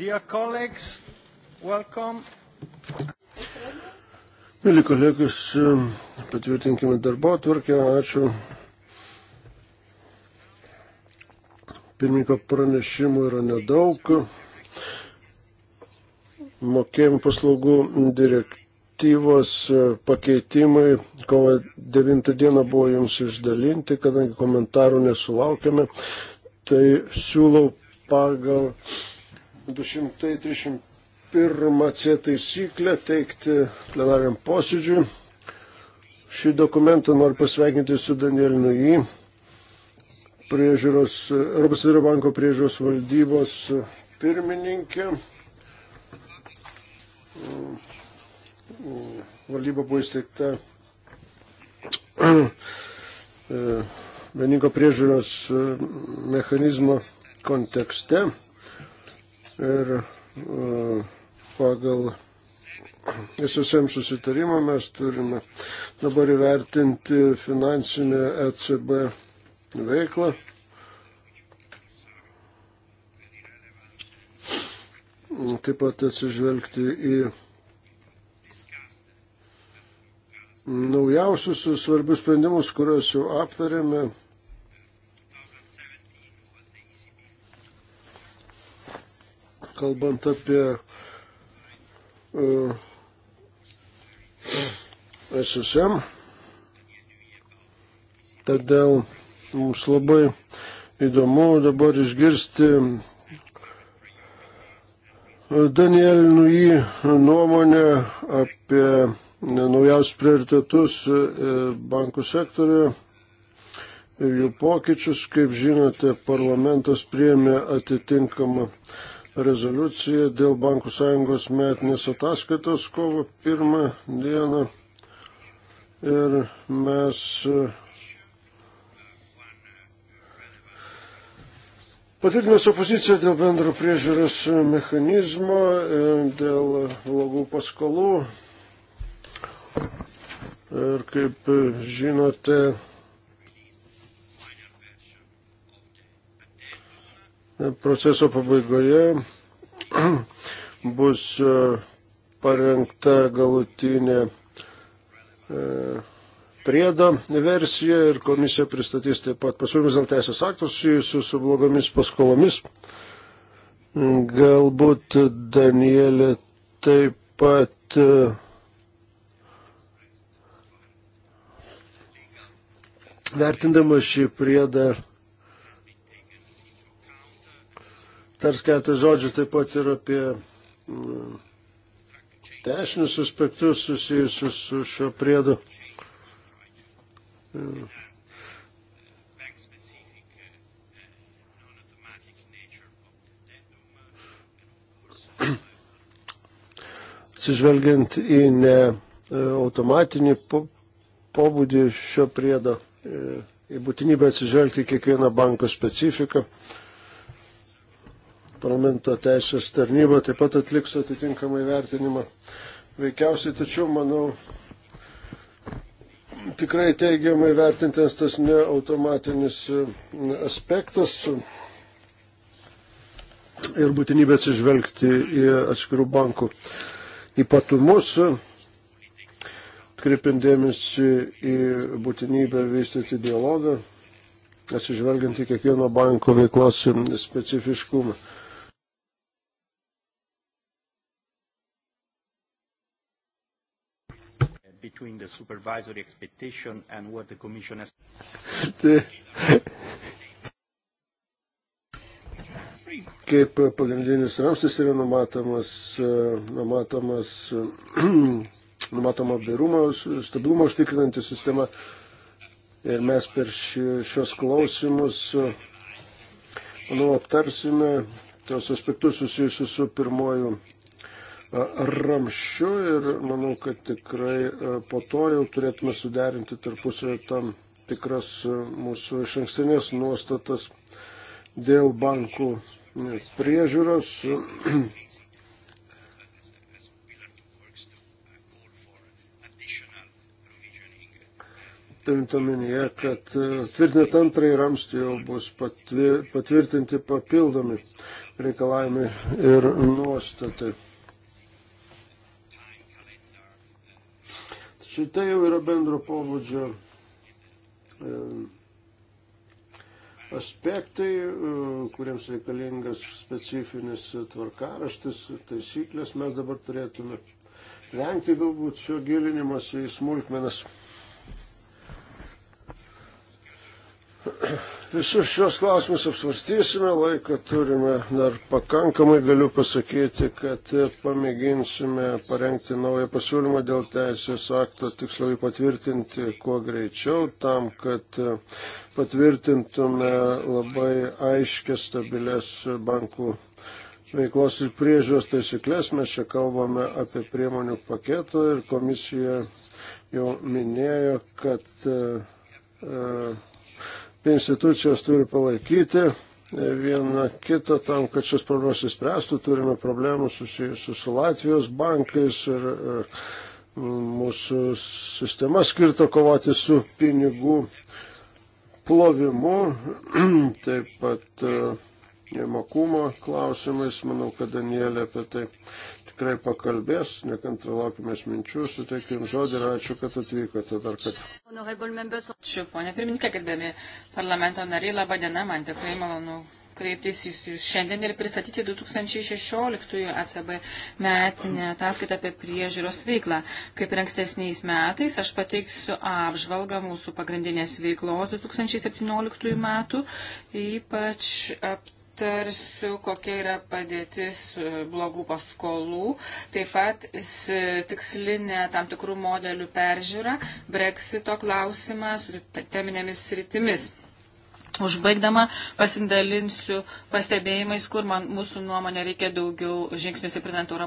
Dear colleagues, welcome. Mėly kolegos, um, patvirtinkime darbo atvarkę. Ačiū. Pirmininko pranešimų yra nedaug. Mokėjimų paslaugų direktyvos e, pakeitimai kovo 9 dieną buvo jums išdalinti, kadangi komentarų nesulaukėme. Tai siūlau pagal 231 C taisyklę teikti plenariam posėdžiui. Šį dokumentą noriu pasveikinti su Danieliu Nui, priežiūros, Europos Centrinio banko priežiūros valdybos pirmininkė. Valdyba buvo įsteigta e, vieningo priežiūros e, mechanizmo kontekste. Ir e, pagal SSM susitarimą mes turime dabar įvertinti finansinę ECB veiklą. Taip pat atsižvelgti į naujausius svarbius sprendimus, kuriuos jau aptarėme kalbant apie uh, e, SSM. Todėl mums labai įdomu dabar išgirsti e, Daniel Nui nuomonę apie e, naujausius prioritetus bankų sektoriuje ir jų pokyčius. Kaip žinote, parlamentas priėmė atitinkamą rezoliuciją dėl Bankų sąjungos metinės ataskaitos kovo pirmą dieną. Ir mes Patvirtinome su opozicija dėl bendro priežiūros mechanizmo, dėl blogų paskolų. Ir kaip žinote, proceso pabaigoje bus e, parengta galutinė e, priedo versija ir komisija pristatys taip pat pasiūlymus dėl teisės aktus susijusius su blogomis paskolomis. Galbūt Danielė taip pat e, vertindama šį priedą tars keletą žodžių taip pat ir apie mm, teisinius aspektus susijusius su šio priedu. Atsižvelgiant į ne e, automatinį pobūdį šio priedo, e, į būtinybę atsižvelgti kiekvieną banko specifiką. E, parlamento teisės tarnyba taip pat atliks atitinkamą įvertinimą. Veikiausiai, tačiau manau, tikrai teigiamai vertintas tas neautomatinis e, aspektas ir būtinybė atsižvelgti į atskirų bankų ypatumus kreipiant dėmesį į būtinybę vystyti dialogą, atsižvelgiant į kiekvieno banko veiklos specifiškumą. between the supervisory expectation and what the Commission has. Kaip pagrindinis ramstis yra numatomas, numatomas, numatoma apdairumo, stabilumo užtikrinanti sistema. Ir mes per šios klausimus, manau, aptarsime tos aspektus susijusius su pirmoju ramščiu ir manau, kad tikrai po to jau turėtume suderinti tarpusavį tam tikras mūsų iš ankstinės nuostatas dėl bankų priežiūros. turint omenyje, kad tvirtinant antrąjį ramstį jau bus patvirtinti papildomi reikalavimai ir nuostatai. Šitai jau yra bendro pobūdžio e, aspektai, e, kuriems reikalingas specifinis tvarkaraštis, taisyklės. Mes dabar turėtume vengti galbūt šio gilinimosi į smulkmenas. Visus šios klausimus apsvarstysime, laiko turime dar pakankamai, galiu pasakyti, kad pamėginsime parengti naują pasiūlymą dėl teisės akto, tiksliau jį patvirtinti kuo greičiau, tam, kad patvirtintume labai aiškės, stabilės bankų veiklos ir priežiūros taisyklės. Mes čia kalbame apie priemonių paketą ir komisija jau minėjo, kad. Uh, e, uh, e, institucijos turi palaikyti e, vieną kitą tam, kad šios problemos įspręstų. Turime problemų susijusių su Latvijos bankais ir e, mūsų sistema skirta kovoti su pinigų plovimu, taip pat e, mokumo klausimais. Manau, kad Danielė apie tai tikrai pakalbės, nekantrą laukime minčių, suteikim žodį ir ačiū, kad atvykote dar kartą. Ačiū, ponė pirmininkė, gerbėmi parlamento nariai, laba diena, man tikrai malonu kreiptis į jūs šiandien ir pristatyti 2016 ECB metinę ataskaitą apie priežiūros veiklą. Kaip ir ankstesniais metais, aš pateiksiu apžvalgą mūsų pagrindinės veiklos 2017 metų, ypač aptikti aptarsiu, kokia yra padėtis e, blogų paskolų, taip pat tikslinę tam tikrų modelių peržiūrą, breksito klausimą su teminėmis sritimis. Užbaigdama pasidalinsiu pastebėjimais, kur man, mūsų nuomonė reikia daugiau žingsnių stiprinant Euro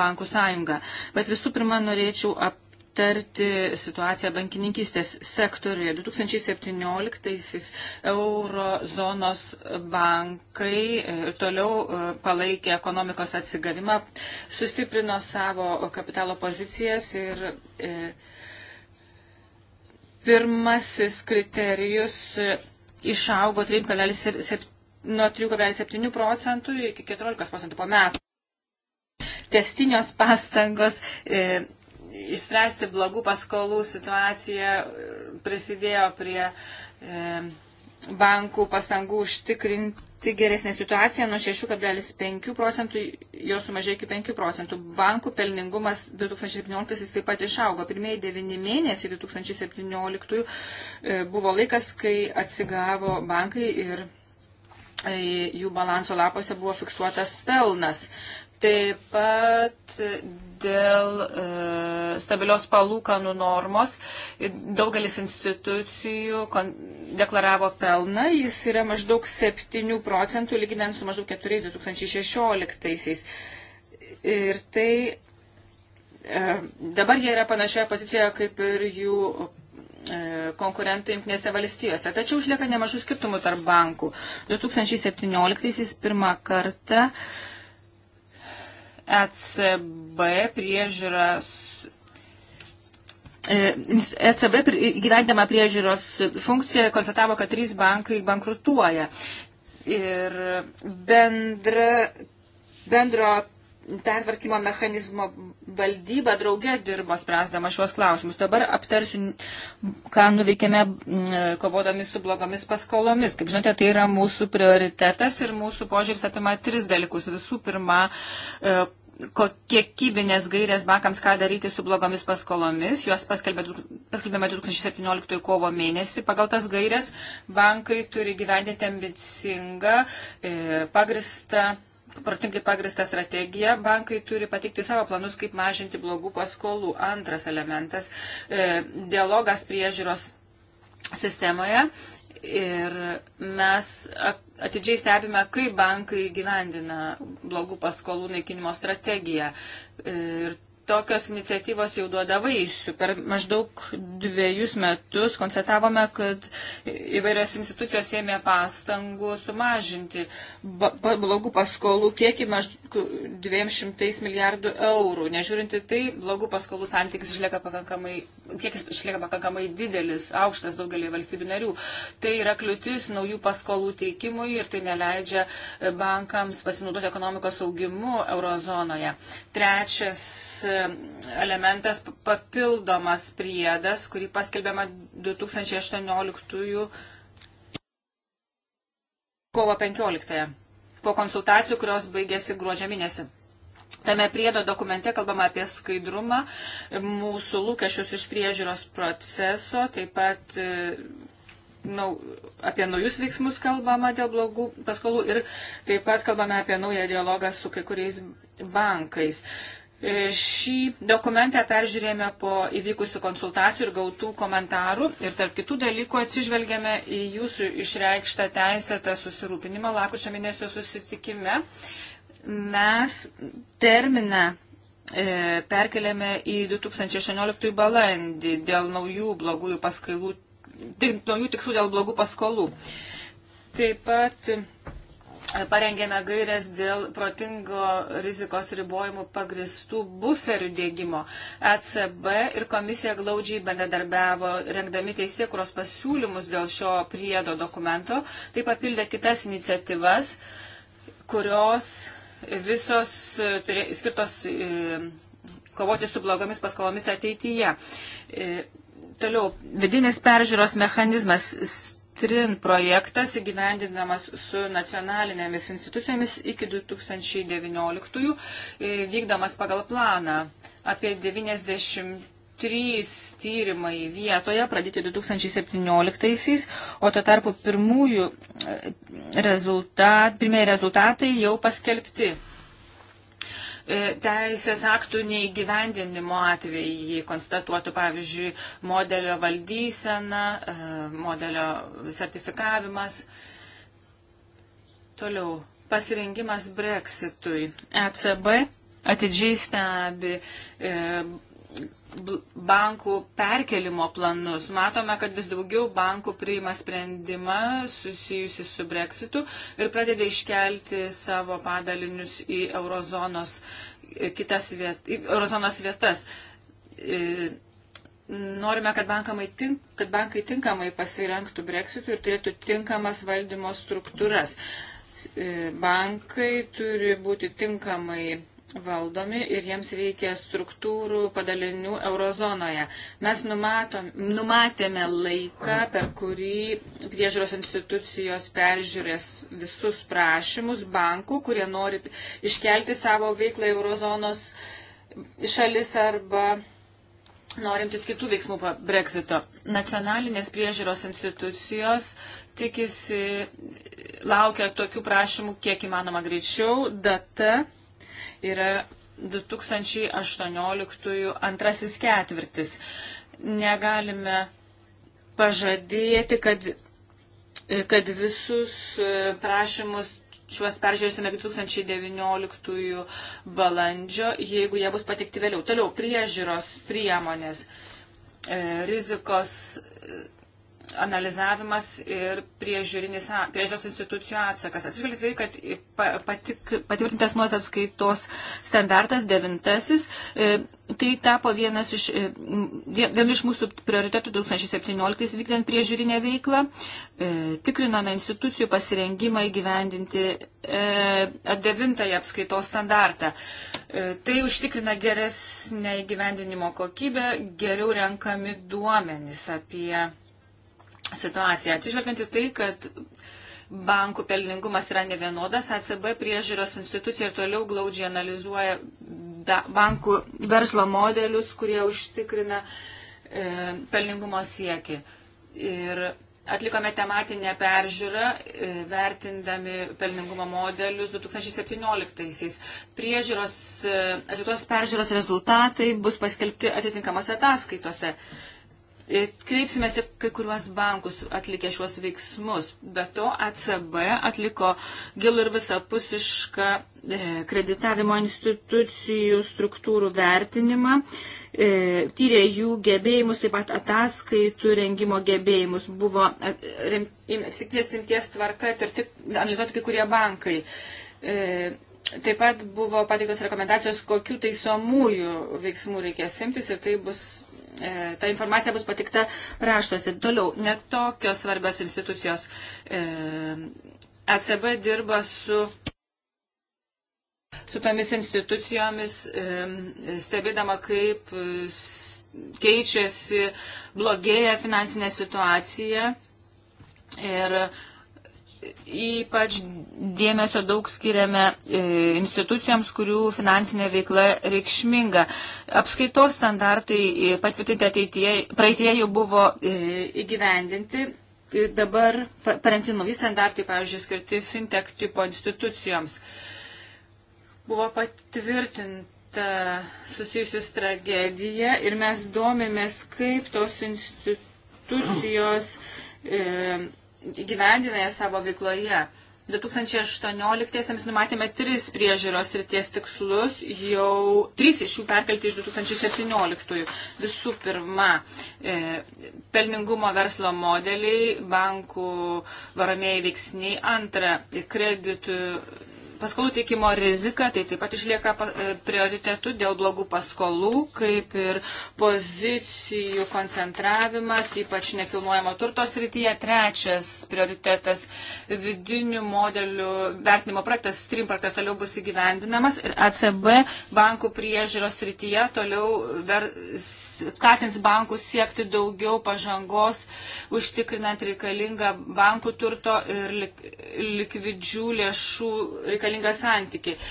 bankų sąjungą. Bet visų pirma, norėčiau ap, aptarti situaciją bankininkystės sektoriuje. 2017-aisiais eurozonos bankai e, toliau e, palaikė ekonomikos atsigavimą, sustiprino savo kapitalo pozicijas ir e, pirmasis kriterijus išaugo 3,7 nuo 3,7 procentų iki 14 procentų po metų. Testinės pastangos e, išspręsti blogų paskolų situaciją prisidėjo prie e, bankų pastangų užtikrinti geresnę situaciją nuo 6,5 procentų, jos sumažėjo iki 5 procentų. Bankų pelningumas 2017 taip pat išaugo. Pirmieji 9 mėnesiai 2017 e, buvo laikas, kai atsigavo bankai ir e, jų balanso lapuose buvo fiksuotas pelnas. Taip pat dėl e, stabilios palūkanų normos. Daugelis institucijų kon, deklaravo pelną, jis yra maždaug 7 procentų, lyginant su maždaug 4 2016. Ir tai e, dabar jie yra panašioje pozicijoje kaip ir jų e, konkurentų jungtinėse valstijose. Tačiau išlieka nemažų skirtumų tarp bankų. 2017 pirmą kartą uh, ECB priežiūros. ECB e gyvendama priežiūros funkciją konstatavo, kad trys bankai bankrutuoja. Ir bendra, bendro pertvarkymo mechanizmo valdyba drauge dirbo spręsdama šios klausimus. Dabar aptarsiu, ką nuveikėme mm, kovodami su blogomis paskolomis. Kaip žinote, tai yra mūsų prioritetas ir mūsų požiūris apima tris dalykus. Visų pirma, e, kiekybinės gairės bankams, ką daryti su blogomis paskolomis. Juos paskelbėme 2017 kovo mėnesį. Pagal tas gairės bankai turi gyvendinti ambicingą, e, pagristą protingai pagristą strategiją, bankai turi patikti savo planus, kaip mažinti blogų paskolų. Antras elementas e, - dialogas priežiūros sistemoje. Ir mes atidžiai stebime, kaip bankai gyvendina blogų paskolų naikinimo strategiją. Ir tokios iniciatyvos jau duoda vaisių. Per maždaug dviejus metus konstatavome, kad įvairios institucijos ėmė pastangų sumažinti blogų paskolų kiekį maždaug 200 milijardų eurų. Nežiūrinti tai, blogų paskolų santykis išlieka pakankamai, kiekis išlieka pakankamai didelis, aukštas daugelį valstybių narių. Tai yra kliūtis naujų paskolų teikimui ir tai neleidžia bankams pasinaudoti ekonomikos augimu eurozonoje. Trečias elementas papildomas priedas, kurį paskelbėma 2018 kovo 15 po konsultacijų, kurios baigėsi gruodžio mėnesį. Tame priedo dokumente kalbama apie skaidrumą, mūsų lūkesčius iš priežiūros proceso, taip pat e, nau, apie naujus veiksmus kalbama dėl blogų paskolų ir taip pat kalbame apie naują dialogą su kai kuriais bankais. E, šį dokumentą peržiūrėjome po įvykusių konsultacijų ir gautų komentarų ir tarp kitų dalykų atsižvelgėme į jūsų išreikštą teisėtą susirūpinimą lakučio mėnesio susitikime. Mes terminą e, perkeliame į 2016 balandį dėl naujų blogųjų paskailų, naujų tikslų dėl blogų paskolų. Taip pat parengėme gairias dėl protingo rizikos ribojimų pagristų buferių dėgymo. ECB ir komisija glaudžiai bendradarbiavo rengdami teisėkuros pasiūlymus dėl šio priedo dokumento, tai papildė kitas iniciatyvas, kurios visos turė, skirtos e, kovoti su blogomis paskolomis ateityje. E, toliau, vidinis peržiūros mechanizmas TRIN projektas įgyvendinamas su nacionalinėmis institucijomis iki 2019 e, vykdomas pagal planą. Apie 93 tyrimai vietoje pradėti 2017-aisiais, o to tarpu pirmųjų e, rezultat, pirmieji rezultatai jau paskelbti. E, teisės aktų neįgyvendinimo atvejai, jei konstatuotų, pavyzdžiui, modelio valdysena, e, modelio sertifikavimas. Toliau, pasirengimas breksitui. ECB atidžiai stebi e, bankų perkelimo planus. Matome, kad vis daugiau bankų priima sprendimą susijusi su breksitu ir pradeda iškelti savo padalinius į eurozonos, e, kitas viet, į eurozonos vietas. E, norime, kad, tink, kad bankai tinkamai pasirenktų breksitui ir turėtų tinkamas valdymo struktūras. E, bankai turi būti tinkamai valdomi ir jiems reikia struktūrų padalinių eurozonoje. Mes numatom, numatėme laiką, per kurį priežiūros institucijos peržiūrės visus prašymus bankų, kurie nori iškelti savo veiklą eurozonos šalis arba norintis kitų veiksmų po Brexito. Nacionalinės priežiūros institucijos tikisi, laukia tokių prašymų kiek įmanoma greičiau. Data yra 2018 antrasis ketvirtis. Negalime pažadėti, kad, kad visus e, prašymus šiuos peržiūrėsime 2019 balandžio, jeigu jie bus patikti vėliau. Toliau, priežiūros priemonės, e, rizikos analizavimas ir priežiūros institucijų atsakas. Atsižvelgti tai, kad patik, patvirtintas nuosas skaitos standartas devintasis, e, tai tapo vienas iš, e, vien iš mūsų prioritetų 2017 vykdant priežiūrinę veiklą. E, tikrinome institucijų pasirengimą įgyvendinti devintąją apskaitos standartą. Tai užtikrina geresnę įgyvendinimo kokybę, geriau renkami duomenys apie situaciją. Atižvelgiant į tai, kad bankų pelningumas yra nevienodas, ACB priežiūros institucija ir toliau glaudžiai analizuoja bankų verslo modelius, kurie užtikrina e, pelningumo siekį. Ir atlikome tematinę peržiūrą, e, vertindami pelningumo modelius 2017-aisiais. Priežiūros, e, atliktos peržiūros rezultatai bus paskelbti atitinkamos ataskaitose. E, E, Kreipsime į kai kuriuos bankus atlikę šiuos veiksmus. Be to, ECB atliko gilų ir visapusišką e, kreditavimo institucijų struktūrų vertinimą, e, tyrė jų gebėjimus, taip pat ataskaitų rengimo gebėjimus. Buvo atsiknės imties tvarka ir tik analizuoti kai kurie bankai. Taip pat buvo pateiktos rekomendacijos, kokiu taisomųjų veiksmų reikės simtis ir tai bus E, ta informacija bus patikta raštuose. Toliau, netokios svarbios institucijos. ECB dirba su su tomis institucijomis, e, stebėdama, kaip e, keičiasi blogėja finansinė situacija ir ypač dėmesio daug skiriame e, institucijoms, kurių finansinė veikla reikšminga. Apskaitos standartai e, patvirtinti ateityje, praeitie jau buvo e, įgyvendinti. Dabar parengti nauji standartai, pavyzdžiui, skirti fintech tipo institucijoms. Buvo patvirtinta susijusius tragediją ir mes domėmės, kaip tos institucijos e, įgyvendinėje savo veikloje. 2018-iesiams numatėme tris priežiūros ir ties tikslus, jau trys iš jų perkelti iš 2017-ųjų. Visų pirma, e, pelningumo verslo modeliai, bankų varomieji veiksniai, antra, kreditų Paskolų teikimo rizika tai taip pat išlieka e, prioritetu dėl blogų paskolų, kaip ir pozicijų koncentravimas, ypač nekilnojamo turtos rytyje. Trečias prioritetas - vidinių modelių vertinimo projektas, stream projektas toliau bus įgyvendinamas ir ACB bankų priežiūros rytyje toliau dar skatins bankus siekti daugiau pažangos, užtikrinant reikalingą bankų turto ir likvidžių lėšų reikalingą reikalinga santykiai.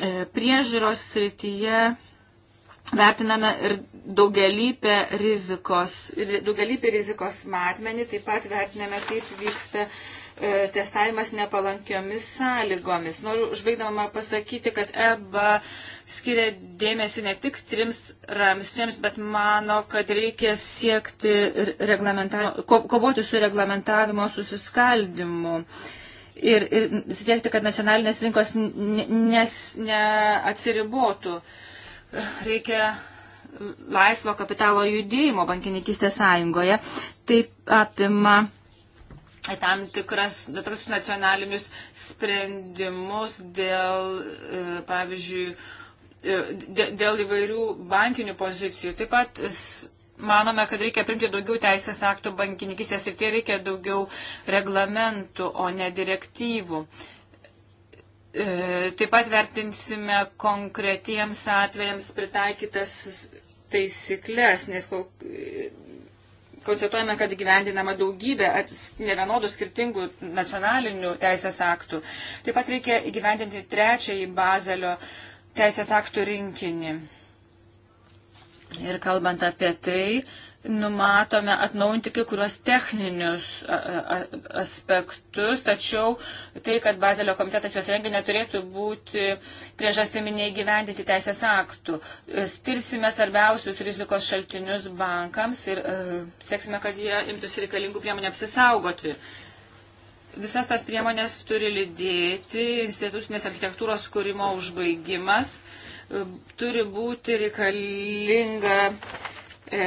E, priežiūros srityje vertiname ir daugelįpę rizikos, daugelįpį rizikos matmenį, taip pat vertiname, kaip vyksta e, testavimas nepalankiomis sąlygomis. Noriu užbaigdama pasakyti, kad EBA skiria dėmesį ne tik trims ramstiams, bet mano, kad reikia siekti ko, kovoti su reglamentavimo susiskaldimu. E, ir, ir siekti, kad nacionalinės rinkos nes, neatsiribotų. Reikia laisvo kapitalo judėjimo bankininkistės sąjungoje. Taip apima tam tikras datrus nacionalinius sprendimus dėl, e, pavyzdžiui, e, dėl įvairių bankinių pozicijų. Taip pat manome, kad reikia primti daugiau teisės aktų bankininkistės ir tie reikia daugiau reglamentų, o ne direktyvų. E, taip pat vertinsime konkretiems atvejams pritaikytas taisyklės, nes konstatuojame, kad gyvendinama daugybė nevienodų skirtingų nacionalinių teisės aktų. Taip pat reikia įgyvendinti trečiąjį bazelio teisės aktų rinkinį. Ir kalbant apie tai, numatome atnaujinti kai kuriuos techninius aspektus, tačiau tai, kad Bazelio komitetas juos rengia, neturėtų būti priežastimi neįgyvendinti teisės aktų. Skirsime svarbiausius rizikos šaltinius bankams ir uh, e, sėksime, kad jie imtųsi reikalingų priemonių apsisaugoti. Visas tas priemonės turi lydėti institucinės architektūros kūrimo užbaigimas. Uh, turi būti reikalinga e,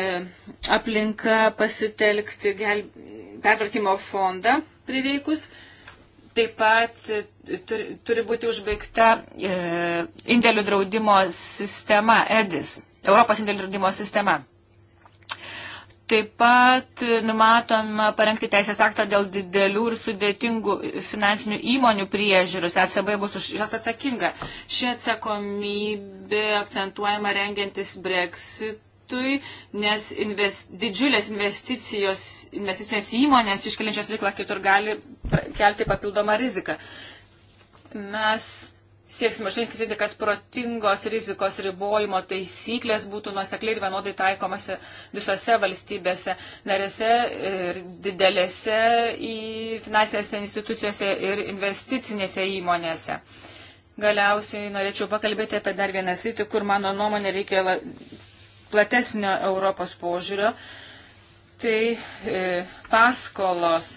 aplinka pasitelkti gel, pertvarkymo fondą prireikus. Taip pat e, turi, turi būti užbaigta e, indėlių draudimo sistema EDIS, Europos indėlių draudimo sistema. Taip pat numatoma parengti teisės aktą dėl didelių ir sudėtingų finansinių įmonių priežiūros. ECB bus už jas atsakinga. Ši atsakomybė akcentuojama rengiantis Brexitui, nes invest, didžiulės investicijos, investicinės įmonės iškeliančios veiklą kitur gali kelti papildomą riziką. Mes sieksime užtikrinti, kad protingos rizikos ribojimo taisyklės būtų nuosekliai ir vienodai taikomasi visose valstybėse, narėse ir didelėse finansinėse institucijose ir investicinėse įmonėse. Galiausiai norėčiau pakalbėti apie dar vieną sritį, kur mano nuomonė reikia platesnio Europos požiūrio. Tai e, paskolos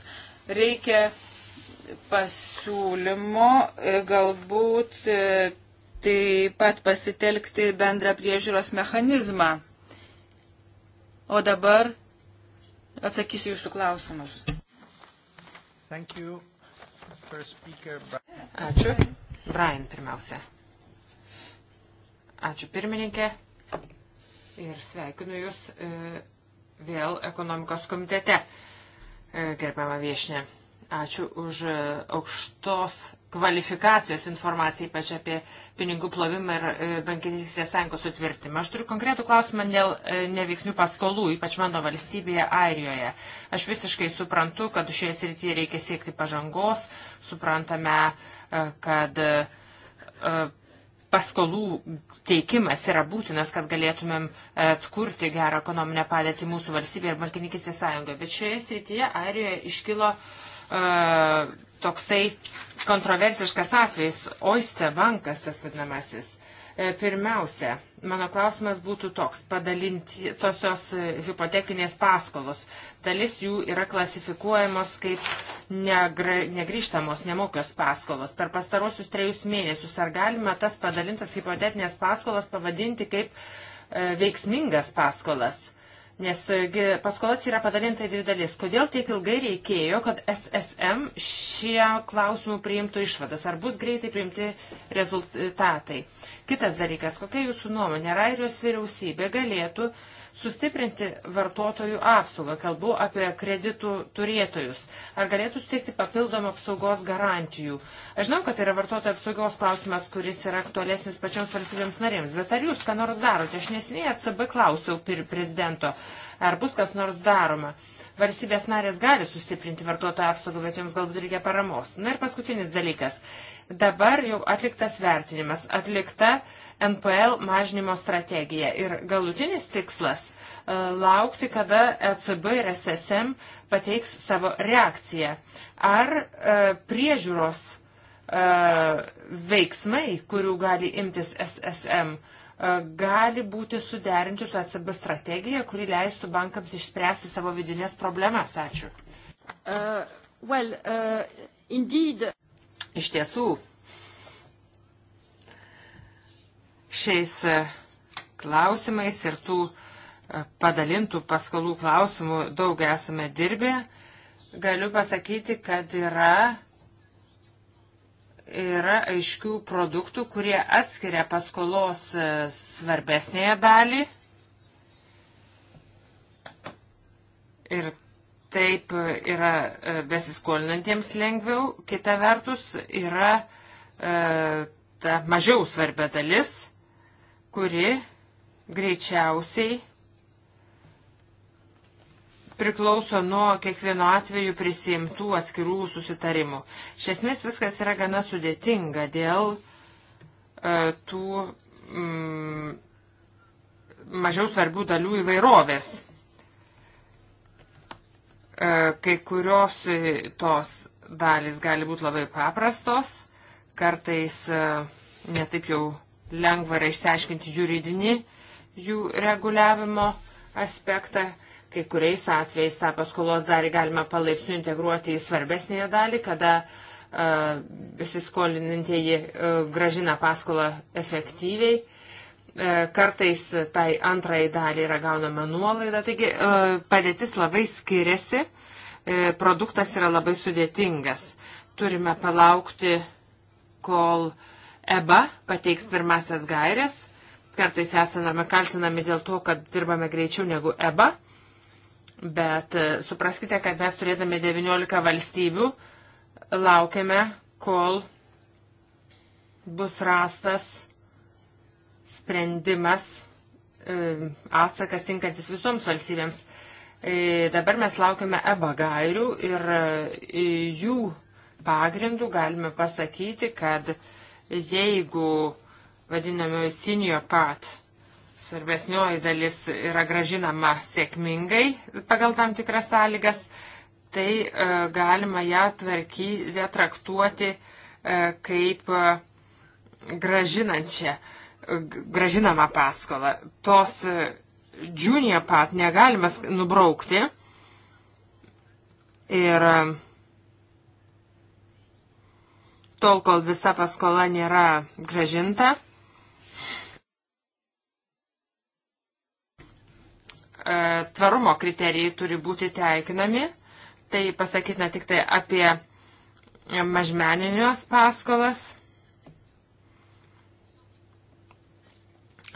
reikia pasiūlymo, e, galbūt e, taip pat pasitelkti bendrą priežiūros mechanizmą. O dabar atsakysiu jūsų klausimus. Speaker, Brian. Ačiū. Brian pirmiausia. Ačiū pirmininkė ir sveikinu Jūs e, vėl ekonomikos komitete, gerbiama viešinė. Ačiū už aukštos kvalifikacijos informaciją, ypač apie pinigų plovimą ir e, bankininkystės sąjungos sutvirtimą. Aš turiu konkretų klausimą dėl e, neveiksnių paskolų, ypač mano valstybėje Airijoje. Aš visiškai suprantu, kad šioje srityje reikia siekti pažangos, suprantame, e, kad paskolų teikimas yra būtinas, kad galėtumėm atkurti gerą ekonominę padėtį mūsų valstybėje ir bankininkystės sąjungoje. Bet šioje srityje Airijoje iškilo uh, toksai kontroversiškas atvejis, Oiste bankas tas vadinamasis. E, pirmiausia, mano klausimas būtų toks, padalinti tosios hipotekinės paskolos. Dalis jų yra klasifikuojamos kaip negra, negryžtamos, nemokios paskolos. Per pastarosius trejus mėnesius ar galima tas padalintas hipotekinės paskolas pavadinti kaip e, veiksmingas paskolas? Nes e, paskola čia yra padalinta į dvi dalis. Kodėl tiek ilgai reikėjo, kad SSM šie klausimų priimtų išvadas? Ar bus greitai priimti rezultatai? Uh, Kitas dalykas, kokia jūsų nuomonė, ar Airijos vyriausybė galėtų sustiprinti vartotojų apsaugą, kalbu apie kreditų turėtojus, ar galėtų suteikti papildomą apsaugos garantijų. Aš žinau, kad tai yra vartotojų apsaugos klausimas, kuris yra aktualesnis pačioms valstybėms narėms, bet ar jūs ką nors darote? Aš nesiniai atsab klausiau prezidento, ar bus kas nors daroma. Varsybės narės gali sustiprinti vartotojų apsaugą, bet jums galbūt reikia paramos. Na ir paskutinis dalykas. Dabar jau atliktas vertinimas, atlikta NPL mažinimo strategija ir galutinis tikslas e, laukti, kada ECB ir SSM pateiks savo reakciją. Ar e, priežiūros e, veiksmai, kurių gali imtis SSM, e, gali būti suderinti su ECB strategija, kuri leistų bankams išspręsti savo vidinės problemas? Ačiū. Uh, well, uh, indeed... Iš tiesų, šiais e, klausimais ir tų e, padalintų paskolų klausimų daug esame dirbę. Galiu pasakyti, kad yra, yra aiškių produktų, kurie atskiria paskolos e, svarbesnėje dalį. Ir Taip e, yra e, besiskolinantiems lengviau, kita vertus yra e, ta mažiau svarbia dalis, kuri greičiausiai priklauso nuo kiekvieno atveju prisimtų atskirų susitarimų. Iš esmės viskas yra gana sudėtinga dėl e, tų mm, mažiau svarbių dalių įvairovės. E, kai kurios e, tos dalys gali būti labai paprastos, kartais e, netaip jau lengva yra išsiaiškinti juridinį jų reguliavimo aspektą. Kai kuriais atvejais tą paskolos dalį galima palaipsniui integruoti į svarbesnėje dalį, kada uh, besiskolinantieji uh, gražina paskolą efektyviai. Uh, E, kartais tai antrai daliai yra gaunama nuolaida, taigi e, padėtis labai skiriasi, e, produktas yra labai sudėtingas. Turime palaukti, kol EBA pateiks pirmasias gairias. Kartais esame kaltinami dėl to, kad dirbame greičiau negu EBA, bet supraskite, kad mes turėdami 19 valstybių laukiame, kol bus rastas sprendimas, e, atsakas tinkantis visoms valstybėms. E, dabar mes laukiame EBA gairių ir e, jų pagrindų galime pasakyti, kad jeigu vadinamoji senior part svarbesnioji dalis yra gražinama sėkmingai pagal tam tikras sąlygas, tai e, galima ją, tvarky, ją traktuoti e, kaip e, gražinančią. E, gražinamą paskolą. Tos e, junior pat negalima nubraukti. Ir e, tol, kol visa paskola nėra gražinta, e, tvarumo kriterijai turi būti teikinami. Tai pasakytina tik tai apie mažmeninios paskolas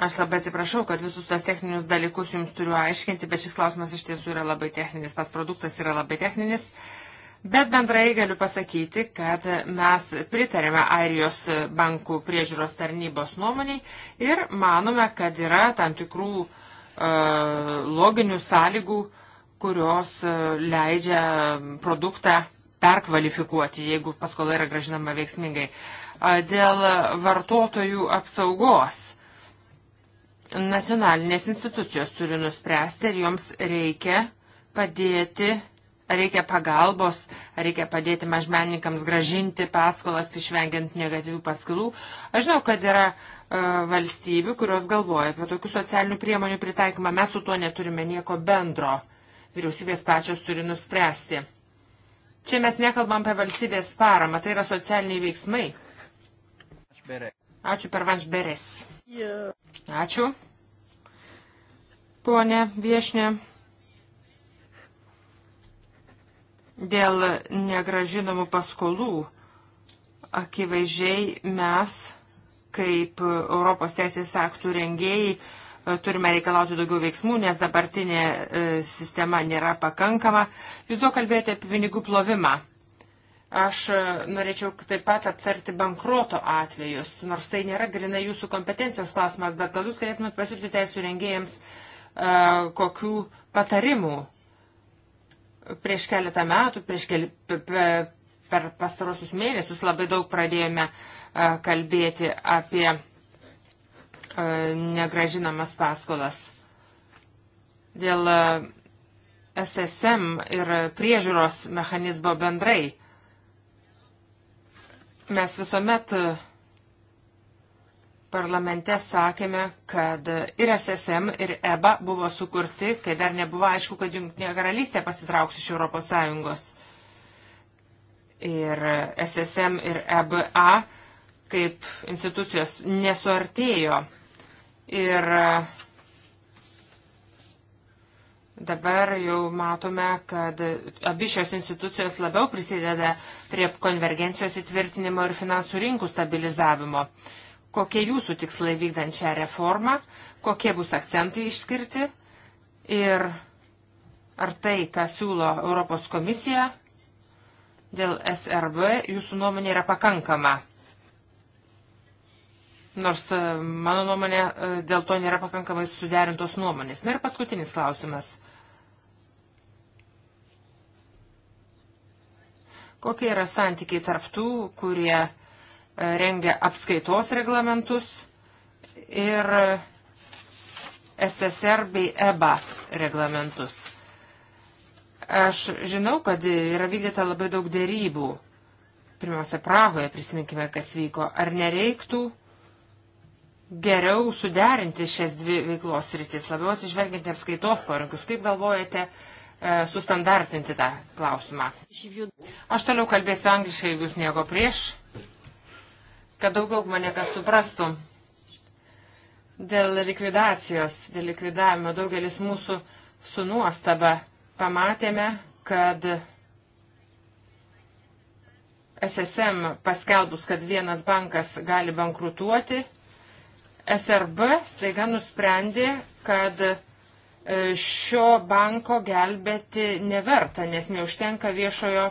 Aš labai atsiprašau, kad visus tos techninius dalykus jums turiu aiškinti, bet šis klausimas iš tiesų yra labai techninis, pas produktas yra labai techninis. Bet bendrai galiu pasakyti, kad mes pritarėme Airijos bankų priežiūros tarnybos nuomoniai ir manome, kad yra tam tikrų e, loginių sąlygų, kurios e, leidžia produktą perkvalifikuoti, jeigu paskola yra gražinama veiksmingai. Dėl vartotojų apsaugos Nacionalinės institucijos turi nuspręsti, ar joms reikia padėti, ar reikia pagalbos, ar reikia padėti mažmenininkams gražinti paskolas, išvengiant negatyvių paskolų. Aš žinau, kad yra e, valstybių, kurios galvoja apie tokių socialinių priemonių pritaikymą. Mes su tuo neturime nieko bendro. Vyriausybės pačios turi nuspręsti. Čia mes nekalbam apie valstybės paramą, tai yra socialiniai veiksmai. Ačiū per Vanšberes. Ačiū. Pone viešnė. Dėl negražinamų paskolų akivaizdžiai mes, kaip Europos teisės aktų rengėjai, turime reikalauti daugiau veiksmų, nes dabartinė e, sistema nėra pakankama. Jūs daug kalbėjote apie pinigų plovimą. Aš e, norėčiau taip pat aptarti bankroto atvejus, nors tai nėra grinai jūsų kompetencijos klausimas, bet gal jūs galėtumėt pasiūlyti teisų rengėjams uh, kokių patarimų prieš keletą metų, prieš keli, per pastarosius mėnesius labai daug pradėjome uh, kalbėti apie uh, negražinamas paskolas. Dėl SSM ir priežiūros mechanizmo bendrai Mes visuomet e, parlamente sakėme, kad ir SSM, ir EBA buvo sukurti, kai dar nebuvo aišku, kad Junktinė karalystė pasitrauks iš ES. Ir SSM ir EBA kaip institucijos nesuartėjo. Ir uh, Dabar jau matome, kad abi šios institucijos labiau prisideda prie konvergencijos įtvirtinimo ir finansų rinkų stabilizavimo. Kokie jūsų tikslai vykdant šią reformą, kokie bus akcentai išskirti ir ar tai, ką siūlo Europos komisija dėl SRB, jūsų nuomonė yra pakankama. Nors e, mano nuomonė e, dėl to nėra pakankamai suderintos nuomonės. Na ir paskutinis klausimas. Kokie yra santykiai tarptų, kurie e, rengia apskaitos reglamentus ir SSR bei EBA reglamentus. Aš žinau, kad yra vykdyta labai daug dėrybų. Pirmiausia, Prahoje prisiminkime, kas vyko. Ar nereiktų geriau suderinti šias dvi veiklos rytis, labiau atsižvelginti apskaitos poreikius? Kaip galvojate, E, sustandartinti tą klausimą. Aš toliau kalbėsiu angliškai, jeigu jūs nieko prieš, kad daugiau mane kas suprastų. Dėl likvidacijos, dėl likvidavimo daugelis mūsų su nuostaba pamatėme, kad SSM paskelbus, kad vienas bankas gali bankrutuoti, SRB staiga nusprendė, kad E, šio banko gelbėti neverta, nes neužtenka viešojo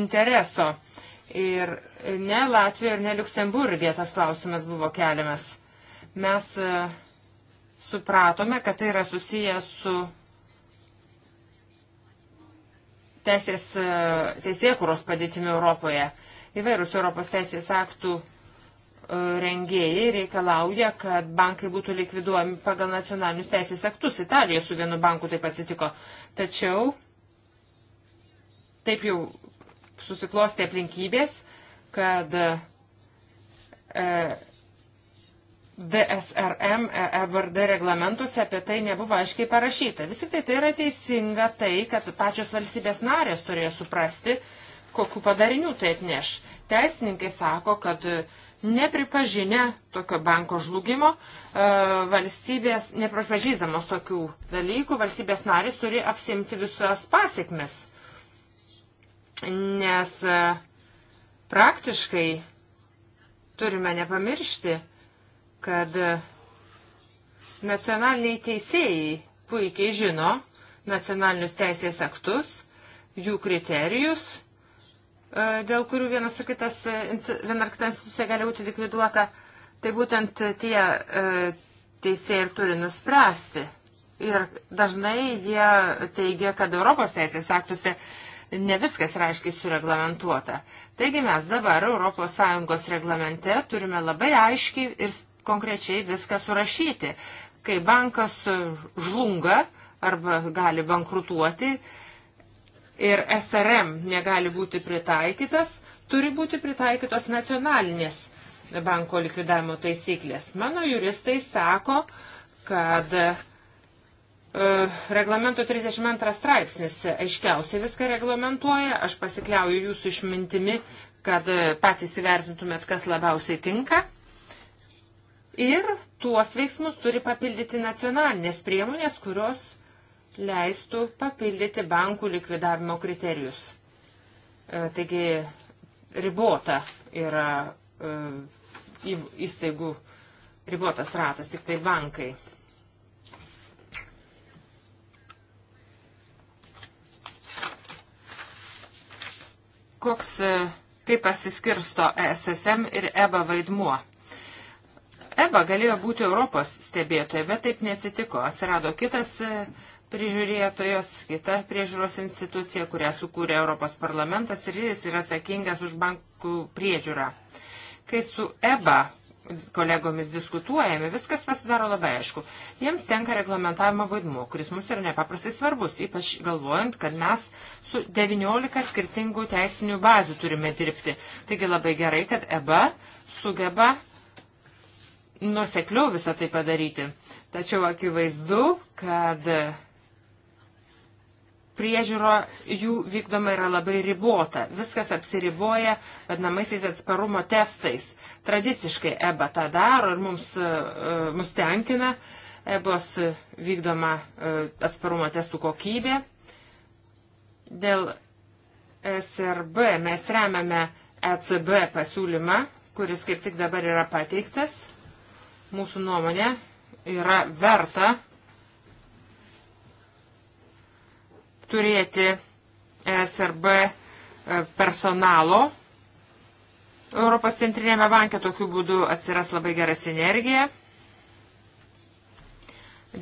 intereso. Ir ne Latvijoje ir ne Luksemburgė tas klausimas buvo keliamas. Mes e, supratome, kad tai yra susijęs su teisės, e, teisėkuros padėtimi Europoje. Įvairūs Europos teisės aktų rengėjai reikalauja, kad bankai būtų likviduojami pagal nacionalinius teisės aktus. Italijoje su vienu banku taip atsitiko. Tačiau taip jau susiklostė aplinkybės, kad e, DSRM EBRD e reglamentuose apie tai nebuvo aiškiai parašyta. Vis tik tai tai yra teisinga tai, kad pačios valstybės narės turėjo suprasti, kokiu padariniu tai atneš. Teisininkai sako, kad nepripažinę tokio banko žlugimo, e, valstybės, nepripažįdamos tokių dalykų, valstybės narys turi apsimti visas pasiekmes. Nes e, praktiškai turime nepamiršti, kad e, nacionaliniai teisėjai puikiai žino nacionalinius teisės aktus, jų kriterijus E, dėl kurių vienas ar kitas, e, viena ar kita institucija gali būti likviduota, tai būtent tie e, teisėjai ir turi nuspręsti. Ir dažnai jie teigia, kad Europos teisės aktuose ne viskas yra aiškiai sureglamentuota. Taigi mes dabar ES reglamente turime labai aiškiai ir konkrečiai viską surašyti. Kai bankas žlunga arba gali bankrutuoti, ir SRM negali būti pritaikytas, turi būti pritaikytos nacionalinės banko likvidavimo taisyklės. Mano juristai sako, kad e, reglamento 32 straipsnis aiškiausiai viską reglamentuoja. Aš pasikliauju jūsų išmintimi, kad e, patys įvertintumėt, kas labiausiai tinka. Ir tuos veiksmus turi papildyti nacionalinės priemonės, kurios leistų papildyti bankų likvidavimo kriterijus. E, taigi ribota yra e, įstaigų, ribotas ratas, tik tai bankai. Koks, e, kaip pasiskirsto SSM ir EBA vaidmuo? EBA galėjo būti Europos stebėtoja, bet taip nesitiko. Atsirado kitas prižiūrėtojos, kita priežiūros institucija, kurią sukūrė Europos parlamentas ir jis yra atsakingas už bankų priežiūrą. Kai su EBA kolegomis diskutuojame, viskas pasidaro labai aišku. Jiems tenka reglamentavimo vaidmuo, kuris mums yra nepaprastai svarbus, ypač galvojant, kad mes su 19 skirtingų teisinių bazių turime dirbti. Taigi labai gerai, kad EBA sugeba nusekliau visą tai padaryti. Tačiau akivaizdu, kad priežiūro jų vykdoma yra labai ribota. Viskas apsiriboja vadinamaisiais atsparumo testais. Tradiciškai EBA tą daro ir mums, e, e, mums tenkina EBOS vykdoma e, atsparumo testų kokybė. Dėl SRB mes remiame ECB pasiūlymą, kuris kaip tik dabar yra pateiktas. Mūsų nuomonė yra verta turėti e SRB e, personalo Europos centrinėme banke, tokiu būdu atsiras labai gera sinergija.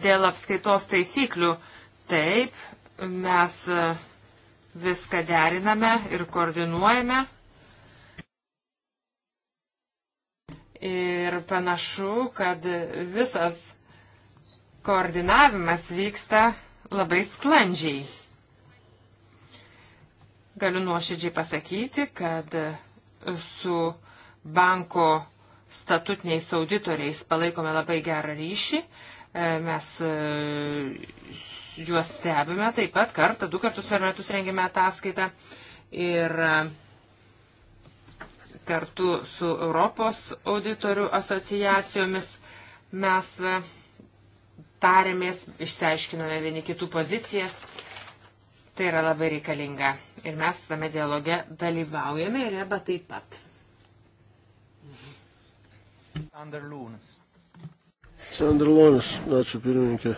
Dėl apskaitos taisyklių, taip, mes e, viską deriname ir koordinuojame. Ir panašu, kad visas koordinavimas vyksta labai sklandžiai. Galiu nuoširdžiai pasakyti, kad e, su banko statutiniais auditoriais palaikome labai gerą ryšį. E, mes e, juos stebime taip pat kartą, du kartus per metus rengiame ataskaitą. Ir kartu su Europos auditorių asociacijomis mes tarėmės, išsiaiškiname vieni kitų pozicijas. Tai yra labai reikalinga. Ir mes tame dialoge dalyvaujame ir arba taip pat. Sanderlūnas. Sanderlūnas, ačiū pirmininkė.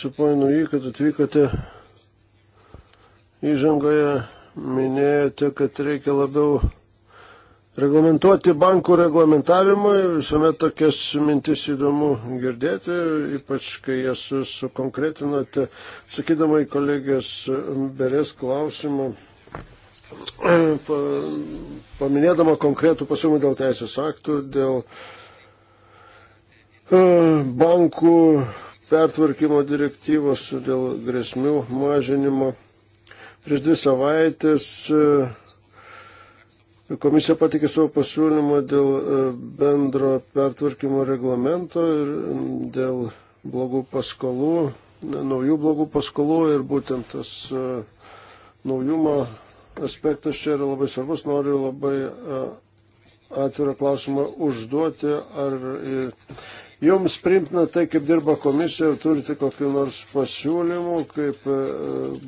Supainu jį, kad atvykote įžangoje, minėjote, kad reikia labiau reglamentuoti bankų reglamentavimui. Visuomet tokias mintis įdomu girdėti, ypač kai jas sukonkretinote, sakydama į kolegės Berės klausimą. Pa, paminėdama konkretų pasiūlymą dėl teisės aktų, dėl e, bankų pertvarkymo direktyvos, dėl grėsmių mažinimo. Prieš dvi savaitės uh, Komisija patikė savo pasiūlymą dėl e, bendro pertvarkymo reglamento ir dėl blogų paskolų, naujų blogų paskolų ir būtent tas e, naujumo aspektas čia yra labai svarbus. Noriu labai e, atvirą klausimą užduoti, ar jums primtina tai, kaip dirba komisija, ar turite kokiu nors pasiūlymu, kaip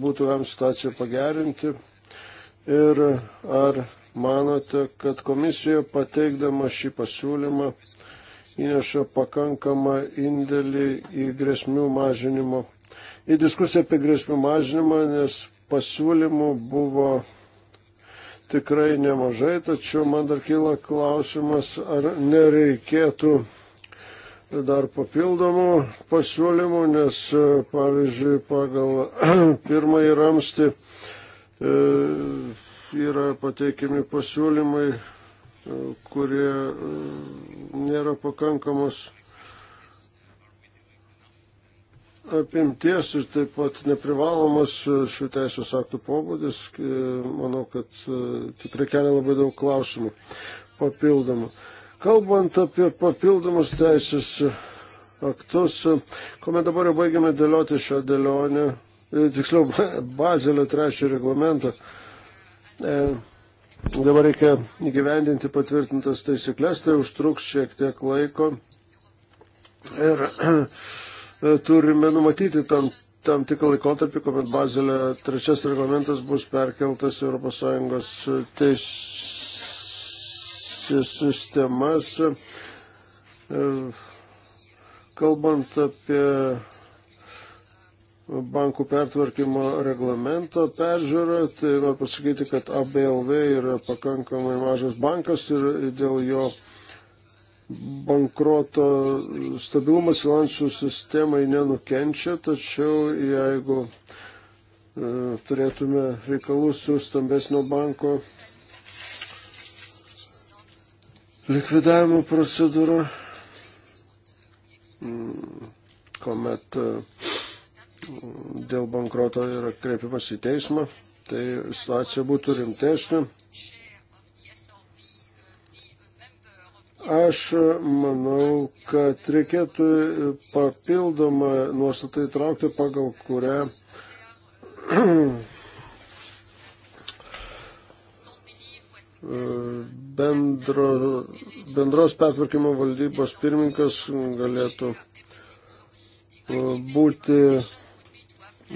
būtų jam situaciją pagerinti ir ar manote, kad komisija pateikdama šį pasiūlymą įneša pakankamą indėlį į grėsmių mažinimo, į diskusiją apie grėsmių mažinimą, nes pasiūlymų buvo tikrai nemažai, tačiau man dar kyla klausimas, ar nereikėtų dar papildomų pasiūlymų, nes pavyzdžiui pagal pirmąjį ramstį e, yra pateikiami pasiūlymai, e, kurie e, nėra pakankamos apimties ir taip pat neprivalomas šių teisės aktų pobūdis, e, manau, kad tikrai kelia labai daug klausimų papildomų. Kalbant apie papildomus teisės aktus, kuomet dabar jau baigiame dėlioti šią dėlionę, tiksliau, Bazelio trečio reglamentą, E, dabar reikia įgyvendinti patvirtintas taisyklės, tai užtruks šiek tiek laiko ir e, turime numatyti tam, tam tikrą laikotarpį, kuomet Bazelė trečias reglamentas bus perkeltas ES teisės sistemas. E, kalbant apie bankų pertvarkymo reglamento peržiūrą, tai noriu pasakyti, kad ABLV yra pakankamai mažas bankas ir dėl jo bankroto stabilumas finansų sistemai nenukenčia, tačiau jeigu e, turėtume reikalų su stambesnio banko likvidavimo procedūra, mm, kuomet e, dėl bankroto yra kreipimas į teismą, tai situacija būtų rimtesnė. Aš manau, kad reikėtų papildomą nuostatą įtraukti, pagal kurią bendro, bendros pertvarkymo valdybos pirmininkas galėtų būti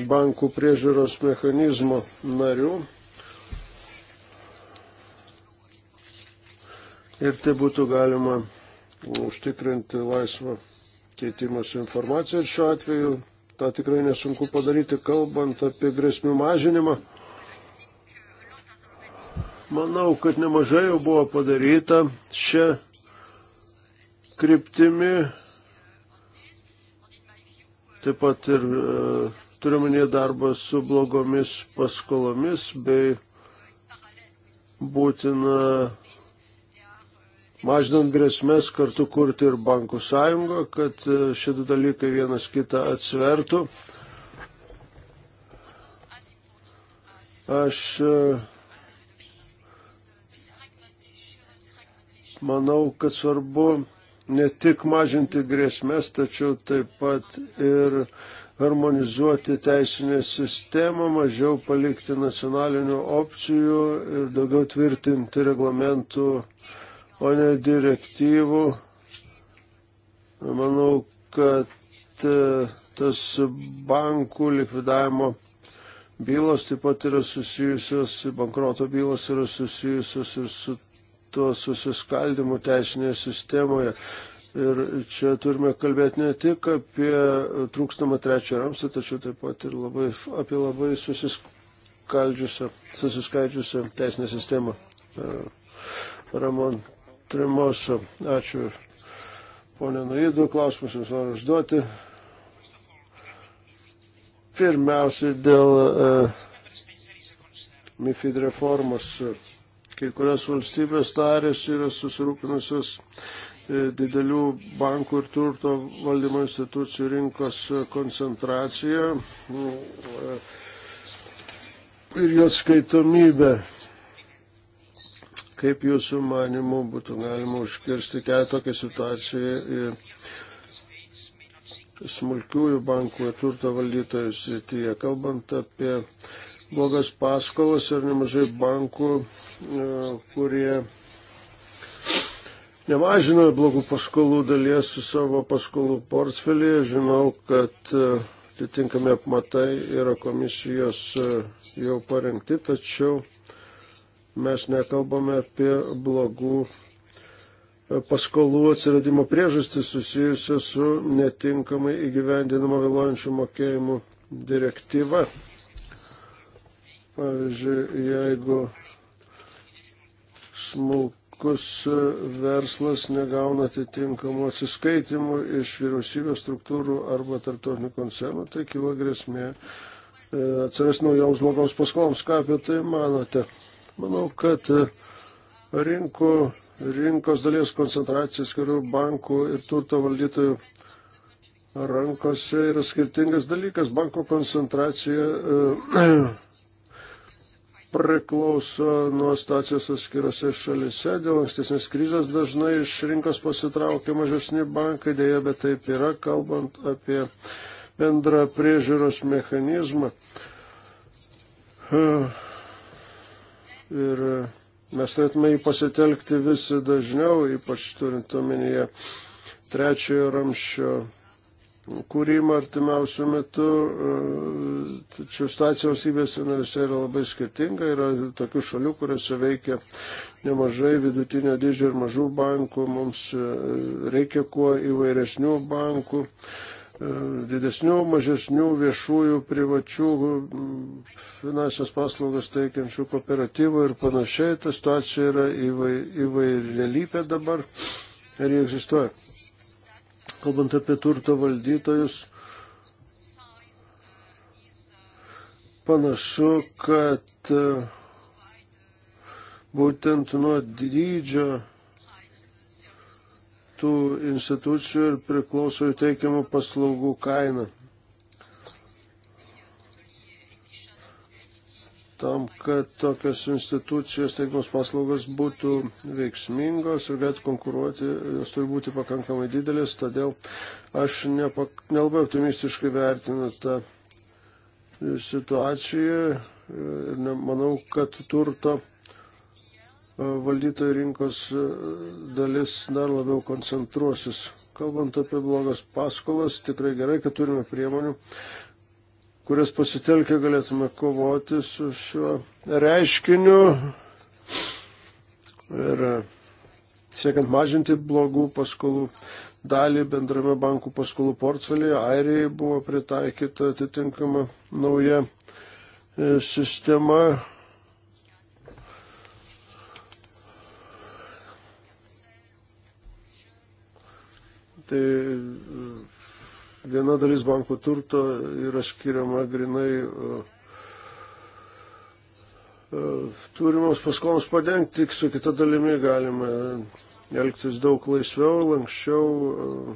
bankų priežiūros mechanizmo narių. Ir tai būtų galima užtikrinti laisvą keitimas informacija ir šiuo atveju tą tikrai nesunku padaryti, kalbant apie grėsmių mažinimą. Manau, kad nemažai jau buvo padaryta šią kryptimį, taip pat ir e, turiuomenė darbas su blogomis paskolomis bei būtina mažinant grėsmės kartu kurti ir bankų sąjungą, kad e, šitie dalykai vienas kitą atsvertų. Aš e, manau, kad svarbu ne tik mažinti grėsmės, tačiau taip pat ir uh, harmonizuoti teisinę sistemą, mažiau palikti nacionalinių opcijų ir daugiau tvirtinti reglamentų, o ne direktyvų. Manau, kad e, tas bankų likvidavimo bylos taip pat yra susijusios, bankroto bylos yra susijusios ir su tuo susiskaldimu teisinėje sistemoje. Ir čia turime kalbėti ne tik apie trūkstamą trečią ramstą, tačiau taip pat ir labai, apie labai susiskaldžiusią, susiskaidžiusią teisinę sistemą. E, Ramon Trimoso, ačiū ponė Nuidu, klausimus jums noriu užduoti. Pirmiausiai dėl uh, MIFID reformos. Kai kurios valstybės tarės yra susirūpinusios E, didelių bankų ir turto valdymo institucijų rinkos koncentracija mm, e, ir jos skaitomybė. Kaip jūsų manimų būtų galima užkirsti kelią tokią situaciją smulkiųjų bankų ir turto valdytojų srityje, kalbant apie blogas paskolas ir nemažai bankų, e, kurie nemažina blogų paskolų dalies su savo paskolų portfelį. Žinau, kad e, atitinkami apmatai yra komisijos e, jau parengti, tačiau mes nekalbame apie blogų e, paskolų atsiradimo priežastis susijusios su netinkamai įgyvendinama vėluojančių mokėjimų direktyva. Pavyzdžiui, jeigu smulk Netrukus e, verslas negauna atitinkamų atsiskaitimų iš vyriausybės struktūrų arba tarptautinių koncernų, tai kyla grėsmė e, atsiras naujoms blogoms paskoloms. Ką apie tai manote? Manau, kad e, rinkų, rinkos dalies koncentracija skirių bankų ir turto valdytojų rankose yra skirtingas dalykas. Banko koncentracija priklauso nuo stacijos atskirose šalise. Dėl ankstesnės krizės dažnai iš rinkos pasitraukia mažesni bankai, dėja, bet taip yra, kalbant apie bendrą priežiūros mechanizmą. Ir mes turėtume jį pasitelkti vis dažniau, ypač turint omenyje trečiojo ramščio kūrimą artimiausių metų, e, tačiau situacija valstybės narėse yra labai skirtinga, yra tokių šalių, kuriuose veikia nemažai vidutinio dydžio ir mažų bankų, mums e, reikia kuo įvairesnių bankų, e, didesnių, mažesnių, viešųjų, privačių, finansinės paslaugas teikiančių kooperatyvų ir panašiai, ta situacija yra įvairialypė dabar ir jie egzistuoja kalbant apie turto valdytojus, panašu, kad e, būtent nuo dydžio tų institucijų ir priklauso jų teikiamų paslaugų kaina. tam, kad tokios institucijos teikimas paslaugos būtų veiksmingos ir galėtų konkuruoti, jos turi būti pakankamai didelis, todėl aš nepak, nelabai optimistiškai vertinu tą situaciją ir manau, kad turto e, valdytojų rinkos e, dalis dar labiau koncentruosis. Kalbant apie blogas paskolas, tikrai gerai, kad turime priemonių kurias pasitelkę galėtume kovoti su šiuo reiškiniu ir e, siekiant mažinti blogų paskolų dalį bendrame bankų paskolų portfelyje, Airijai buvo pritaikyta atitinkama nauja e, sistema. Tai e, Viena dalis bankų turto yra skiriama grinai e, e, turimams paskoloms padengti, tik su kita dalimi galime elgtis daug laisviau, lankščiau. E.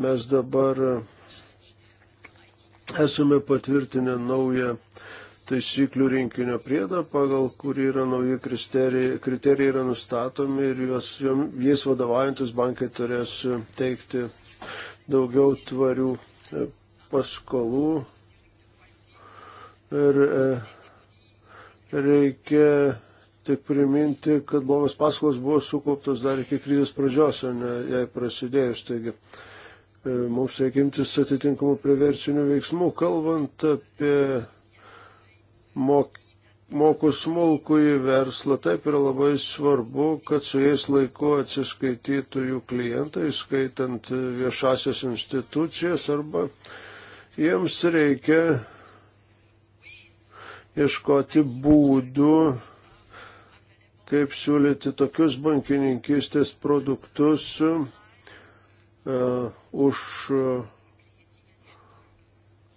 Mes dabar esame patvirtinę naują taisyklių rinkinio priedą, pagal kurį yra nauji kriterijai, kriterijai yra nustatomi ir juos, jais vadovaujantis bankai turės teikti daugiau tvarių e, paskolų. Ir e, reikia tik priminti, kad blogos paskolos buvo sukauptos dar iki krizės pradžios, o ne jai prasidėjus. Taigi, e, mums reikia imtis atitinkamų priversinių veiksmų, kalbant apie mok, mokų smulkų į verslą, taip yra labai svarbu, kad su jais laiku atsiskaitytų jų klientai, skaitant viešasias institucijas arba jiems reikia ieškoti būdų, kaip siūlyti tokius bankininkystės produktus uh, už uh,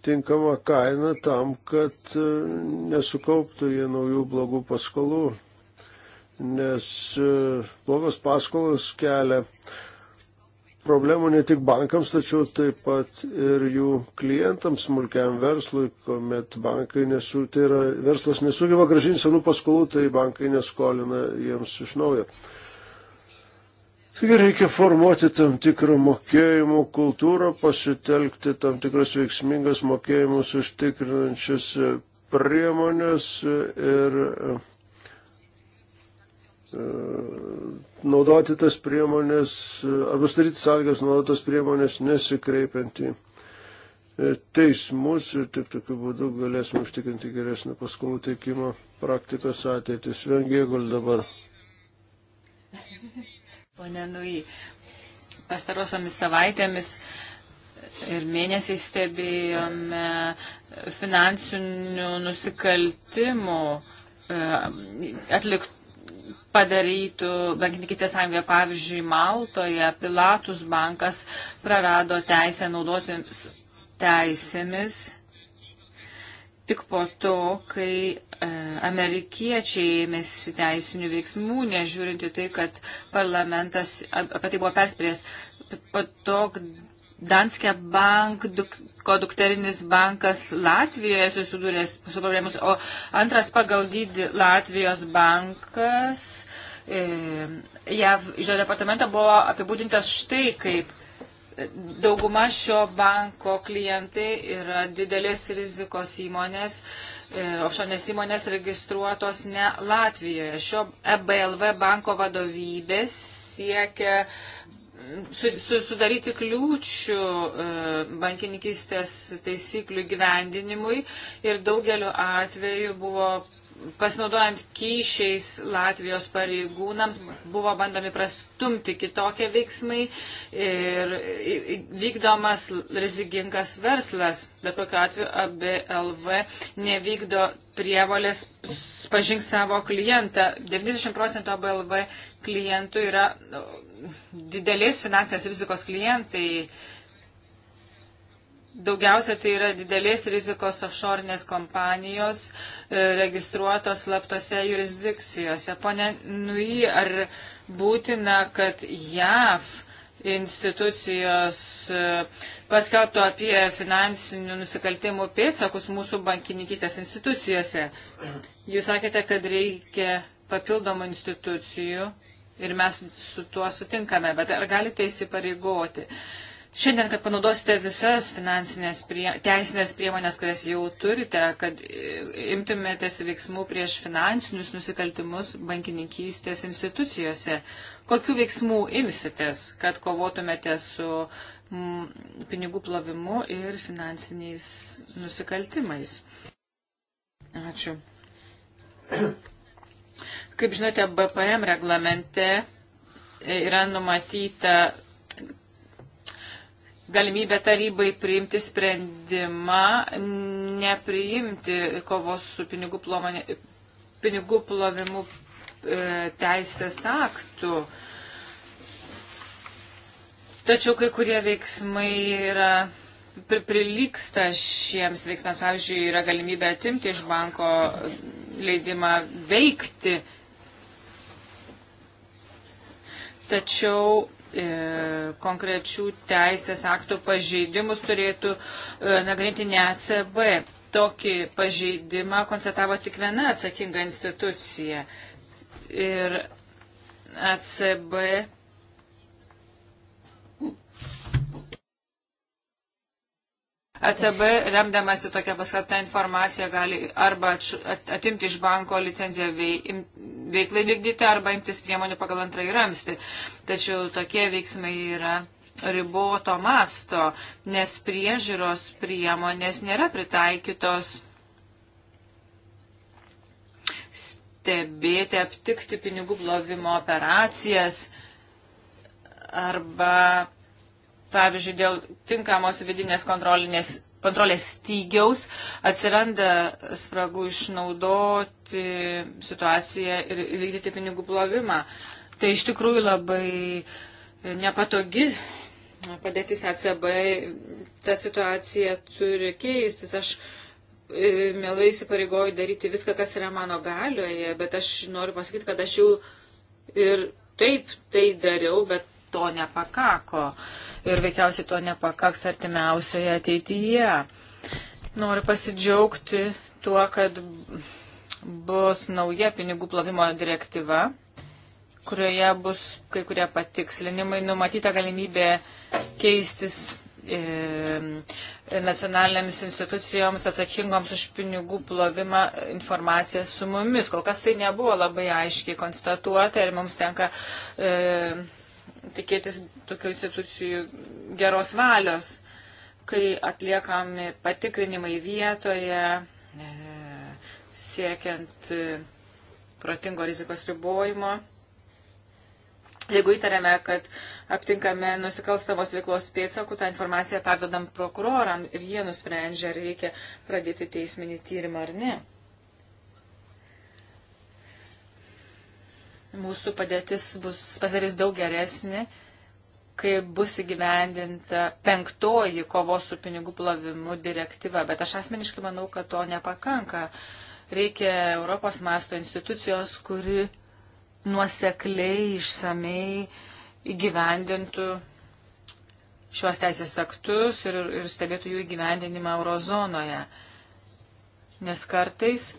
tinkamą kainą tam, kad e, nesukauptų jie naujų blogų paskolų, nes e, blogos paskolos kelia problemų ne tik bankams, tačiau taip pat ir jų klientams, smulkiam verslui, kuomet bankai nesu, tai yra, verslas nesugeba gražinti senų paskolų, tai bankai neskolina jiems iš naujo. Taigi reikia formuoti tam tikrą mokėjimų kultūrą, pasitelkti tam tikras veiksmingas mokėjimus užtikrinančias e, priemonės ir e, e, naudoti tas priemonės, arba sudaryti sąlygas naudoti tas priemonės nesikreipiant į teismus ir tik tokiu būdu galėsime užtikrinti geresnį paskolų teikimo praktikos ateitį. Sven Gėgul dabar. Pone Nui, pastarosiomis savaitėmis ir mėnesiais stebėjome finansinių nusikaltimų e, atliktų padarytų bankininkistės sąjungoje, pavyzdžiui, Maltoje Pilatus bankas prarado teisę naudotis teisėmis tik po to, kai E, amerikiečiai ėmėsi teisinių veiksmų, nežiūrinti tai, kad parlamentas apie tai buvo perspėjęs. Po to Danske bank, duk, ko dukterinis bankas Latvijoje susidūrė su problemus, o antras pagal dydį Latvijos bankas e, JAV žinio departamento buvo apibūdintas štai kaip dauguma šio banko klientai yra didelės rizikos įmonės, E, offshore'nės įmonės registruotos ne Latvijoje. Šio EBLV banko vadovybės siekia sudaryti kliūčių e, bankininkystės taisyklių gyvendinimui ir daugeliu atveju buvo pasinaudojant kyšiais Latvijos pareigūnams buvo bandomi prastumti kitokie veiksmai ir vykdomas rizikingas verslas. Bet kokiu atveju ABLV nevykdo prievolės pažink savo klientą. 90 procentų ABLV klientų yra didelės finansinės rizikos klientai. Daugiausia tai yra didelės rizikos offshore'nės kompanijos e, registruotos slaptose jurisdikcijose. Pone Nui, ar būtina, kad JAV institucijos e, paskelbtų apie finansinių nusikaltimų pėtsakus mūsų bankininkystės institucijose? Jūs sakėte, kad reikia papildomų institucijų ir mes su tuo sutinkame, bet ar galite įsipareigoti? Uh, šiandien, kad panaudosite visas finansinės prie, teisinės priemonės, kurias jau turite, kad e, imtumėtės veiksmų prieš finansinius nusikaltimus bankininkystės institucijose. Kokių veiksmų imsitės, kad kovotumėte su m, mm, pinigų plovimu ir finansiniais nusikaltimais? Ačiū. Kaip žinote, BPM reglamente e, yra numatyta galimybę tarybai priimti sprendimą, nepriimti kovos su pinigų, plomonė, pinigų plovimu e, teisės aktų. Tačiau kai kurie veiksmai yra pri, prilyksta šiems veiksmams. Pavyzdžiui, yra galimybė atimti iš banko leidimą veikti. Tačiau E, konkrečių teisės aktų pažeidimus turėtų e, nagrinti ne ACB. Tokį pažeidimą konstatavo tik viena atsakinga institucija. Ir ACB ECB, remdamasi tokia paskelbta informacija, gali arba atimti iš banko licenciją veiklai vykdyti, arba imtis priemonių pagal antrąjį ramstį. Tačiau tokie veiksmai yra riboto masto, nes priežiūros priemonės nėra pritaikytos stebėti, aptikti pinigų plovimo operacijas arba pavyzdžiui, dėl tinkamos vidinės kontrolinės kontrolės stygiaus, atsiranda spragų išnaudoti situaciją ir vykdyti pinigų plovimą. Tai iš tikrųjų labai nepatogi padėtis ECB, ta situacija turi keistis. Aš e, mielai įsipareigoju daryti viską, kas yra mano galioje, bet aš noriu pasakyti, kad aš jau ir taip tai dariau, bet to nepakako. Uh, ir veikiausiai to nepakaks artimiausioje ateityje. Noriu pasidžiaugti tuo, kad bus nauja pinigų plovimo direktyva, kurioje bus kai kurie patikslinimai, numatyta galimybė keistis e, nacionalinėms institucijoms atsakingoms už pinigų plovimą informaciją su mumis. Kol kas tai nebuvo labai aiškiai konstatuota ir mums tenka e, tikėtis tokių institucijų geros valios, kai atliekami patikrinimai vietoje, e, siekiant e, protingo rizikos ribojimo. Jeigu įtariame, kad aptinkame nusikalstamos veiklos pėdsakų, tą informaciją perdodam prokuroram ir jie nusprendžia, ar reikia pradėti teisminį tyrimą ar ne. mūsų padėtis bus pasidarys daug geresnė, kai bus įgyvendinta penktoji kovos su pinigų plovimu direktyva. Bet aš asmeniškai manau, kad to nepakanka. Reikia Europos masto institucijos, kuri nuosekliai, išsamei įgyvendintų šiuos teisės aktus ir, ir stebėtų jų įgyvendinimą eurozonoje. Nes kartais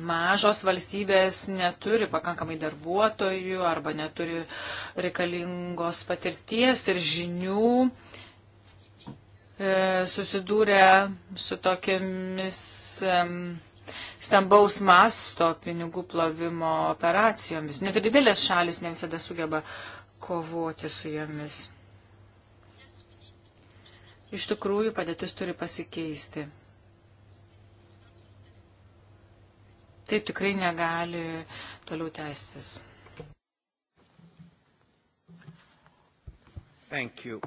mažos valstybės neturi pakankamai darbuotojų arba neturi reikalingos patirties ir žinių e, susidūrę su tokiamis stambaus masto pinigų plovimo operacijomis. Net ir didelės šalis ne visada sugeba kovoti su jomis. Iš tikrųjų, padėtis turi pasikeisti. Taip tikrai negali toliau tęstis. Thank you.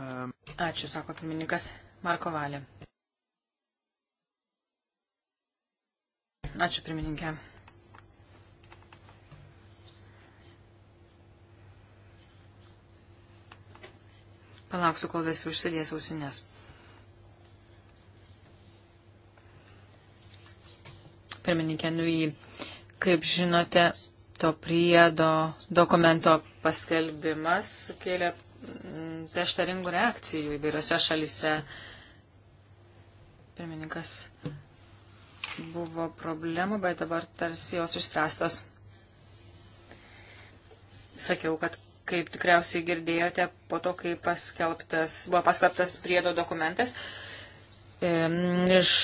Um... Ačiū, sako pirmininkas Marko Valė. Ačiū, pirmininkė. Palauksiu, kol visi užsidės ausinės. pirmininkė Nui. Kaip žinote, to priedo dokumento paskelbimas sukėlė mm, prieštaringų reakcijų įvairiose šalise. Pirmininkas buvo problemų, bet dabar tarsi jos išspręstos. Sakiau, kad kaip tikriausiai girdėjote, po to, kai paskelbtas, buvo paskelbtas priedo dokumentas, iš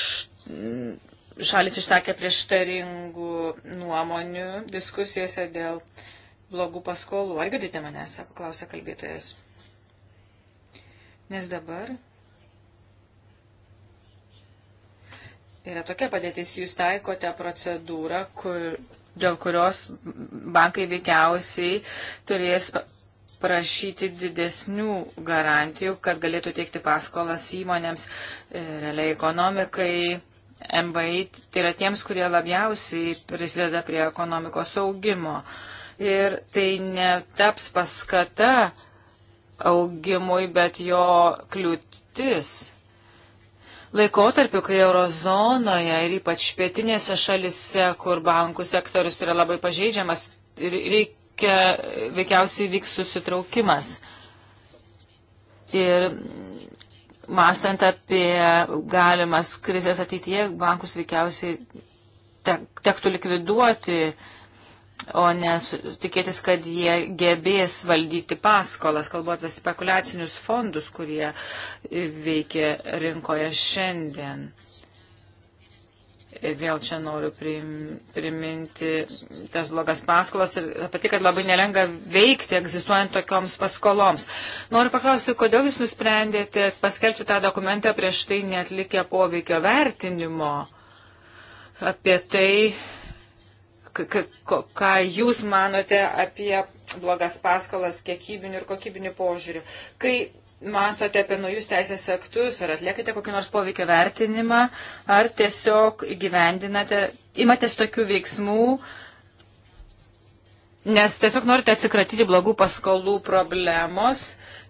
šalis išsakė prieštaringų nuomonių diskusijose dėl blogų paskolų. Ar girdite manęs, paklausė kalbėtojas. Nes dabar yra tokia padėtis, jūs taikote procedūrą, kur, dėl kurios bankai veikiausiai turės prašyti didesnių garantijų, kad galėtų teikti paskolas įmonėms, e, realiai ekonomikai, MVI, tai yra tiems, kurie labiausiai prisideda prie ekonomikos augimo. Ir tai netaps paskata augimui, bet jo kliūtis. Laikotarpiu, kai eurozonoje ir ypač pietinėse šalise, kur bankų sektorius yra labai pažeidžiamas, reikia, veikiausiai vyks susitraukimas. Ir Mastant apie galimas krizės ateityje, bankus veikiausiai tektų likviduoti, o ne tikėtis, kad jie gebės valdyti paskolas, kalbu apie spekulacinius fondus, kurie veikia rinkoje šiandien vėl čia noriu priminti tas blogas paskolas ir apie tai, kad labai nelengva veikti egzistuojant tokioms paskoloms. Noriu paklausti, kodėl Jūs nusprendėte paskelbti tą dokumentą prieš tai netlikę poveikio vertinimo apie tai, ką Jūs manote apie blogas paskolas kiekybinių ir kokybinių požiūrių. Kai mastote apie naujus teisės aktus, ar atliekate kokį nors poveikio vertinimą, ar tiesiog įgyvendinate, imatės tokių veiksmų, nes tiesiog norite atsikratyti blogų paskolų problemos,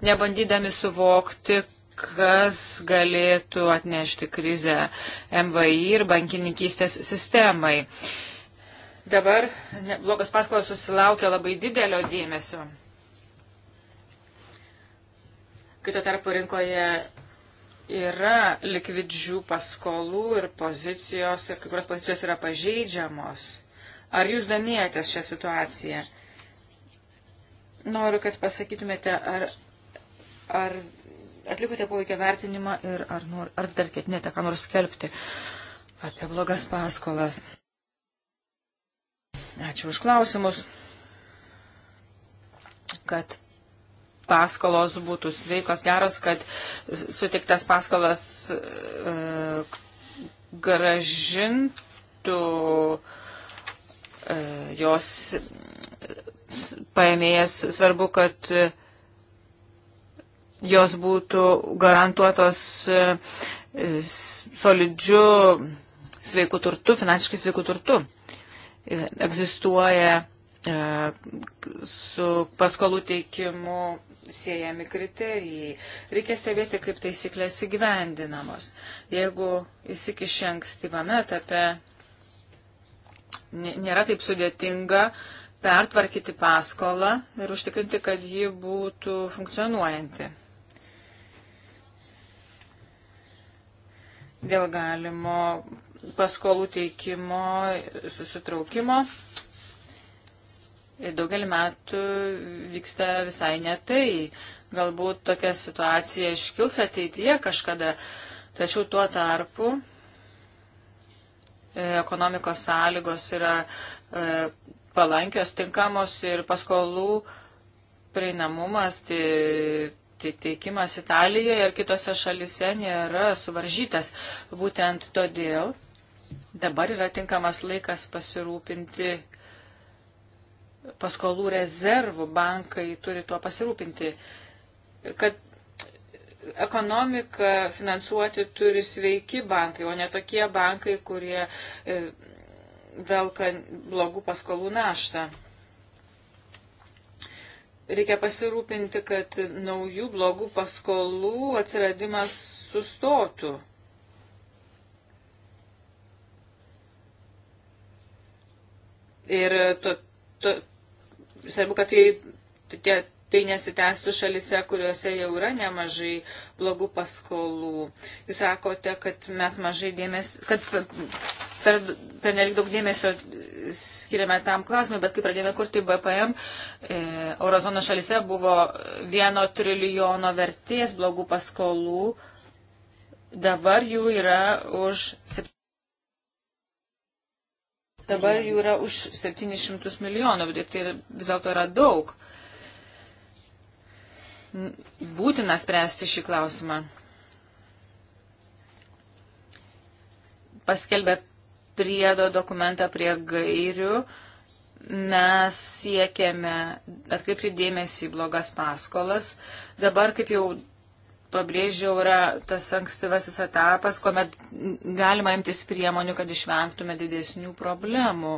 nebandydami suvokti, kas galėtų atnešti krizę MVI ir bankininkystės sistemai. Dabar blogas paskolas susilaukia labai didelio dėmesio. Kito tarpu rinkoje yra likvidžių paskolų ir pozicijos, ir kai kurios pozicijos yra pažeidžiamos. Ar jūs domėjotės šią situaciją? Noriu, kad pasakytumėte, ar, ar atlikote poveikio vertinimą ir ar, nor, ar dar ketinėte ką nors skelbti apie blogas paskolas. Ačiū už klausimus, kad paskolos būtų sveikos, geros, kad sutiktas paskolas e, gražintų e, jos paėmėjas. Svarbu, kad jos būtų garantuotos e, solidžiu sveiku turtu, finansiškai sveiku turtu. E, egzistuoja e, su paskolų teikimu siejami kriterijai. Reikia stebėti, kaip taisyklės įgyvendinamos. Jeigu įsikiši ankstyvame etape, nėra taip sudėtinga pertvarkyti paskolą ir užtikrinti, kad ji būtų funkcionuojanti. Dėl galimo paskolų teikimo susitraukimo daugelį metų vyksta visai ne tai. Galbūt tokia situacija iškils ateityje kažkada, tačiau tuo tarpu e, ekonomikos sąlygos yra e, palankios, tinkamos ir paskolų prieinamumas, tai, tai teikimas Italijoje ir kitose šalise nėra suvaržytas. Būtent todėl dabar yra tinkamas laikas pasirūpinti paskolų rezervų, bankai turi tuo pasirūpinti, kad ekonomiką finansuoti turi sveiki bankai, o ne tokie bankai, kurie e, velka blogų paskolų naštą. Reikia pasirūpinti, kad naujų blogų paskolų atsiradimas sustotų. Ir to, to, svarbu, kad tai, tai, tai nesitęstų šalise, kuriuose jau yra nemažai blogų paskolų. Jūs sakote, kad mes mažai dėmesio, kad per, per nelik daug dėmesio skiriame tam klausimui, bet kai pradėjome kurti BPM, e, eurozono šalise buvo vieno trilijono vertės blogų paskolų, dabar jų yra už 7. Dabar jų yra už 700 milijonų, bet tai vis dėlto yra daug. Būtina spręsti šį klausimą. Paskelbė priedo dokumentą prie gairių, mes siekėme atkreipti dėmesį į blogas paskolas. Dabar, kaip jau pabrėžiau, yra tas ankstyvasis etapas, kuomet galima imtis priemonių, kad išvengtume didesnių problemų.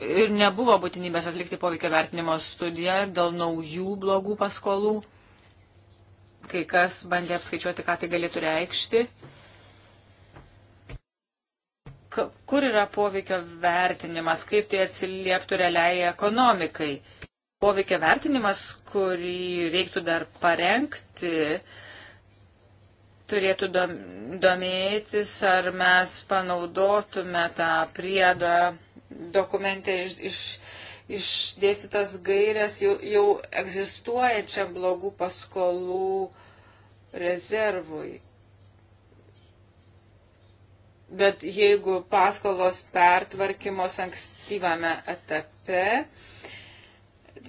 Ir nebuvo būtinybės atlikti poveikio vertinimo studiją dėl naujų blogų paskolų. Kai kas bandė apskaičiuoti, ką tai galėtų reikšti. Kur yra poveikio vertinimas, kaip tai atsilieptų realiai ekonomikai? poveikio vertinimas, kurį reiktų dar parengti, turėtų domėtis, ar mes panaudotume tą priedą dokumente iš, iš, išdėstytas gairias jau, jau egzistuojančiam blogų paskolų rezervui. Bet jeigu paskolos pertvarkymos ankstyvame etape,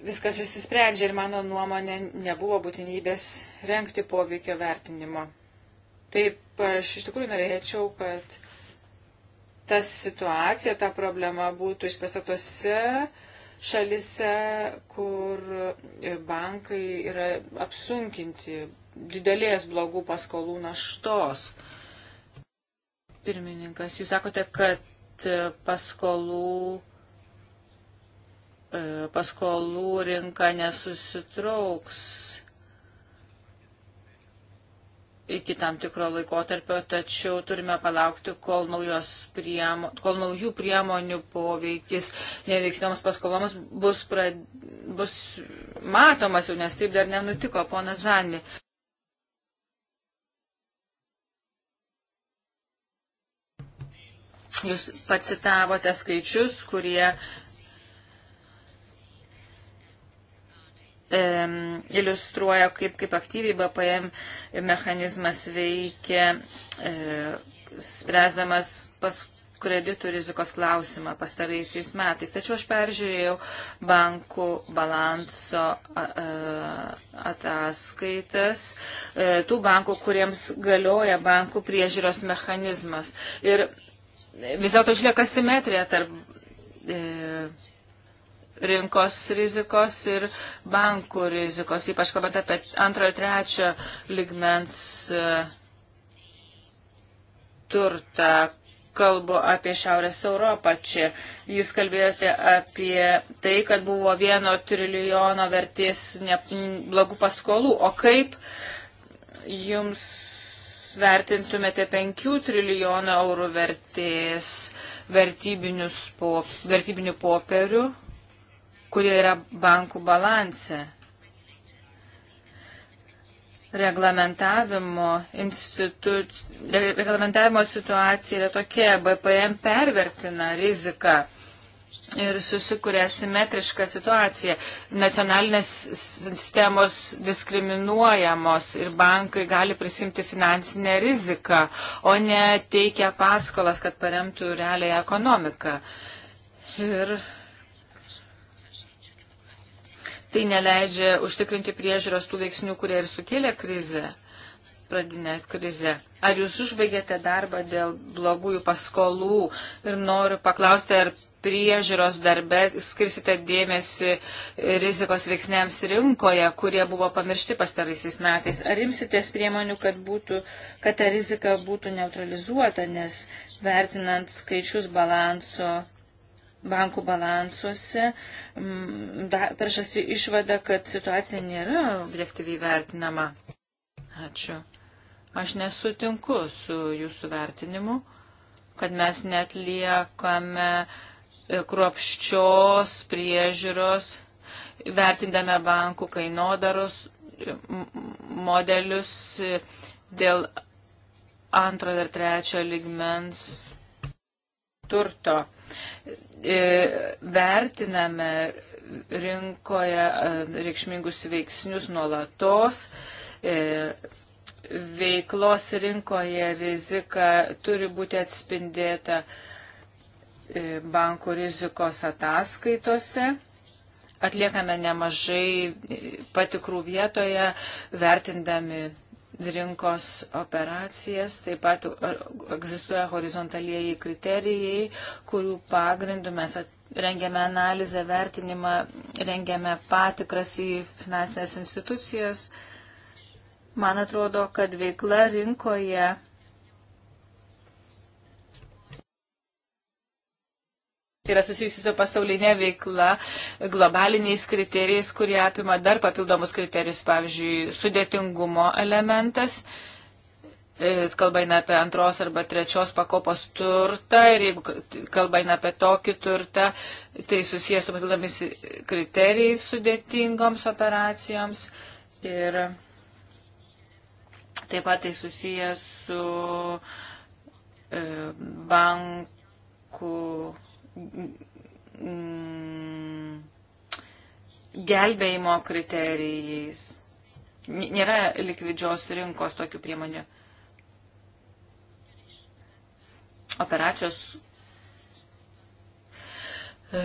viskas išsisprendžia ir mano nuomonė nebuvo būtinybės renkti poveikio vertinimo. Taip aš iš tikrųjų norėčiau, kad ta situacija, ta problema būtų išspręsta tose šalise, kur bankai yra apsunkinti didelės blogų paskolų naštos. Pirmininkas, jūs sakote, kad paskolų E, paskolų rinka nesusitrauks iki tam tikro laikotarpio, tačiau turime palaukti, kol, priemo, kol naujų priemonių poveikis neveiksnioms paskoloms bus, pra, bus matomas jau, nes taip dar nenutiko, ponas Zani. Jūs pacitavote skaičius, kurie iliustruoja, kaip, kaip aktyviai BPM mechanizmas veikia, e, spręsdamas pas kreditų rizikos klausimą pastaraisiais metais. Tačiau aš peržiūrėjau bankų balanso ataskaitas, e, tų bankų, kuriems galioja bankų priežiūros mechanizmas. Ir vis dėlto išlieka simetrija tarp e, rinkos rizikos ir bankų rizikos, ypač kalbant apie antrojo ir trečio ligmens e, turtą. Kalbu apie Šiaurės Europą čia. Jūs kalbėjote apie tai, kad buvo vieno trilijono vertės ne, blagų paskolų. O kaip jums vertintumėte 5 trilijonų eurų vertės vertybinių popierių? kurie yra bankų balanse. Reglamentavimo, institu... reglamentavimo situacija yra tokia, BPM pervertina riziką ir susikuria simetriška situacija. Nacionalinės sistemos diskriminuojamos ir bankai gali prisimti finansinę riziką, o ne teikia paskolas, kad paremtų realią ekonomiką. Ir tai neleidžia užtikrinti priežiūros tų veiksnių, kurie ir sukėlė krizę, pradinę krizę. Ar jūs užbaigėte darbą dėl blogųjų paskolų ir noriu paklausti, ar priežiūros darbe skirsite dėmesį rizikos veiksniams rinkoje, kurie buvo pamiršti pastaraisiais metais. Ar imsitės priemonių, kad, būtų, kad ta rizika būtų neutralizuota, nes vertinant skaičius balanso bankų balansuose, peršasi mm, išvada, kad situacija nėra objektyviai vertinama. Ačiū. Aš nesutinku su jūsų vertinimu, kad mes net liekame e, kruopščios priežiūros, vertindame bankų kainodarus modelius e, dėl antro ir trečio ligmens turto. E, vertiname rinkoje e, reikšmingus veiksnius nuolatos. E, veiklos rinkoje rizika turi būti atspindėta bankų rizikos ataskaitose. Atliekame nemažai patikrų vietoje, vertindami rinkos operacijas, taip pat e, egzistuoja horizontalieji kriterijai, kurių pagrindų mes rengiame analizę, vertinimą, rengiame patikras į finansinės institucijas. Man atrodo, kad veikla rinkoje yra susijusi su pasaulinė veikla, globaliniais kriterijais, kurie apima dar papildomus kriterijus, pavyzdžiui, sudėtingumo elementas e, kalba eina apie antros arba trečios pakopos turtą ir jeigu kalba eina apie tokį turtą, tai susijęs su papildomis kriterijais sudėtingoms operacijoms ir taip pat tai susijęs su e, bankų mm, gelbėjimo kriterijais. Nėra likvidžios rinkos tokių priemonių. Operacijos e,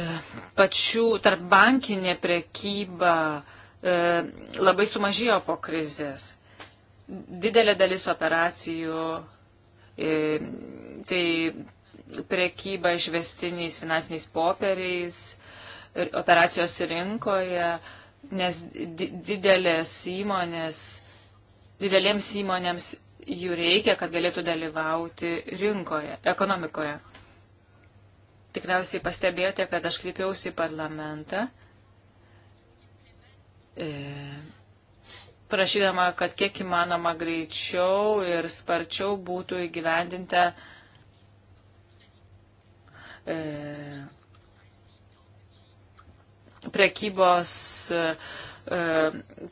pačių tarp bankinė prekyba e, labai sumažėjo po krizės. Didelė dalis operacijų e, tai prekyba išvestiniais finansiniais popieriais, operacijos rinkoje, nes didelės įmonės, didelėms įmonėms jų reikia, kad galėtų dalyvauti rinkoje, ekonomikoje. Tikriausiai pastebėjote, kad aš kreipiausi į parlamentą. E prašydama, kad kiek įmanoma greičiau ir sparčiau būtų įgyvendinta e, prekybos e,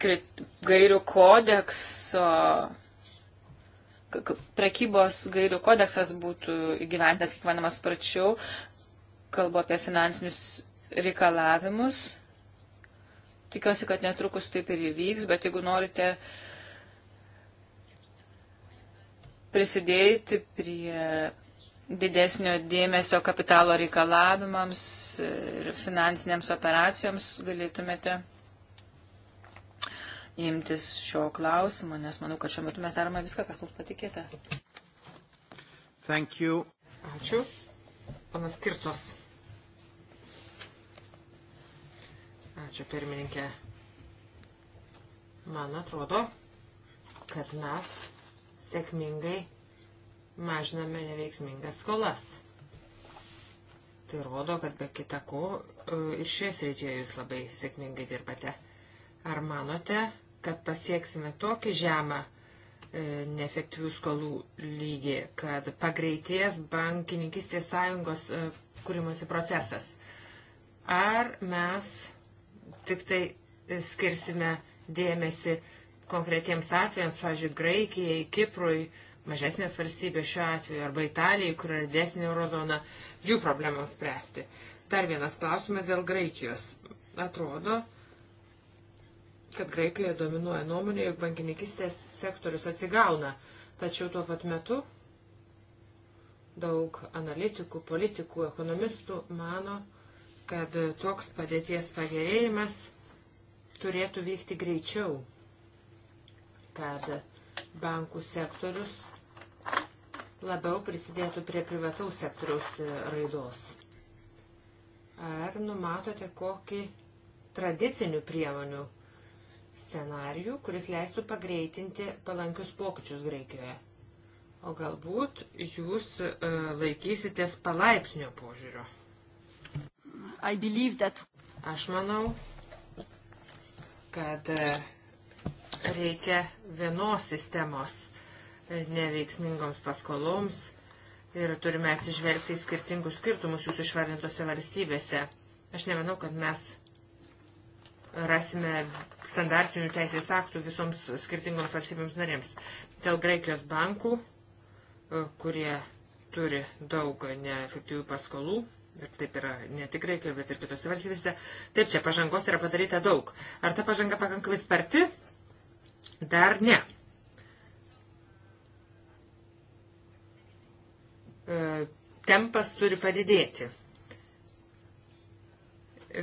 e gairių kodekso prekybos gairių kodeksas būtų įgyventas kiek manoma sparčiau, kalbu apie finansinius reikalavimus. Tikiuosi, kad netrukus taip ir įvyks, bet jeigu norite prisidėti prie didesnio dėmesio kapitalo reikalavimams ir finansinėms operacijoms galėtumėte imtis šio klausimo, nes manau, kad šiuo metu mes darome viską, kas mums patikėta. Thank you. Ačiū. Panas Kircos. Ačiū pirmininkė. Man atrodo, kad mes sėkmingai mažiname neveiksmingas skolas. Tai rodo, kad be kita ko e, ir šioje srityje jūs labai sėkmingai dirbate. Ar manote, kad pasieksime tokį žemą e, neefektyvių skolų lygį, kad pagreitės bankininkistės sąjungos e, kūrimosi procesas? Ar mes tik tai skirsime dėmesį konkretiems atvejams, pavyzdžiui, Graikijai, Kiprui, mažesnės valstybės šiuo atveju arba Italijai, kur yra didesnė eurozona, jų problemams spręsti. Dar vienas klausimas dėl Graikijos. Atrodo, kad Graikijoje dominuoja nuomonė, jog bankininkistės sektorius atsigauna, tačiau tuo pat metu daug analitikų, politikų, ekonomistų mano, kad toks padėties pagerėjimas turėtų vykti greičiau, kad bankų sektorius labiau prisidėtų prie privataus sektoriaus e, raidos? Ar numatote kokį tradicinių priemonių scenarijų, kuris leistų pagreitinti palankius pokyčius Graikijoje? O galbūt jūs uh, laikysitės palaipsnio požiūrio? That... Aš manau, kad e, reikia vienos sistemos neveiksmingoms paskoloms ir turime atsižvelgti į skirtingus skirtumus jūsų išvardintose valstybėse. Aš nemanau, kad mes rasime standartinių teisės aktų visoms skirtingoms valstybėms narėms. Dėl Graikijos bankų, e, kurie turi daug neefektyvių paskolų, ir taip yra ne tik Graikijoje, bet ir kitose valstybėse, taip čia pažangos yra padaryta daug. Ar ta pažanga pakankamai sparti? Dar ne. E, tempas turi padidėti.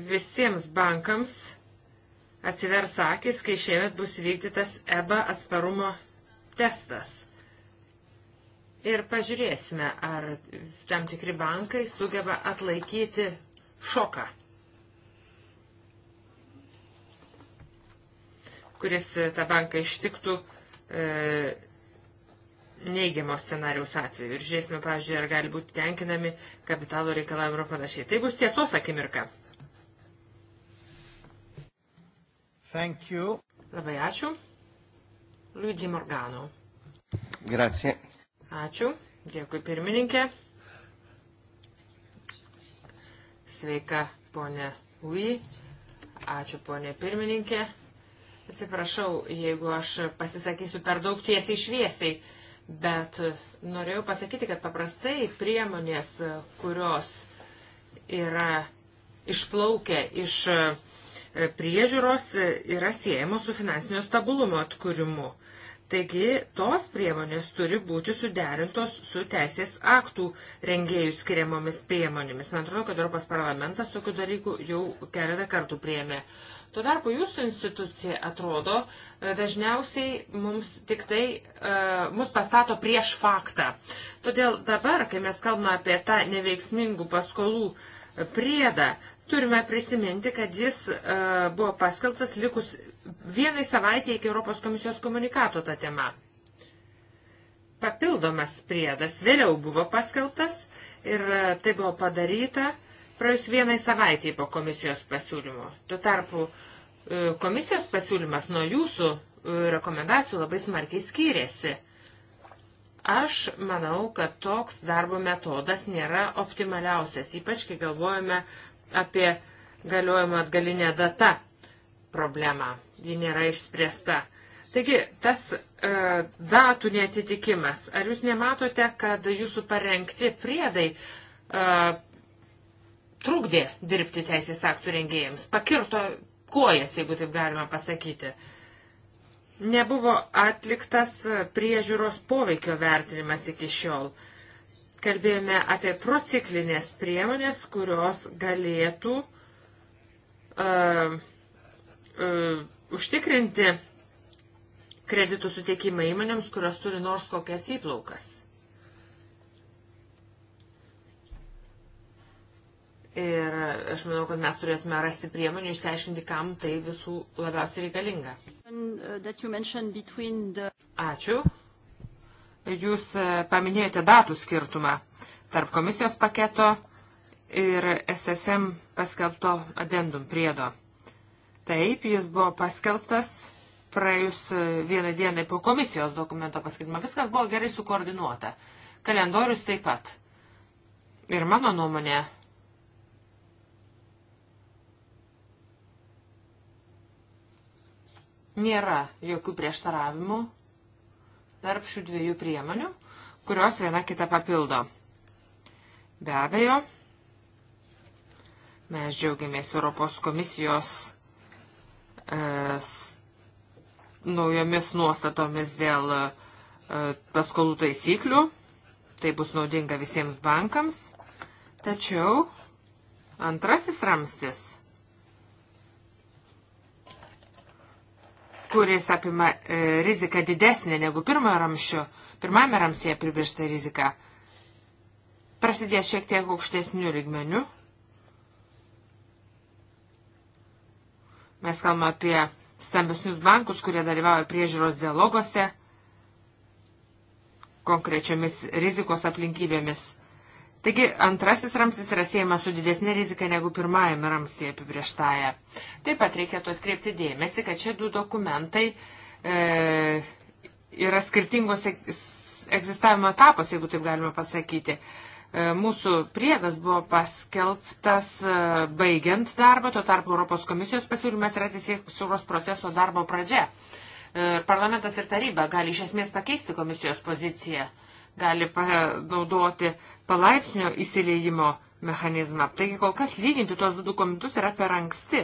Visiems bankams atsivers akis, kai šiemet bus vykdytas EBA atsparumo testas. Ir pažiūrėsime, ar tam tikri bankai sugeba atlaikyti šoką, kuris tą banką ištiktų e, neigiamos scenarius atveju ir žiūrėsime, pavyzdžiui, ar gali būti tenkinami kapitalo reikalavimai ir panašiai. Tai bus tiesos akimirka. Thank you. Labai ačiū. Luigi Morgano. Grazie. Ačiū. Dėkui pirmininkė. Sveika, ponė Ui. Ačiū, ponė pirmininkė. Atsiprašau, jeigu aš pasisakysiu per daug tiesiai šviesiai Bet norėjau pasakyti, kad paprastai priemonės, kurios yra išplaukę iš e, priežiūros, e, yra siejamos su finansinio stabilumo atkūrimu. Taigi tos priemonės turi būti suderintos su teisės aktų rengėjų skiriamomis priemonėmis. Man atrodo, kad Europos parlamentas tokių dalykų jau keletą kartų priemė. Tuo tarpu jūsų institucija atrodo e, dažniausiai mums tik tai e, mus pastato prieš faktą. Todėl dabar, kai mes kalbame apie tą neveiksmingų paskolų e, priedą, turime prisiminti, kad jis buvo paskelbtas likus vienai savaitė iki Europos komisijos komunikato tą temą. Papildomas priedas vėliau buvo paskelbtas ir tai buvo padaryta uh, praėjus vienai savaitėjai po komisijos pasiūlymo. Tuo tarpu e, komisijos pasiūlymas nuo jūsų e, rekomendacijų labai smarkiai skyrėsi. Aš manau, kad toks darbo metodas nėra optimaliausias, ypač kai galvojame apie galiojimo atgalinę datą problemą. Ji nėra išspręsta. Taigi, tas e, datų neatitikimas, ar jūs nematote, kad jūsų parengti priedai e, trukdė dirbti teisės aktų rengėjams, pakirto kojas, jeigu taip galima pasakyti. Nebuvo atliktas priežiūros poveikio vertinimas iki šiol. Kalbėjome apie prociklinės priemonės, kurios galėtų uh, uh, užtikrinti kreditų suteikimą įmonėms, kurios turi nors kokias įplaukas. Ir aš manau, kad mes turėtume rasti priemonių išsiaiškinti, kam tai visų labiausiai reikalinga. Uh, Ačiū. Jūs uh, paminėjote datų skirtumą tarp komisijos paketo ir SSM paskelbto addendum priedo. Taip, jis buvo paskelbtas praėjus uh, vieną dieną po komisijos dokumento paskelbimo. Viskas buvo gerai sukoordinuota. Kalendorius taip pat. Ir mano nuomonė, nėra jokių prieštaravimų tarp šių dviejų priemonių, kurios viena kitą papildo. Be abejo, mes džiaugiamės Europos komisijos e, naujomis nuostatomis dėl e, paskolų taisyklių. Tai bus naudinga visiems bankams. Tačiau antrasis ramstis kuris apima e, riziką didesnė negu pirmojo ramščio, pirmame ramsėje pribiršta rizika, prasidės šiek tiek aukštesnių lygmenių. Mes kalbame apie stambesnius bankus, kurie dalyvauja priežiūros dialogose, konkrečiomis rizikos aplinkybėmis. Taigi antrasis ramsis yra siejamas su didesnė rizika negu pirmajame ramsyje apibrieštaja. Taip pat reikėtų atkreipti dėmesį, kad šie du dokumentai e, yra skirtingos egzistavimo etapos, jeigu taip galima pasakyti. E, mūsų priedas buvo paskelbtas e, baigiant darbą, tuo tarpu Europos komisijos pasiūlymas yra teisėkūros proceso darbo pradžia. E, parlamentas ir taryba gali iš esmės pakeisti komisijos poziciją gali panaudoti palaipsnio įsileidimo mechanizmą. Taigi kol kas lyginti tuos du dokumentus yra per anksti.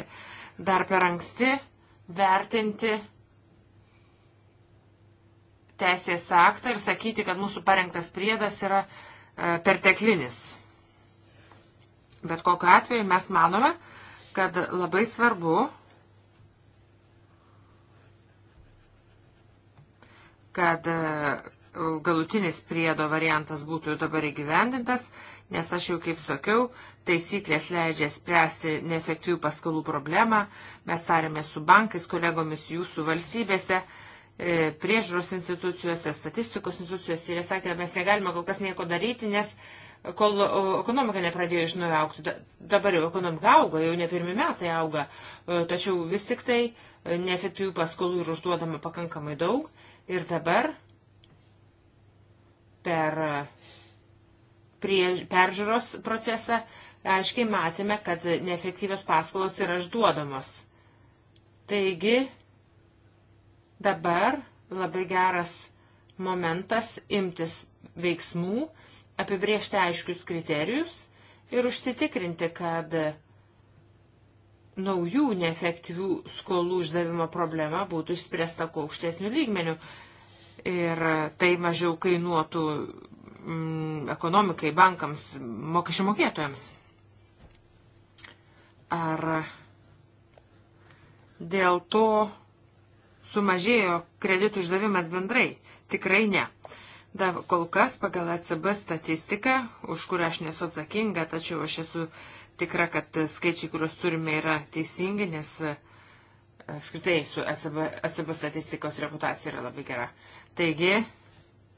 Dar per anksti vertinti teisės aktą ir sakyti, kad mūsų parengtas priedas yra e, perteklinis. Bet kokiu atveju mes manome, kad labai svarbu, kad e, galutinis priedo variantas būtų jau dabar įgyvendintas, nes aš jau kaip sakiau, taisyklės leidžia spręsti neefektyvių paskolų problemą, mes tarėme su bankais, kolegomis jūsų valstybėse, e, priežiūros institucijose, statistikos institucijose ir jie sakė, mes negalime kol kas nieko daryti, nes kol e, ekonomika nepradėjo iš naujo aukti, dabar jau ekonomika auga, jau ne pirmi metai auga, e, tačiau vis tik tai neefektyvių paskolų ir užduodama pakankamai daug ir dabar per priež, peržiūros procesą aiškiai matėme, kad neefektyvios paskolos yra išduodamos. Taigi dabar labai geras momentas imtis veiksmų, apibriežti aiškius kriterijus ir užsitikrinti, kad naujų neefektyvių skolų išdavimo problema būtų išspręsta kuo aukštesnių lygmenių ir tai mažiau kainuotų mm, ekonomikai, bankams, mokesčių mokėtojams. Ar dėl to sumažėjo kreditų išdavimas bendrai? Tikrai ne. Da, kol kas pagal ECB statistiką, už kurią aš nesu atsakinga, tačiau aš esu tikra, kad skaičiai, kuriuos turime, yra teisingi, nes uh, apskritai su ECB, ECB statistikos reputacija yra labai gera. Taigi,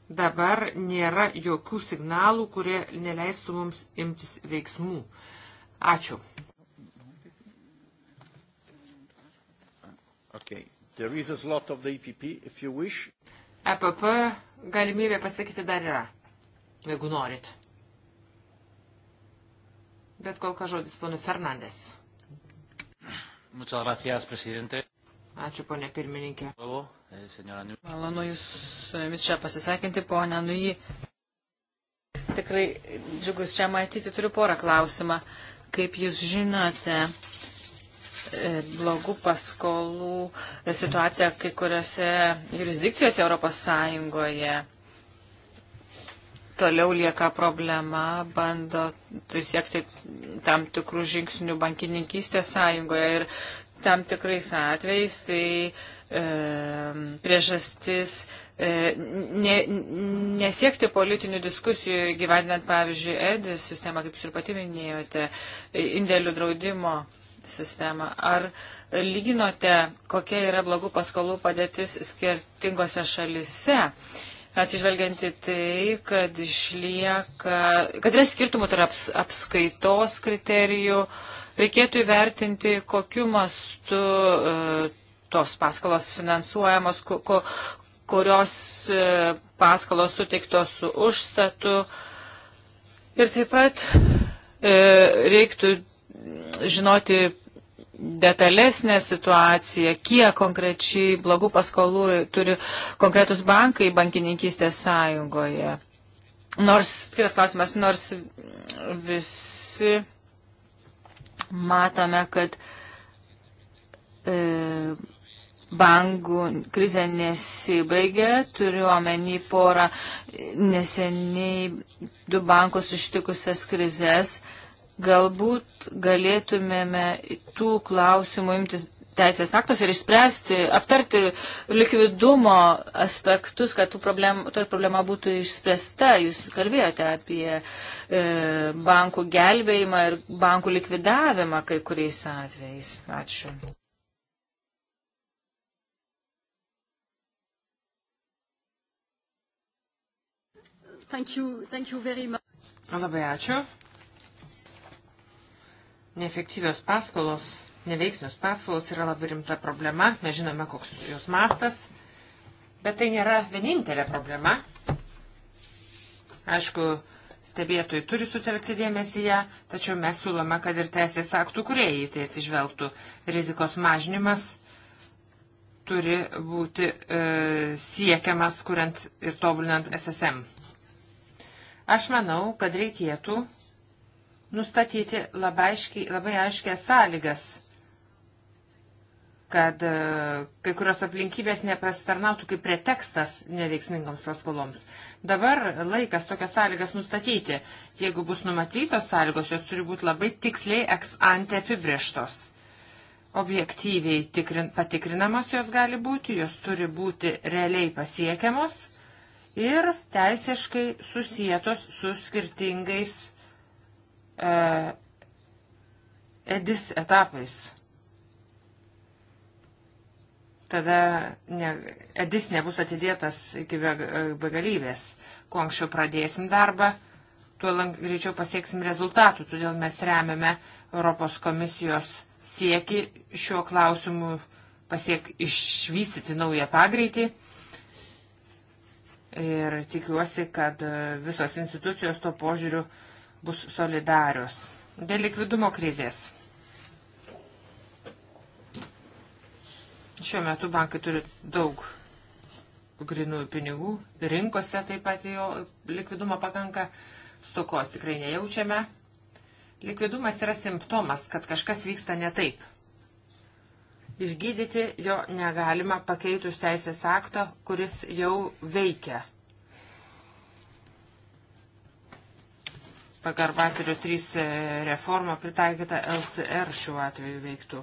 dabar nėra jokių signalų, kurie neleistų mums imtis veiksmų. Ačiū. Okay. There is a slot of the EPP, if you wish. EPP galimybė pasakyti dar yra, jeigu norit. Bet kol kas žodis ponui Fernandes. Muchas gracias, presidente. Ačiū, ponė pirmininkė. Eh, Malonu Jūs su Jumis čia pasisakinti, ponė Nui. Tikrai džiugus čia matyti, turiu porą klausimą. Kaip Jūs žinote, e, blogų paskolų situacija kai kuriuose jurisdikcijose Europos Sąjungoje toliau lieka problema, bando tai siekti tam tikrų žingsnių bankininkystės sąjungoje ir tam tikrais atvejais tai e, priežastis e, ne, nesiekti politinių diskusijų gyvendinant, pavyzdžiui, EDIS sistemą, kaip jūs ir pati minėjote, indėlių draudimo sistemą. Ar lyginote, kokia yra blogų paskolų padėtis skirtingose šalise? E, atsižvelgianti tai, kad išlieka, kad yra skirtumų tarp aps, apskaitos kriterijų, reikėtų įvertinti, kokiu mastu e, tos paskalos finansuojamos, ko, ko, kurios e, paskalos suteiktos su užstatu. Ir taip pat e, reiktų žinoti detalesnę situaciją, kiek konkrečiai blogų paskolų turi konkretus bankai bankininkystės sąjungoje. Nors, kitas klausimas, nors visi matome, kad e, bankų krizė nesibaigė, turiu omeny porą neseniai du bankus ištikusias krizės. E, Galbūt galėtumėme tų klausimų imtis teisės aktos ir išspręsti, aptarti likvidumo aspektus, kad problem, to problema būtų išspręsta. Jūs kalbėjote apie e, bankų gelbėjimą ir bankų likvidavimą kai kuriais atvejais. Ačiū. Thank you, thank you very much. Labai ačiū. Neefektyvios paskolos, neveiksnios paskolos yra labai rimta problema, mes žinome, koks jos mastas, bet tai nėra vienintelė problema. Aišku, stebėtojai turi sutelkti dėmesį ją, tačiau mes siūlome, kad ir teisės aktų kuriejai tai atsižvelgtų. Rizikos mažinimas turi būti e, siekiamas, kuriant ir tobulinant SSM. Aš manau, kad reikėtų nustatyti labai, aiškiai, labai aiškias sąlygas, kad e, kai kurios aplinkybės nepasitarnautų kaip pretekstas neveiksmingoms paskoloms. Dabar laikas tokias sąlygas nustatyti. Jeigu bus numatytos sąlygos, jos turi būti labai tiksliai eks ante apibrieštos objektyviai tikrin, patikrinamos jos gali būti, jos turi būti realiai pasiekiamos ir teisiškai susijėtos su skirtingais E, edis etapais. Tada ne, edis nebus atidėtas iki begalybės. Kuo anksčiau pradėsim darbą, tuo greičiau pasieksim rezultatų. Todėl mes remiame Europos komisijos sieki šiuo klausimu pasiek išvystyti naują pagreitį. Ir tikiuosi, kad visos institucijos tuo požiūriu uh, bus solidarios. Dėl likvidumo krizės. Šiuo metu bankai turi daug grinųjų pinigų, rinkose taip pat jo likvidumo pakanka, stokos tikrai nejaučiame. Likvidumas yra simptomas, kad kažkas vyksta ne taip. Išgydyti jo negalima pakeitus teisės akto, kuris jau veikia. pagal Vasario 3 e, reformą pritaikyta LCR šiuo atveju veiktų.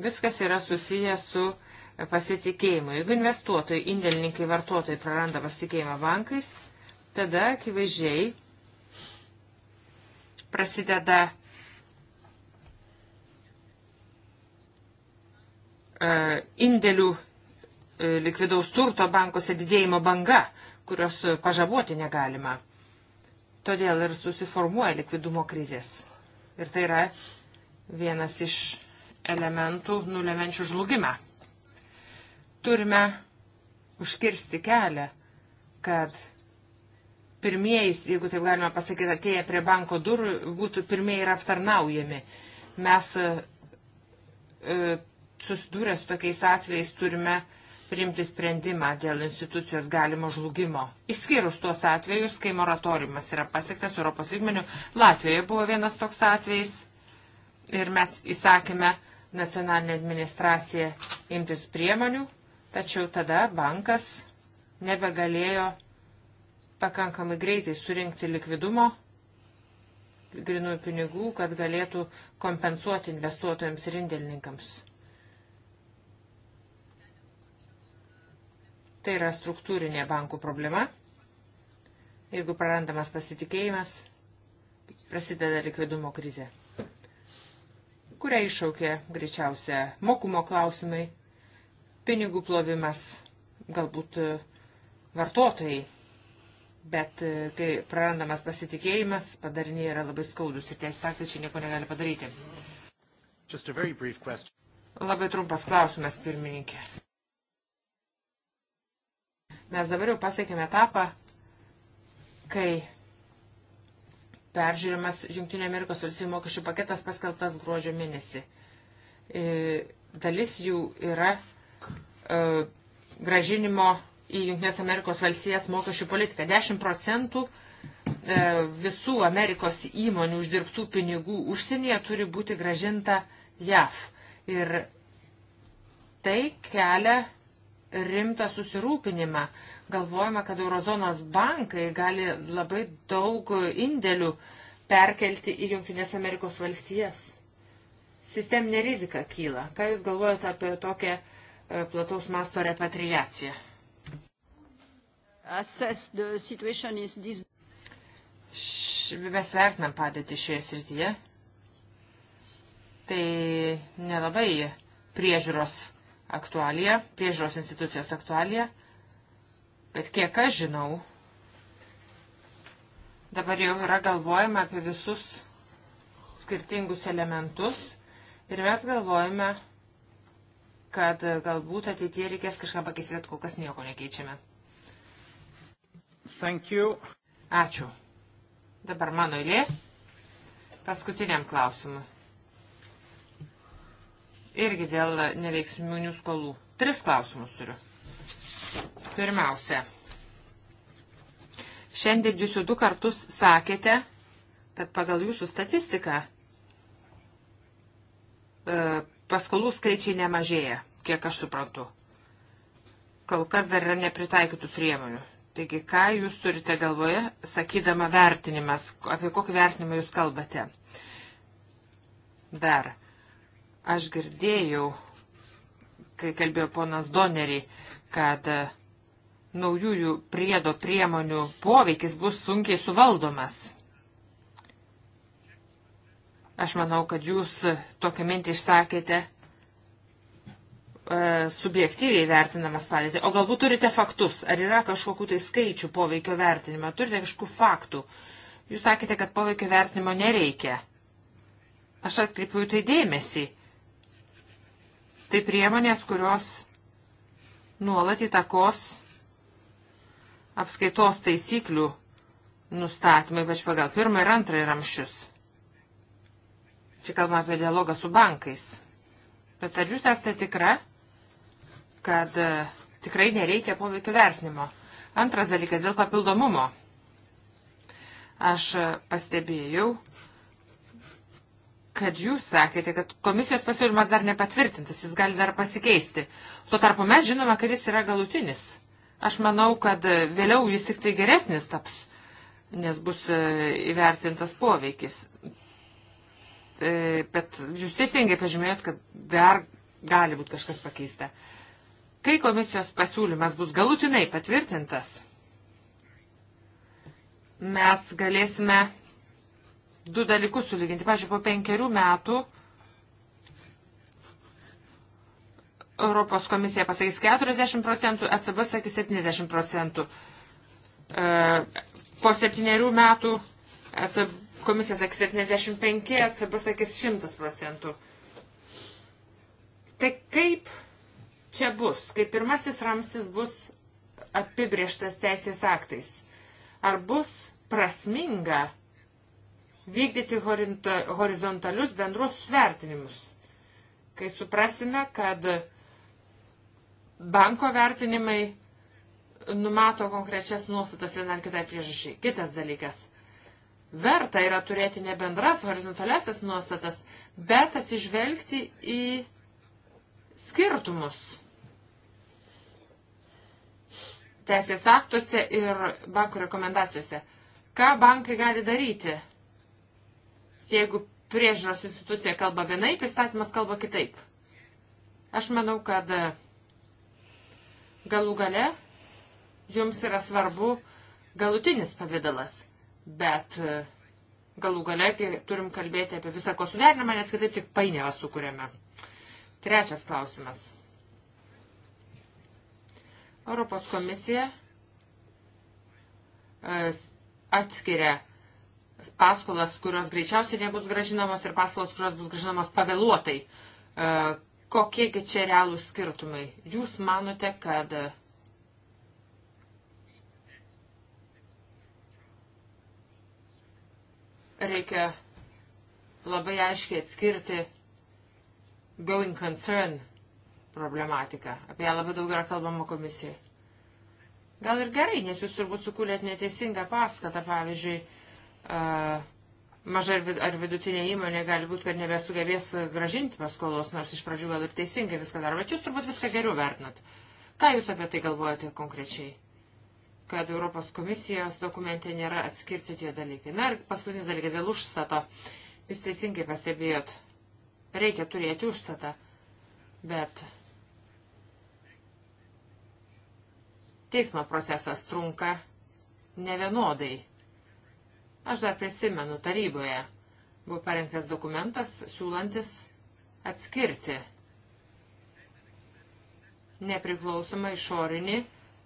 Viskas yra susiję su e, pasitikėjimu. Jeigu investuotojai, indėlininkai, vartotojai praranda pasitikėjimą bankais, tada akivaizdžiai prasideda e, indėlių likvidaus turto bankuose didėjimo banga, kurios pažaboti negalima. Todėl ir susiformuoja likvidumo krizės. Ir tai yra vienas iš elementų nulemenčių žlugimą. Turime užkirsti kelią, kad pirmieji, jeigu taip galima pasakyti, atėję prie banko durų, būtų pirmieji ir aptarnaujami. Mes e, susidūrę su tokiais atvejais turime e, priimti sprendimą dėl institucijos galimo žlugimo. Išskyrus tuos atvejus, kai moratoriumas yra pasiektas Europos lygmenių. Latvijoje buvo vienas toks atvejis ir mes įsakėme nacionalinę administraciją imtis priemonių, tačiau tada bankas nebegalėjo pakankamai greitai surinkti likvidumo grinųjų pinigų, kad galėtų kompensuoti investuotojams ir indėlininkams. Tai yra struktūrinė bankų problema. Jeigu prarandamas pasitikėjimas, prasideda likvidumo krizė, kurią iššaukė greičiausia mokumo klausimai, pinigų plovimas, galbūt e, vartotojai. Bet e, kai prarandamas pasitikėjimas, padariniai yra labai skaudus ir teisės aktai čia nieko negali padaryti. Labai trumpas klausimas, pirmininkė. Mes dabar jau pasiekėme etapą, kai peržiūrimas Junktinio Amerikos valstybių mokesčių paketas paskelbtas gruodžio mėnesį. E, dalis jų yra e, gražinimo į Junktinės Amerikos valstijas mokesčių politiką. 10 procentų e, visų Amerikos įmonių uždirbtų pinigų užsienyje turi būti gražinta JAV. Ir tai kelia rimtą susirūpinimą. Galvojama, kad Eurozonos bankai gali labai daug indėlių perkelti į Junktinės Amerikos valstijas. Sisteminė rizika kyla. Ką Jūs galvojate apie tokią e, plataus masto repatriaciją? Mes vertinam padėtį šioje srityje. Tai nelabai priežiūros aktualija, priežiūros institucijos aktualija, bet kiek aš žinau, dabar jau yra galvojama apie visus skirtingus elementus ir mes galvojame, kad galbūt ateitie reikės kažką pakeisti, bet kol kas nieko nekeičiame. Thank you. Ačiū. Dabar mano eilė paskutiniam klausimui irgi dėl neveiksmių skolų. Tris klausimus turiu. Pirmiausia. Šiandien jūs jau du kartus sakėte, kad pagal jūsų statistiką e, paskolų skaičiai nemažėja, kiek aš suprantu. Kol kas dar yra nepritaikytų priemonių. Taigi, ką jūs turite galvoje, sakydama vertinimas, apie kokį vertinimą jūs kalbate? Dar. Aš girdėjau, kai kalbėjo ponas Donerį, kad e, naujųjų priedo priemonių poveikis bus sunkiai suvaldomas. Aš manau, kad jūs tokią mintį išsakėte e, subjektyviai vertinamas padėtį. O galbūt turite faktus, ar yra kažkokių tai skaičių poveikio vertinime, turite kažkokių faktų. Jūs sakėte, kad poveikio vertinimo nereikia. Aš atkreipiu tai dėmesį. Tai priemonės, kurios nuolat įtakos apskaitos taisyklių nustatymai, ypač pagal pirmą ir antrą ramščius. Čia kalbame apie dialogą su bankais. Bet ar jūs esate tikra, kad e, tikrai nereikia poveikio vertinimo? Antras dalykas dėl papildomumo. Aš e, pastebėjau, kad jūs sakėte, kad komisijos pasiūlymas dar nepatvirtintas, jis gali dar pasikeisti. Tuo tarpu mes žinome, kad jis yra galutinis. Aš manau, kad vėliau jis tik tai geresnis taps, nes bus e, įvertintas poveikis. E, bet jūs teisingai pažymėjot, kad dar gali būti kažkas pakeista. Kai komisijos pasiūlymas bus galutinai patvirtintas, mes galėsime du dalykus sulyginti. Pavyzdžiui, po penkerių metų Europos komisija pasakys 40 procentų, ECB sakys 70 procentų. E, po septyniarių metų ECB, komisija sakys 75, ECB sakys 100 procentų. Tai kaip čia bus, kaip pirmasis ramsis bus apibrieštas teisės aktais? Ar bus prasminga uh, vykdyti horizontalius bendros svertinimus. Kai suprasime, kad banko vertinimai numato konkrečias nuostatas vienai ar kitai priežasčiai. Kitas dalykas. Verta yra turėti ne bendras horizontaliasias nuostatas, bet atsižvelgti į skirtumus. Teisės aktuose ir bankų rekomendacijose. Ką bankai gali daryti? Jeigu priežiūros institucija kalba vienaip, įstatymas kalba kitaip. Aš manau, kad e, galų gale jums yra svarbu galutinis pavydalas, bet e, galų gale turim kalbėti apie visą ko suderinimą, nes kitaip tik painiavą sukūrėme. Trečias klausimas. Europos komisija e, atskiria paskolas, kurios greičiausiai nebus gražinamos ir paskolas, kurios bus gražinamos pavėluotai. E, kokiegi čia realūs skirtumai? Jūs manote, kad e, reikia labai aiškiai atskirti going concern problematiką. Apie ją labai daug yra kalbama komisijoje. Gal ir gerai, nes jūs turbūt sukūlėt neteisingą paskatą, pavyzdžiui, maža ar vidutinė įmonė gali būti, kad nebesugebės gražinti paskolos, nors iš pradžių gal ir teisingai viską daro, bet jūs turbūt viską geriau vertinat. Ką jūs apie tai galvojate konkrečiai? Kad Europos komisijos dokumente nėra atskirti tie dalykai. Na ir paskutinis dalykas dėl užstato. Jūs teisingai pastebėjot. Reikia turėti užstatą, bet teismo procesas trunka nevienodai. Aš dar prisimenu, taryboje buvo parengtas dokumentas siūlantis atskirti nepriklausomą išorinį,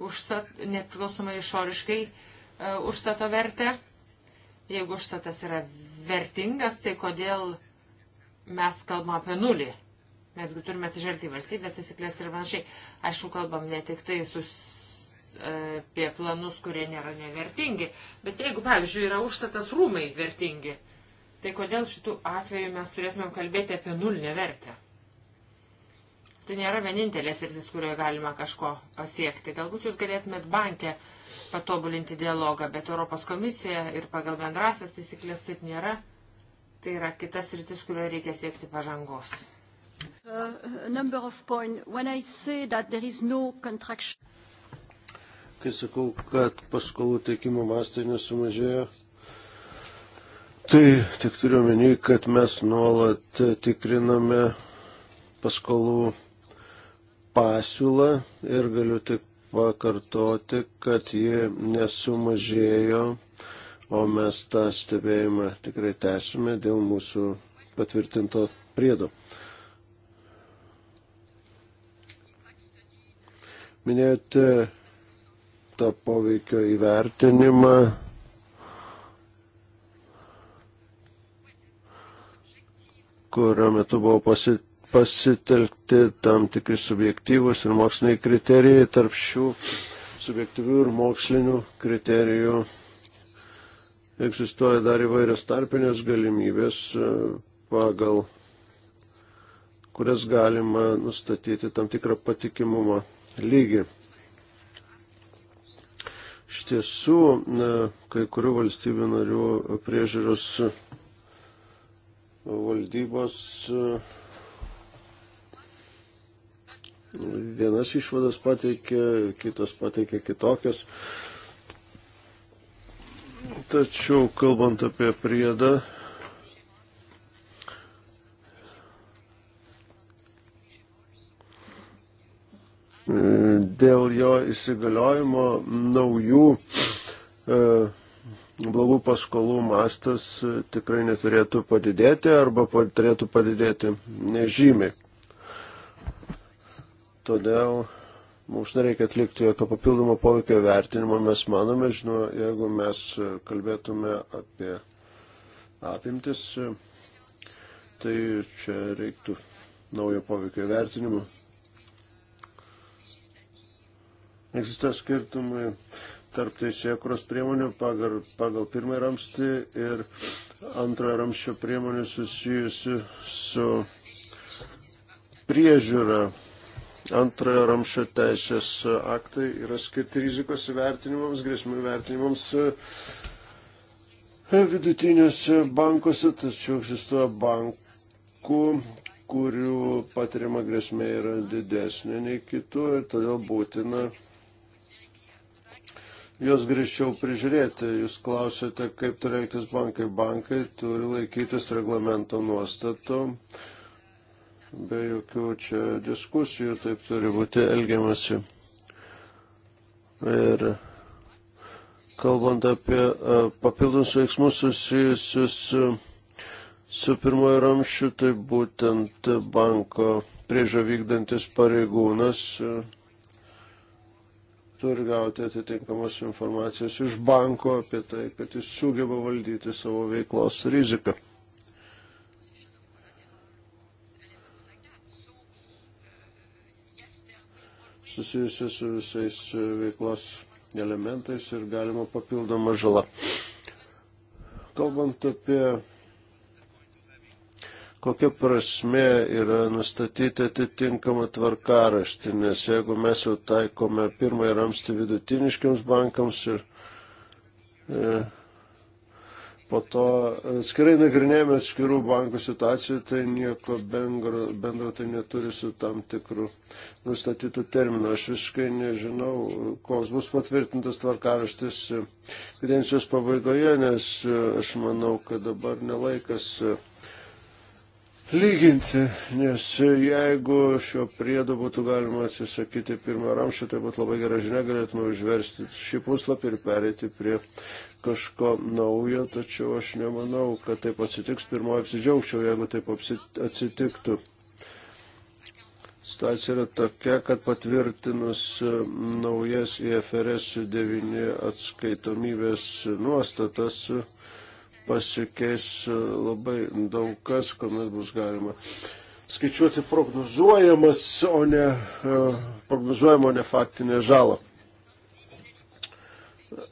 užsat, nepriklausomą išoriškai e, užstato vertę. Jeigu užstatas yra vertingas, tai kodėl mes kalbam apie nulį? Mesgi turime atsižvelgti į valstybės įsiklės ir panašiai. Aišku, kalbam ne tik tai sus, apie planus, kurie nėra nevertingi. Bet jeigu, pavyzdžiui, yra užsatas rūmai vertingi, tai kodėl šitų atveju mes turėtumėm kalbėti apie nulinę vertę? Tai nėra vienintelė sritis, kurioje galima kažko pasiekti. Galbūt jūs galėtumėt bankę patobulinti dialogą, bet Europos komisija ir pagal bendrasias taisyklės taip nėra. Tai yra kitas sritis, kurioje reikia siekti pažangos. Uh, no kai sakau, kad paskolų teikimo mastai nesumažėjo, tai tik turiu menį, kad mes nuolat tikriname paskolų pasiūlą ir galiu tik pakartoti, kad ji nesumažėjo, o mes tą stebėjimą tikrai tęsime dėl mūsų patvirtinto priedo. Minėjote atliktą poveikio įvertinimą. kurio metu buvo pasit, pasitelkti tam tikri subjektyvus ir moksliniai kriterijai. Tarp šių subjektyvių ir mokslinių kriterijų egzistuoja dar įvairios tarpinės galimybės, e, pagal kurias galima nustatyti tam tikrą patikimumo lygį. Iš tiesų, kai kurių valstybių narių priežiūros valdybos vienas išvadas pateikė, kitas pateikė kitokias. Tačiau, kalbant apie priedą, dėl jo įsigaliojimo naujų e, blogų paskolų mastas e, tikrai neturėtų padidėti arba turėtų padidėti nežymiai. Todėl mums nereikia atlikti jokio papildomo poveikio vertinimo, mes manome, žinoma, jeigu mes kalbėtume apie apimtis, e, tai čia reiktų naujo poveikio vertinimo. egzistuoja skirtumai tarp teisėkros priemonių pagal, pagal pirmąjį ramstį ir antrojo ramščio priemonių susijusių su priežiūra. Antrojo ramščio teisės aktai yra skirti rizikos įvertinimams, grėsmų įvertinimams vidutiniuose bankuose, tačiau egzistuoja bankų, kurių patiriama grėsmė yra didesnė nei kitų ir todėl būtina juos grįžčiau prižiūrėti. Jūs klausėte, kaip turi elgtis bankai. Bankai turi laikytis reglamento nuostatų. Be jokių čia diskusijų taip turi būti elgiamasi. Ir kalbant apie e, papildomus veiksmus susijusius su, su pirmojo ramščiu, tai būtent banko priežo vykdantis pareigūnas. A, turi gauti atitinkamos informacijos iš banko apie tai, kad jis sugeba valdyti savo veiklos riziką. susijusi su visais veiklos elementais ir galima papildoma žala. Kalbant apie kokia prasme yra nustatyti atitinkamą tvarkaraštį, nes jeigu mes jau taikome pirmąjį ramstį vidutiniškiams bankams ir e, po to skirai nagrinėjame atskirų bankų situaciją, tai nieko bendro, bendro tai neturi su tam tikru nustatytų terminu. Aš visiškai nežinau, koks bus patvirtintas tvarkaraštis kadencijos pabaigoje, nes aš manau, kad dabar nelaikas. E, lyginti, nes jeigu šio priedo būtų galima atsisakyti pirmą ramšį, tai būtų labai gera žinia, galėtume užversti šį puslapį ir perėti prie kažko naujo, tačiau aš nemanau, kad taip atsitiks. Pirmoji apsidžiaugčiau, jeigu taip atsitiktų. Stacija yra tokia, kad patvirtinus naujas IFRS 9 atskaitomybės nuostatas, pasikeis e, labai daug kas, kuomet bus galima skaičiuoti prognozuojamas, o ne e, prognozuojamą, o ne faktinę žalą.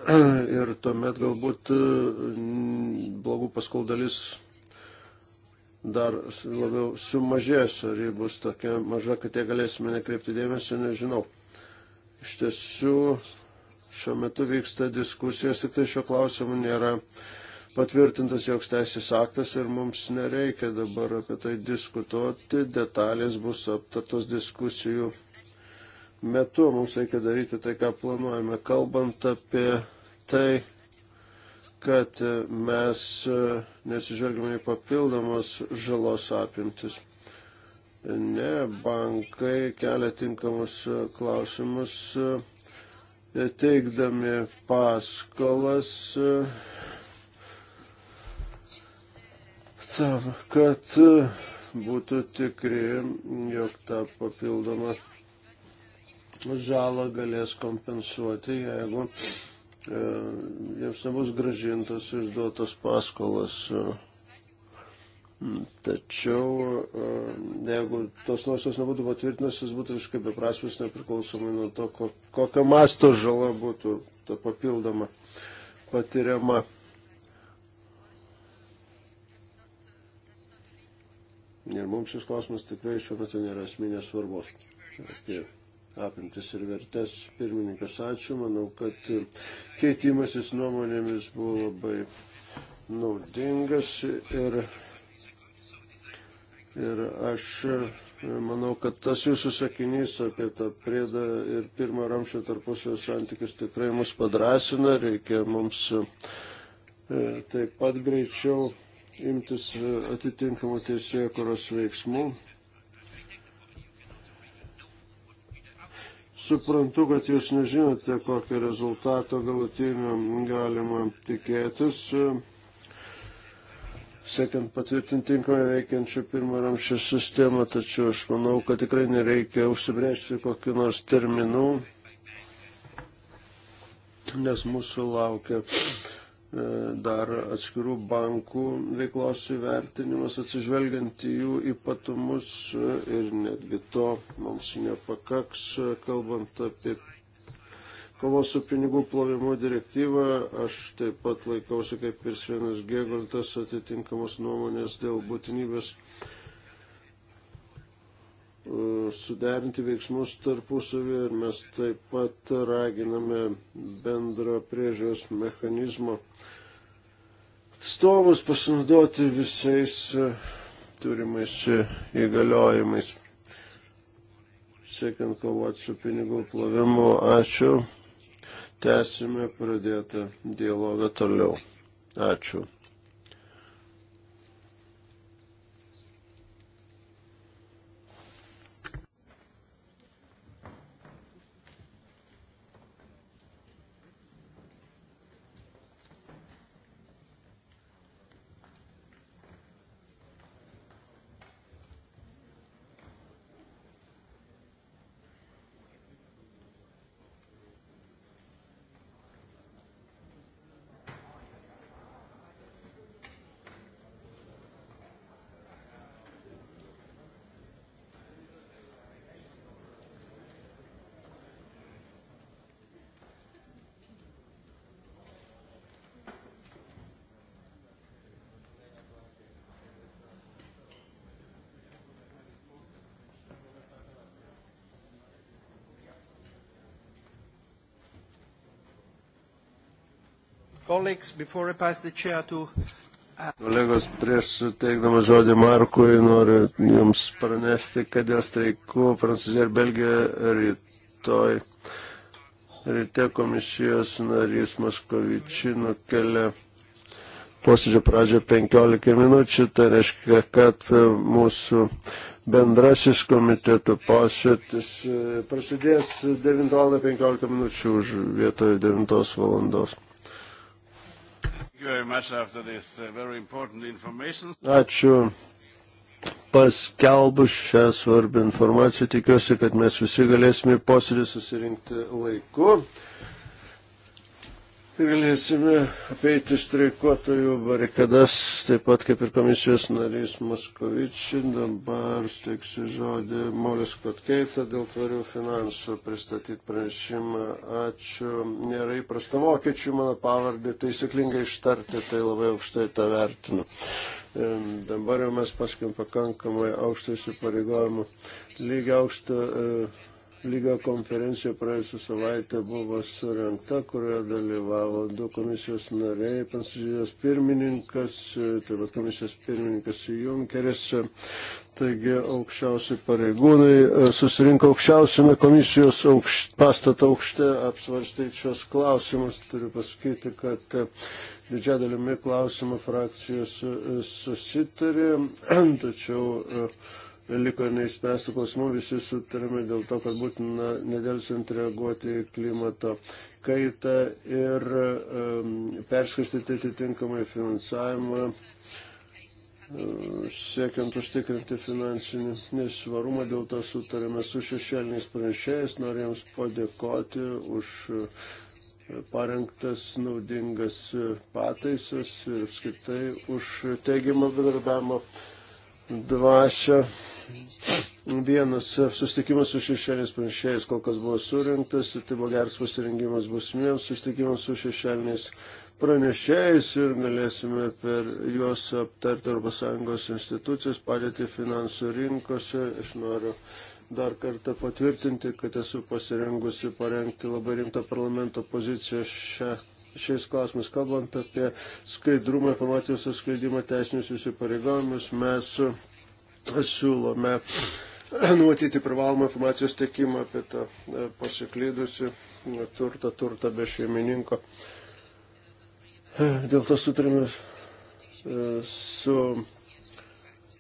Ir tuomet galbūt e, blogų paskolų dalis dar labiau sumažės, ar ji bus tokia maža, kad jie galėsime nekreipti dėmesio, nežinau. Iš tiesų, šiuo metu vyksta diskusijos, tik tai šio klausimu nėra patvirtintas joks teisės aktas ir mums nereikia dabar apie tai diskutuoti, detalės bus aptartos diskusijų metu, mums reikia daryti tai, ką planuojame. Kalbant apie tai, kad mes nesižvelgime į papildomas žalos apimtis. Ne, bankai kelia tinkamus klausimus teikdami paskolas tam, kad e, būtų tikri, jog tą papildomą žalą galės kompensuoti, jeigu e, jiems nebus gražintas išduotas paskolas. Tačiau, e, jeigu tos nuosios nebūtų patvirtinas, jis būtų visiškai beprasmis, nepriklausomai nuo to, kokio masto žala būtų ta papildoma patiriama. Ir mums šis klausimas tikrai šiuo metu nėra asmenės svarbos. Apie apimtis ir vertes pirmininkas, ačiū. Manau, kad keitimasis nuomonėmis buvo labai naudingas ir, ir aš manau, kad tas jūsų sakinys apie tą priedą ir pirmą ramšio tarpusio santykius tikrai mus padrasina, reikia mums e, taip pat greičiau imtis e, atitinkamų teisėkuros veiksmų. Suprantu, kad jūs nežinote, kokio rezultato galutinio galima tikėtis, e, siekiant patvirtinti tinkamai veikiančią pirmą ramščią sistemą, tačiau aš manau, kad tikrai nereikia užsibrėžti kokiu nors terminu, nes mūsų laukia E, dar atskirų bankų veiklos įvertinimas atsižvelgiant į jų ypatumus e, ir netgi to mums nepakaks, e, kalbant apie kovos su pinigų plovimu direktyvą. Aš taip pat laikausi kaip ir Svenas Gėgoltas atitinkamos nuomonės dėl būtinybės E, suderinti veiksmus tarpusavį ir mes taip pat raginame bendro priežiūros mechanizmo atstovus pasinaudoti visais e, turimais e, įgaliojimais, siekiant kovoti su pinigų plovimu. Ačiū. Tęsime pradėtą dialogą toliau. Ačiū. Uh, Kolegos, prieš teikdama žodį Markui, noriu Jums pranešti, kad dėl streikų Prancūzija ir Belgija rytoj ryte komisijos narys Moskovičiai nukelia posėdžio pradžio 15 minučių. Tai reiškia, kad mūsų bendrasis komiteto posėdis e, prasidės 9.15 minučių už vietoj 9 valandos. Uh, Ačiū paskelbus šią svarbę informaciją. Tikiuosi, kad mes visi galėsime posėdį susirinkti laiku. Ir tai galėsime apeiti streikuotojų barikadas, taip pat kaip ir komisijos narys Moskovičiai. Dabar steiksiu žodį Molis Kotkeita dėl tvarių finansų pristatyti pranešimą. Ačiū. Nėra įprasta vokiečių mano pavardė, taisyklingai ištarti, tai labai aukštai tą vertinu. Dabar jau mes paskui pakankamai aukštai įsipareigojimų lygį aukštą. E, lygio konferencija praėjusią savaitę buvo surinkta, kurioje dalyvavo du komisijos nariai, prancūzijos pirmininkas, taip pat komisijos pirmininkas Junkeris. Taigi aukščiausi pareigūnai e, susirinko aukščiausiame komisijos aukšt, pastato aukšte apsvarstyti šios klausimus. Turiu pasakyti, kad e, didžia dalimi klausimų frakcijos e, susitarė, tačiau uh, liko neišspręstų klausimų, visi sutarėme dėl to, kad būtina nedėlsiant reaguoti klimato kaitą ir um, perskirstyti atitinkamai finansavimą uh, siekiant užtikrinti finansinį nesvarumą, dėl to sutarėme su šešėliniais pranešėjais, norėjams padėkoti už uh, parengtas naudingas uh, pataisas ir skaitai už teigiamą bendradarbiavimo dvasę vienas susitikimas su šešėliniais pranešėjais kol kas buvo surinktas ir tai buvo geras pasirengimas būsimiems susitikimams su šešėliniais pranešėjais ir galėsime per juos aptarti ES institucijas, padėti finansų rinkose. Aš noriu dar kartą patvirtinti, kad esu pasirengusi parengti labai rimtą parlamento poziciją šią šiais klausimais. Kalbant apie skaidrumą, informacijos atskleidimą, teisinius įsipareigojimus, mes siūlome nuotyti privalomą informacijos tekimą apie tą e, pasiklydusi e, turtą, turtą be šeimininko. Dėl to sutarėme e, su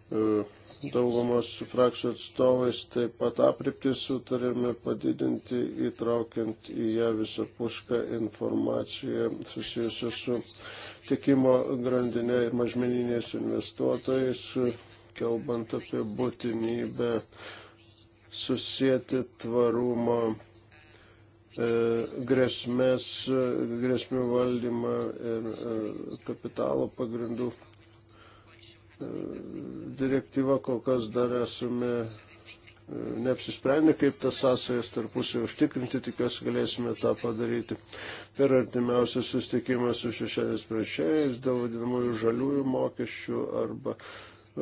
daugumos frakcijų atstovais taip pat apripti sutarėme padidinti įtraukiant į ją visą pušką informaciją susijusią su tikimo grandinė ir mažmeniniais investuotojais, kalbant apie būtinybę susijęti tvarumo e, grėsmės, grėsmių valdymą ir e, kapitalo pagrindų. E, Direktyva kol kas dar esame neapsisprendę, kaip tas sąsajas tarpusio užtikrinti, tikiuosi galėsime tą padaryti per artimiausią sustikimą su šešėlės priešėjais dėl vadinamųjų žaliųjų mokesčių arba E,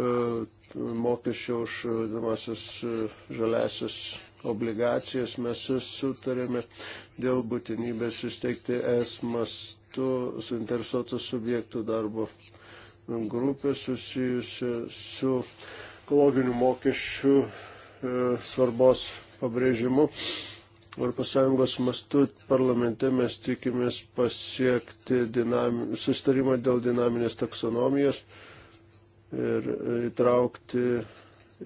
mokesčio už e, vadinamasis e, žaliasis obligacijas mes sutarėme dėl būtinybės įsteigti es mastu suinteresuotų subjektų darbo grupę susijusią su ekologiniu mokesčiu e, svarbos pabrėžimu. Europos Sąjungos mastu parlamente mes tikimės pasiekti dinam... sustarimą dėl dinaminės taksonomijos. E, ir įtraukti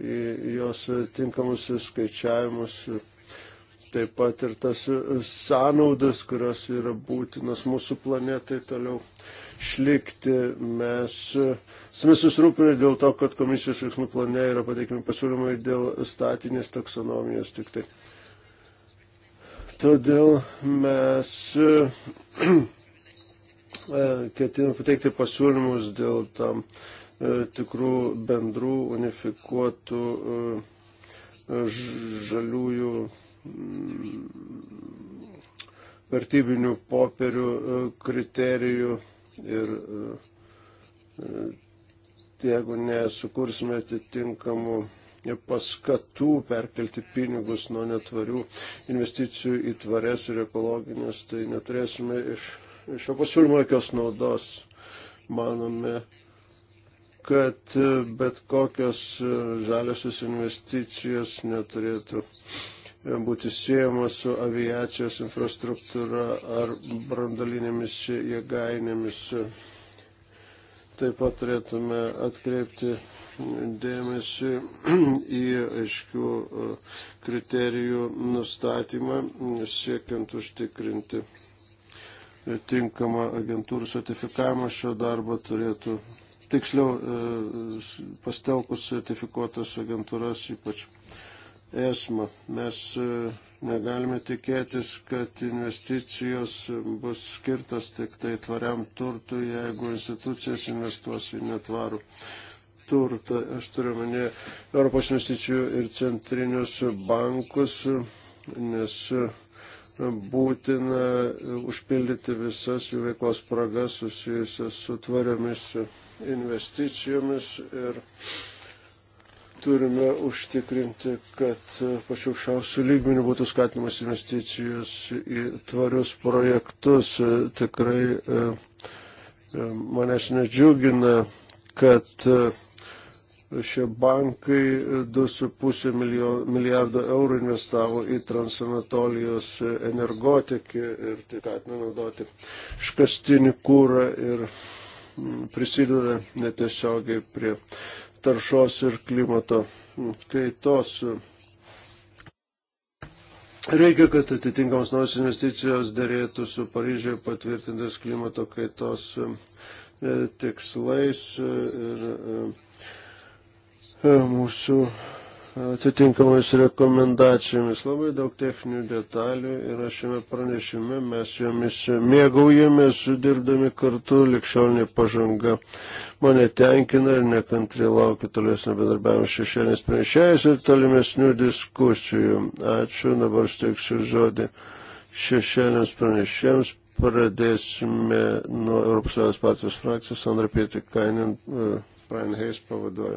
į jos tinkamus skaičiavimus taip pat ir tas sąnaudas, kurios yra būtinas mūsų planetai toliau išlikti. Mes esame susirūpinę dėl to, kad komisijos veiksmų plane yra pateikimi pasiūlymai dėl statinės taksonomijos tik tai. Todėl mes e, ketiname pateikti pasiūlymus dėl tam. Uh, E, tikrų bendrų unifikuotų e, žaliųjų mm, vertybinių popierių e, kriterijų ir jeigu nesukursime atitinkamų paskatų perkelti pinigus nuo netvarių investicijų į tvarias ir ekologinės, tai neturėsime iš šio pasiūlymo jokios naudos. Manome, kad bet kokios žaliosios investicijos neturėtų būti siejamos su aviacijos infrastruktūra ar brandalinėmis jėgainėmis. Taip pat turėtume atkreipti dėmesį į aiškių e, kriterijų nustatymą, siekiant užtikrinti tinkamą agentūrų sertifikavimą šio darbo turėtų tiksliau e, pastelkus sertifikuotas agentūras, ypač esmą. Mes e, negalime tikėtis, kad investicijos bus skirtas tik tai tvariam turtui, jeigu institucijas investuos į netvarų turtą. Aš turiu mane Europos investicijų ir centrinius bankus, nes būtina užpildyti visas jų veiklos spragas susijusias su tvariomis investicijomis ir turime užtikrinti, kad pačiu aukščiausiu lygmeniu būtų skatinamas investicijos į tvarius projektus. Tikrai e, e, manęs nedžiugina, kad e, šie bankai 2,5 milijardo eurų investavo į Transanatolijos energotikį ir tai tik atnaudoti škastinį kūrą ir prisideda netiesiogiai prie taršos ir klimato kaitos. Reikia, kad atitinkamos naujos investicijos dėrėtų su Paryžioje patvirtintas klimato kaitos e, tikslais e, ir e, mūsų atitinkamomis rekomendacijomis. Labai daug techninių detalių yra šiame pranešime, mes jomis mėgaujamės, dirbdami kartu, likščiolinė pažanga mane tenkina ir nekantriai laukiu tolesnio bedarbiavimo šešėlės pranešėjais ir tolimesnių diskusijų. Ačiū, dabar steiksiu žodį šešėlės pranešėjams. Pradėsime nuo Europos Liaudės partijos frakcijos, Andra Pietikainin, e, Brian Hayes pavaduoja.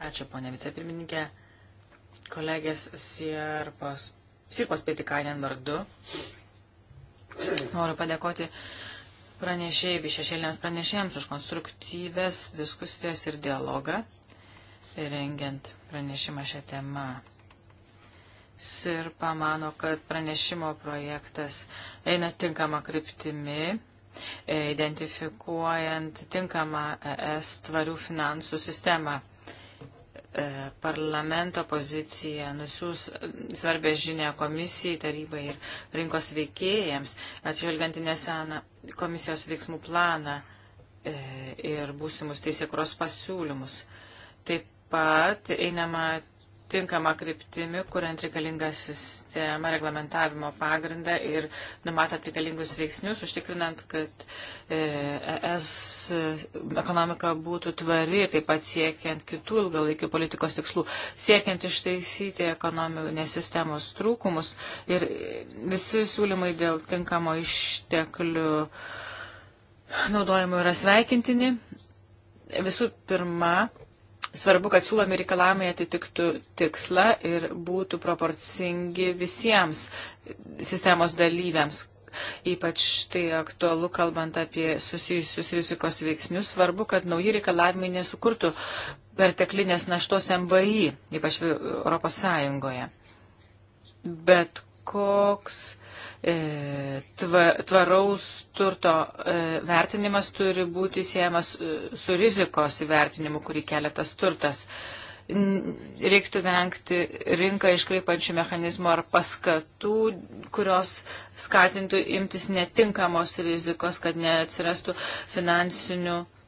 Ačiū, ponė vicepirmininkė. Kolegės Sirpos, Sirpos Pietikainen vardu. Noriu padėkoti pranešėjai, šešėlėms pranešėjams už konstruktyves diskusijas ir dialogą, rengiant pranešimą šią temą. Sirpa mano, kad pranešimo projektas eina tinkama kryptimi, e, identifikuojant tinkamą ES tvarių finansų sistemą. E, parlamento pozicija nusiūs svarbę žinę komisijai, tarybai ir rinkos veikėjams, atžvelgiant į neseną komisijos veiksmų planą e, ir būsimus teisėkros pasiūlymus. Taip pat einama tinkama kryptimi, kuriant reikalingą sistemą, reglamentavimo pagrindą ir numatant reikalingus veiksnius, užtikrinant, kad ES e ekonomika būtų tvari, taip pat siekiant kitų ilgalaikių politikos tikslų, siekiant ištaisyti ekonominės sistemos trūkumus ir visi siūlymai dėl tinkamo išteklių naudojimo yra sveikintini. Visų pirma, Svarbu, kad siūlomi reikalavimai atitiktų tikslą ir būtų proporcingi visiems sistemos dalyviams. Ypač tai aktualu, kalbant apie susijusius rizikos veiksnius, svarbu, kad nauji reikalavimai nesukurtų perteklinės naštos MVI, ypač Europos Sąjungoje. Bet koks E, tvaraus turto e, vertinimas turi būti siejamas e, su rizikos įvertinimu, kurį kelia tas turtas. Reiktų vengti rinką iškreipančių mechanizmų ar paskatų, kurios skatintų imtis netinkamos rizikos, kad neatsirastų finansinių uh,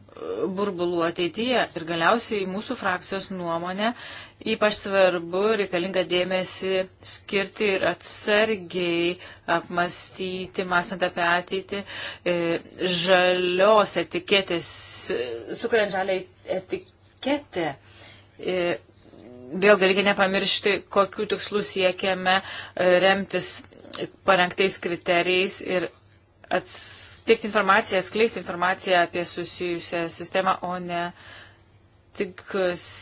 burbulų ateityje. Ir galiausiai mūsų frakcijos nuomonė ypač svarbu reikalingą dėmesį skirti ir atsargiai apmastyti, mąstant apie ateitį, e, žalios etiketės, sukuriant žalią etiketę. E, vėlgi reikia nepamiršti, kokiu tikslu siekiame e, remtis parengtais kriterijais ir atsargiai teikti informaciją, skleisti informaciją apie susijusią sistemą, o ne tik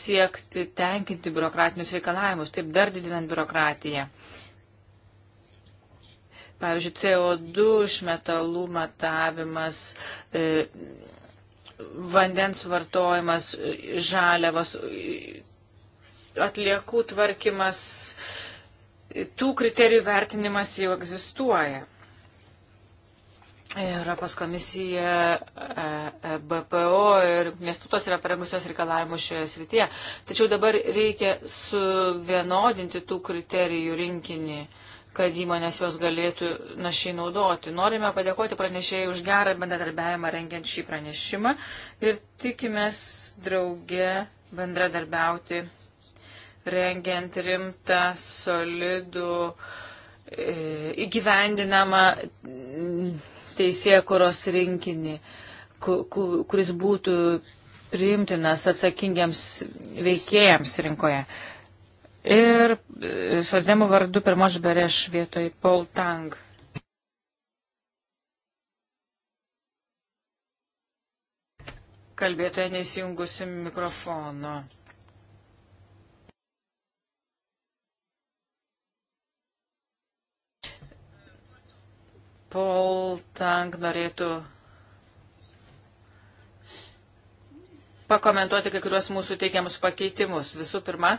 siekti tenkinti biurokratinius reikalavimus, taip dar didinant biurokratiją. Pavyzdžiui, CO2 išmetalų matavimas, e, vandens vartojimas, žaliavos, atliekų tvarkymas, tų kriterijų vertinimas jau egzistuoja. Europos komisija, e, e, BPO ir miestutos yra parengusios reikalavimus šioje srityje. Tačiau dabar reikia suvienodinti tų kriterijų rinkinį kad įmonės juos galėtų našiai naudoti. Norime padėkoti pranešėjai už gerą bendradarbiavimą rengiant šį pranešimą ir tikimės drauge bendradarbiauti rengiant rimtą, solidų, e, įgyvendinamą teisėkuros rinkinį, kuris būtų priimtinas atsakingiams veikėjams rinkoje. Ir e, socdemų vardu pirmož bereš vietoj Paul Tang. Kalbėtoje neįsijungusi mikrofono. Paul Tang norėtų pakomentuoti kai kuriuos mūsų teikiamus pakeitimus. Visų pirma,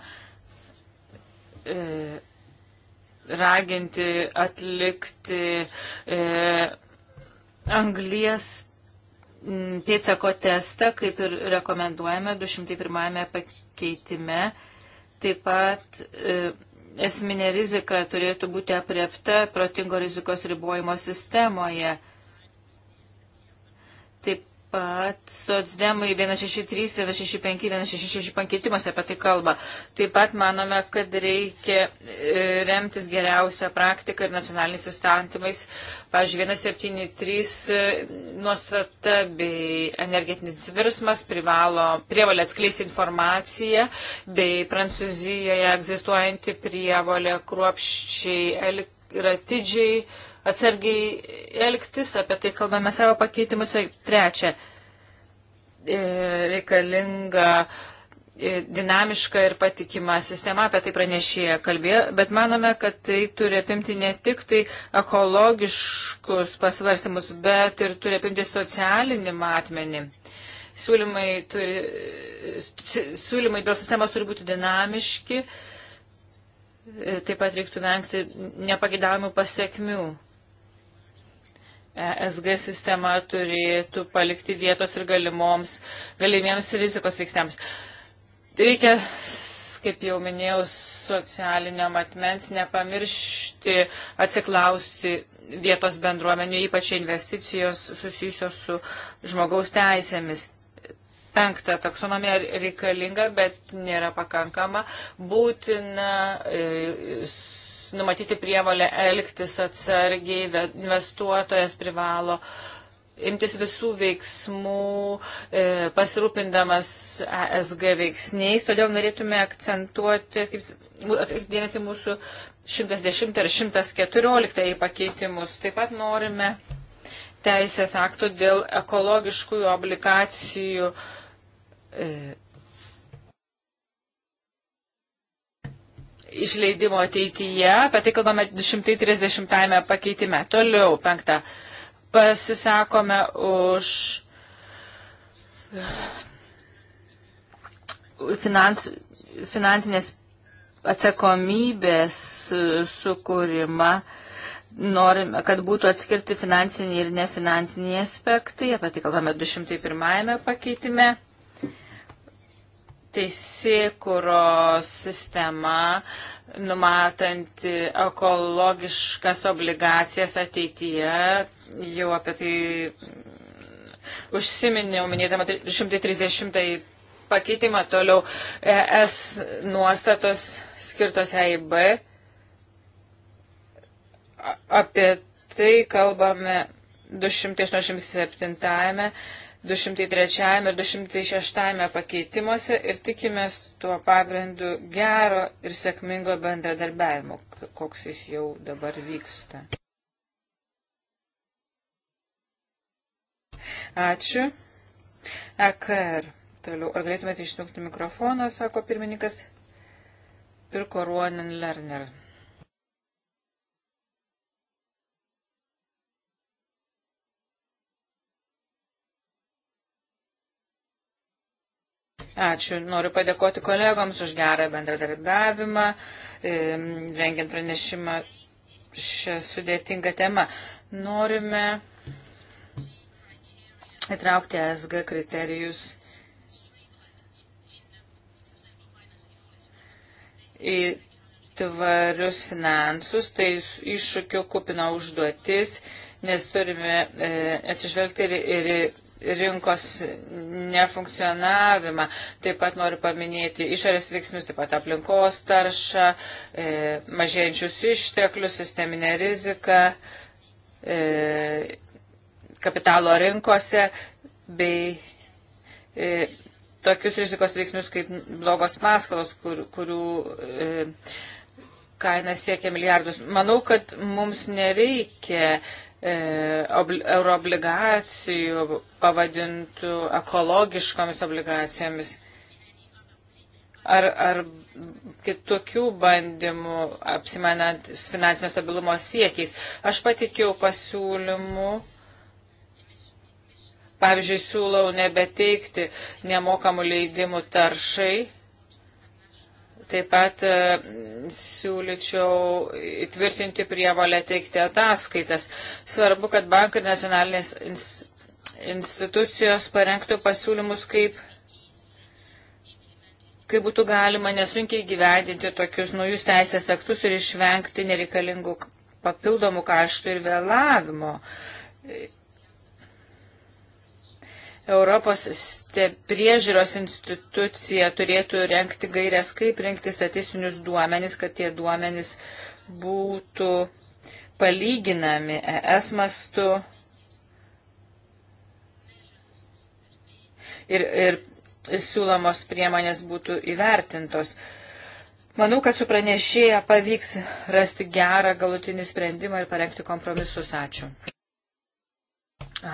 e, raginti atlikti e, anglies pėtsako testą, kaip ir rekomenduojame 201 pakeitime. Taip pat e, esminė rizika turėtų būti apriepta protingo rizikos ribojimo sistemoje. Taip pat socdemai 163, 165, 166 pakeitimuose apie tai kalba. Taip pat manome, kad reikia e, remtis geriausią praktiką ir nacionaliniais įstatymais. Pavyzdžiui, 173 e, nuostata bei energetinis virsmas privalo prievalė atskleisti informaciją bei Prancūzijoje egzistuojanti prievalė kruopščiai ir atidžiai atsargiai elgtis, apie tai kalbame savo pakeitimus. Trečia, e, reikalinga e, dinamiška ir patikima sistema, apie tai pranešėja kalbėjo, bet manome, kad tai turi apimti ne tik tai ekologiškus pasvarstymus, bet ir turi apimti socialinį matmenį. Siūlymai, turi, siūlymai dėl sistemos turi būti dinamiški, e, taip pat reiktų vengti nepagidavimų pasiekmių. ESG sistema turėtų palikti vietos ir galimoms, galimiems rizikos veiksniams. Reikia, kaip jau minėjau, socialinio matmens nepamiršti atsiklausti vietos bendruomenių, ypač investicijos susijusios su žmogaus teisėmis. Penkta, taksonomija reikalinga, bet nėra pakankama. Būtina e, numatyti prievalę elgtis atsargiai, investuotojas privalo imtis visų veiksmų, e, pasirūpindamas ESG veiksniais. Todėl norėtume akcentuoti, kaip dėmesį mūsų 110 ir 114 pakeitimus. Taip pat norime teisės aktų dėl ekologiškųjų obligacijų e, išleidimo ateityje, apie tai kalbame 230 pakeitime. Toliau, penktą, pasisakome už uh, finans, finansinės atsakomybės uh, sukūrimą. Norime, kad būtų atskirti finansiniai ir nefinansiniai aspektai, apie tai kalbame 201 pakeitime teisėkuros sistema, numatanti ekologiškas obligacijas ateityje, jau apie tai užsiminiau, minėdama 130 tai pakeitimą, toliau ES nuostatos skirtos EIB. Apie tai kalbame 287 203 ir 206 pakeitimuose ir tikimės tuo pagrindu gero ir sėkmingo bendradarbiavimo, koks jis jau dabar vyksta. Ačiū. EKR. Toliau, ar galėtumėte išjungti mikrofoną, sako pirmininkas Pirko Ruonin Lerner. Ačiū. Noriu padėkoti kolegoms už gerą bendradarbiavimą, rengiant pranešimą šią sudėtingą temą. Norime įtraukti SG kriterijus į tvarius finansus, tai iššūkių kupina užduotis, nes turime e, atsižvelgti ir, ir rinkos nefunkcionavimą. Taip pat noriu paminėti išorės veiksnius, taip pat aplinkos taršą, e, mažėjančius išteklius, sisteminę riziką e, kapitalo rinkose bei e, tokius rizikos veiksnius kaip blogos paskolos, kur, kurių e, kaina siekia milijardus. Manau, kad mums nereikia e, E, euroobligacijų pavadintų ekologiškomis obligacijomis. Ar, ar kitokių bandymų apsimenant finansinio stabilumo siekiais. Aš patikėjau pasiūlymų, pavyzdžiui, siūlau nebeteikti nemokamų leidimų taršai Taip pat e, siūlyčiau įtvirtinti prievalę teikti ataskaitas. Svarbu, kad bankai ir nacionalinės institucijos parengtų pasiūlymus, kaip, kaip būtų galima nesunkiai gyvendinti tokius naujus teisės aktus ir išvengti nereikalingų papildomų kaštų ir vėlavimo. Europos priežiūros institucija turėtų renkti gairias, kaip rinkti statistinius duomenis, kad tie duomenis būtų palyginami ES mastu ir, ir siūlomos priemonės būtų įvertintos. Manau, kad su pranešėja pavyks rasti gerą galutinį sprendimą ir parengti kompromisus. Ačiū.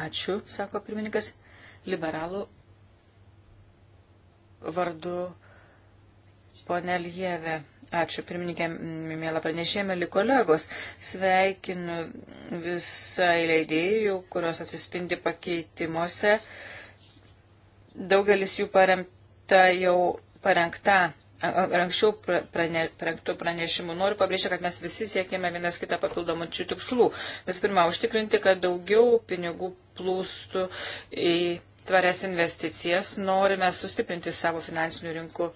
Ačiū, sako pirmininkas liberalų vardu ponė Lieve. Ačiū, pirmininkė, mėla pranešė, mėly kolegos. Sveikinu visą leidėjų, kurios atsispindi pakeitimuose. Daugelis jų paremta jau parengta anksčiau prane, prengtų pranešimų. Noriu pabrėžti, kad mes visi siekėme vienas kitą papildomų čia tikslų. Visų pirma, užtikrinti, kad daugiau pinigų plūstų į tvarias investicijas, norime sustiprinti savo finansinių rinkų e,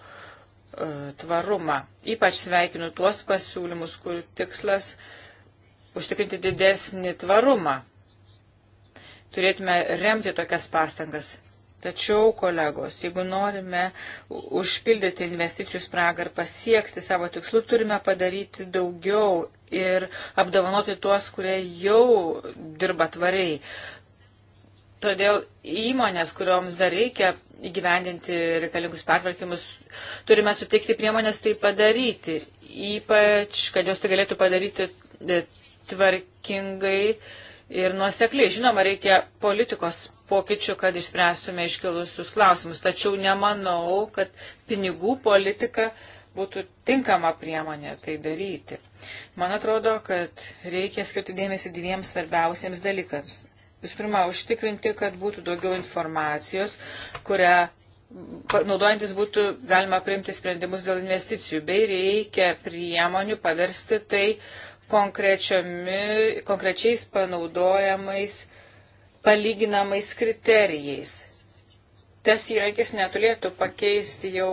tvarumą. Ypač sveikinu tuos pasiūlymus, kur tikslas užtikrinti didesnį tvarumą. Turėtume remti tokias pastangas. Tačiau, kolegos, jeigu norime užpildyti investicijų spragą ir pasiekti savo tikslų, turime padaryti daugiau ir apdovanoti tuos, kurie jau dirba tvariai. Todėl įmonės, kurioms dar reikia įgyvendinti reikalingus pertvarkymus, turime suteikti priemonės tai padaryti. Ypač, kad jos tai galėtų padaryti e, tvarkingai ir nuosekliai. Žinoma, reikia politikos pokyčių, kad išspręstume iškilusius klausimus. Tačiau nemanau, kad pinigų politika būtų tinkama priemonė tai daryti. Man atrodo, kad reikia skirti dėmesį dviems svarbiausiems dalykams visų pirma, užtikrinti, kad būtų daugiau informacijos, kurią naudojantis būtų galima priimti sprendimus dėl investicijų, bei reikia priemonių paversti tai konkrečiais panaudojamais palyginamais kriterijais. Tas įrankis neturėtų pakeisti jau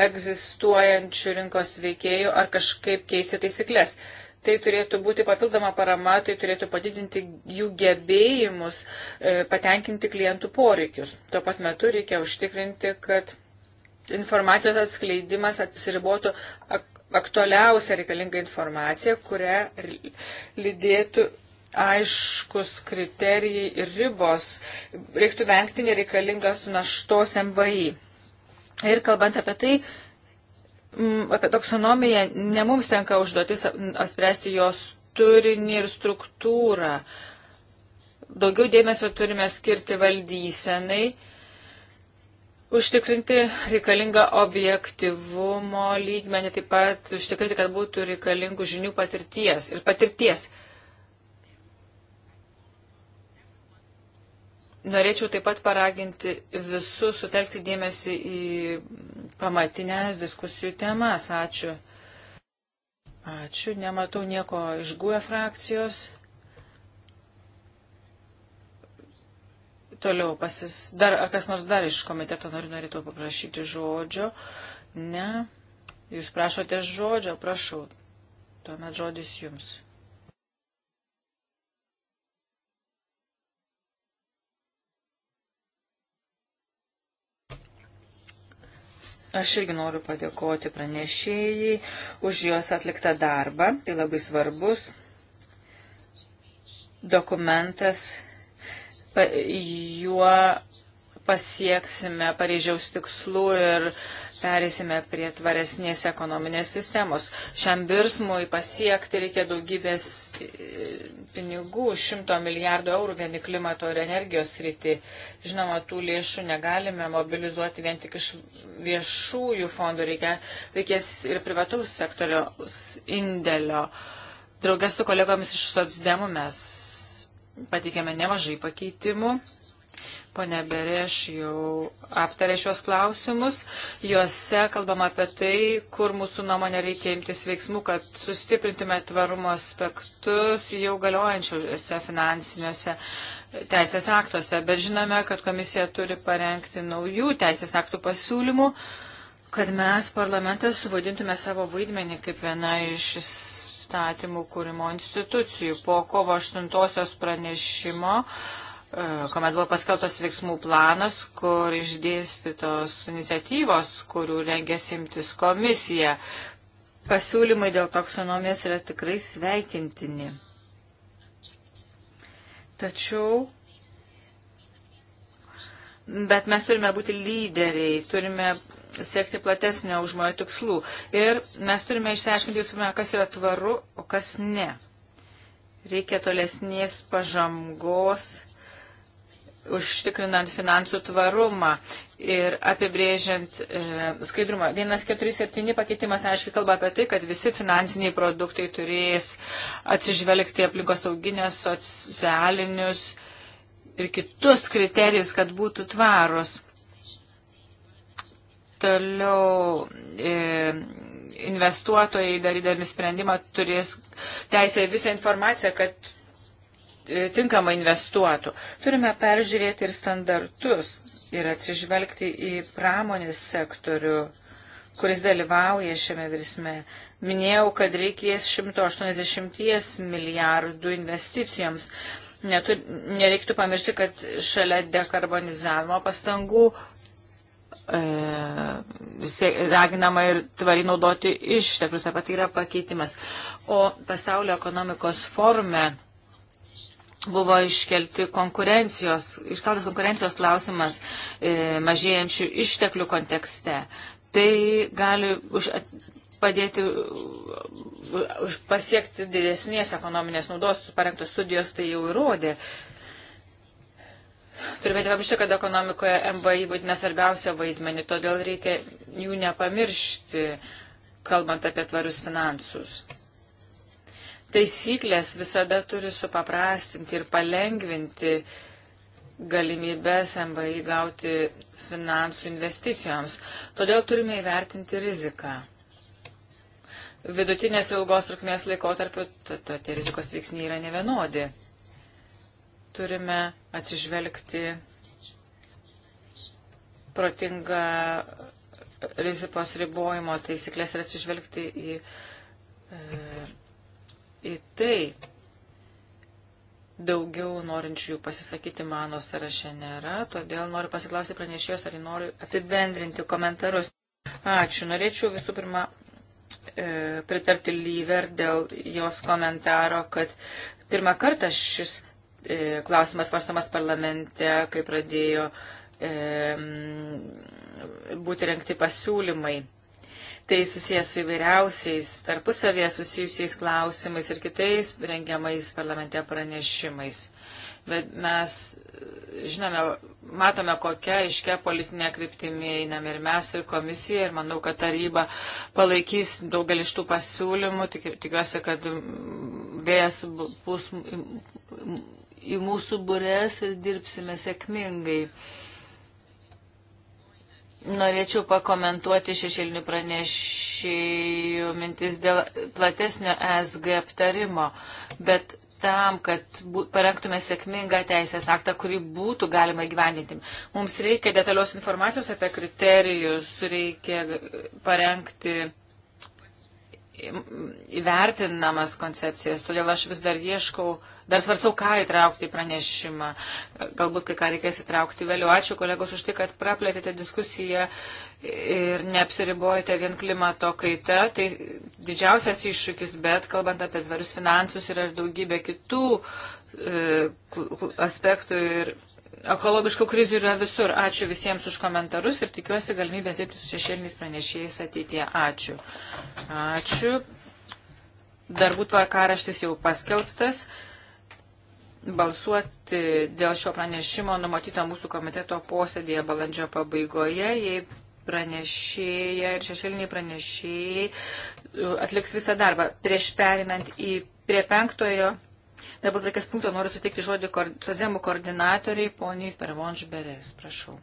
egzistuojančių rinkos veikėjų ar kažkaip keisti taisyklės tai turėtų būti papildoma parama, tai turėtų padidinti jų gebėjimus e, patenkinti klientų poreikius. Tuo pat metu reikia užtikrinti, kad informacijos atskleidimas apsiribotų aktualiausia reikalinga informacija, kurią lydėtų aiškus kriterijai ir ribos. Reiktų vengti nereikalingos naštos MVI. Ir kalbant apie tai, apie taksonomiją ne mums tenka užduotis spręsti jos turinį ir struktūrą. Daugiau dėmesio turime skirti valdysenai, užtikrinti reikalingą objektivumo lygmenį, taip pat užtikrinti, kad būtų reikalingų žinių patirties ir patirties Norėčiau taip pat paraginti visus sutelkti dėmesį į pamatinės diskusijų temas. Ačiū. Ačiū. Nematau nieko iš GUE frakcijos. Toliau pasis. Dar, ar kas nors dar iš komiteto nori norėtų paprašyti žodžio? Ne. Jūs prašote žodžio, prašau. Tuomet žodis jums. Aš irgi noriu padėkoti pranešėjai už jos atliktą darbą. Tai labai svarbus dokumentas. Pa, juo pasieksime Paryžiaus tikslų ir uh, Perėsime prie tvaresnės ekonominės sistemos. Šiam virsmui pasiekti reikia daugybės e, pinigų, šimto milijardų eurų vieni klimato ir energijos rytį. Žinoma, tų lėšų negalime mobilizuoti vien tik iš viešųjų fondų, reikia, reikės ir privataus sektoriaus indėlio. Draugės su kolegomis iš socdemų mes pateikėme nemažai pakeitimų Pone Bereš jau aptarė šios klausimus. Juose kalbama apie tai, kur mūsų nuomonė reikia imtis veiksmų, kad sustiprintume tvarumo aspektus jau galiojančiuose finansiniuose teisės aktuose. Bet žinome, kad komisija turi parengti naujų teisės aktų pasiūlymų, kad mes parlamentas suvaidintume savo vaidmenį kaip viena iš įstatymų kūrimo institucijų. Po kovo 8 pranešimo E, kuomet buvo paskeltas veiksmų planas, kur išdėstytos iniciatyvos, kurių rengėsi imtis komisija. Pasiūlymai dėl taksonomijos yra tikrai sveikintini. Tačiau, bet mes turime būti lyderiai, turime siekti platesnio užmojo tikslų ir mes turime išsiaiškinti visų pirma, kas yra tvaru, o kas ne. Reikia tolesnės pažangos užtikrinant finansų tvarumą ir apibrėžiant e, skaidrumą. 147 pakeitimas aiškiai kalba apie tai, kad visi finansiniai produktai turės atsižvelgti aplinkos sauginės, socialinius ir kitus kriterijus, kad būtų tvarus. Toliau. E, investuotojai darydami sprendimą turės teisę visą informaciją, kad E, tinkamai investuotų. Turime peržiūrėti ir standartus ir atsižvelgti į pramonės sektorių, kuris dalyvauja šiame virsme. Minėjau, kad reikės 180 milijardų investicijoms. Netur, nereiktų pamiršti, kad šalia dekarbonizavimo pastangų e, raginama ir tvariai naudoti išteklius, apie tai yra pakeitimas. O pasaulio ekonomikos forume buvo iškelti konkurencijos, iškaltas konkurencijos klausimas e, mažėjančių išteklių kontekste. Tai gali už, padėti už pasiekti didesnės ekonominės naudos, parengtos studijos tai jau įrodė. Turime nepamiršti, kad ekonomikoje MVI vaidina svarbiausią vaidmenį, todėl reikia jų nepamiršti, kalbant apie tvarius finansus taisyklės visada turi supaprastinti ir palengvinti galimybės MVI gauti finansų investicijoms. Todėl turime įvertinti riziką. Vidutinės ilgos trukmės laikotarpiu tie rizikos veiksniai yra nevienodi. Turime atsižvelgti protingą rizikos ribojimo taisyklės ir atsižvelgti į e, į tai. Daugiau norinčių pasisakyti mano sąraše nėra, todėl noriu pasiklausyti pranešėjos, ar nori apibendrinti komentarus. Ačiū. Norėčiau visų pirma e, pritarti Lyver dėl jos komentaro, kad pirmą kartą šis e, klausimas svarstamas parlamente, kai pradėjo e, būti renkti pasiūlymai tai susijęs su įvairiausiais tarpusavėje susijusiais klausimais ir kitais rengiamais parlamente pranešimais. Bet mes žinome, matome, kokia iškia politinė kryptimi einame ir mes, ir komisija, ir manau, kad taryba palaikys daugelį iš tų pasiūlymų. Tik, tikiuosi, kad vėjas bus į mūsų burės ir dirbsime sėkmingai. Uh, Norėčiau pakomentuoti šešėlinių pranešėjų mintis dėl platesnio e SG aptarimo, bet tam, kad parengtume sėkmingą teisės aktą, kurį būtų galima įgyvendinti. Mums reikia detalios informacijos apie kriterijus, reikia parengti įvertinamas koncepcijas, todėl aš vis dar ieškau uh, Dar svarstau, ką įtraukti į pranešimą. Galbūt kai ką reikės įtraukti vėliau. Ačiū kolegos už tai, kad praplėtėte diskusiją ir neapsiribojate vien klimato kaita. Tai didžiausias iššūkis, bet kalbant apie tvarius finansus yra ir daugybė kitų e, aspektų ir ekologiškų krizių yra visur. Ačiū visiems už komentarus ir tikiuosi galimybės dirbti su šešėliniais pranešėjais ateityje. Ačiū. Ačiū. Darbų tvarkaraštis jau paskelbtas balsuoti dėl šio pranešimo numatyta mūsų komiteto posėdėje balandžio pabaigoje, jei pranešėja ir šešėliniai pranešėjai e, atliks visą darbą. Prieš perinant į prie penktojo dabar reikės punkto noriu suteikti žodį sozemų koordinatoriai poniai Pervonž Beres. Prašau.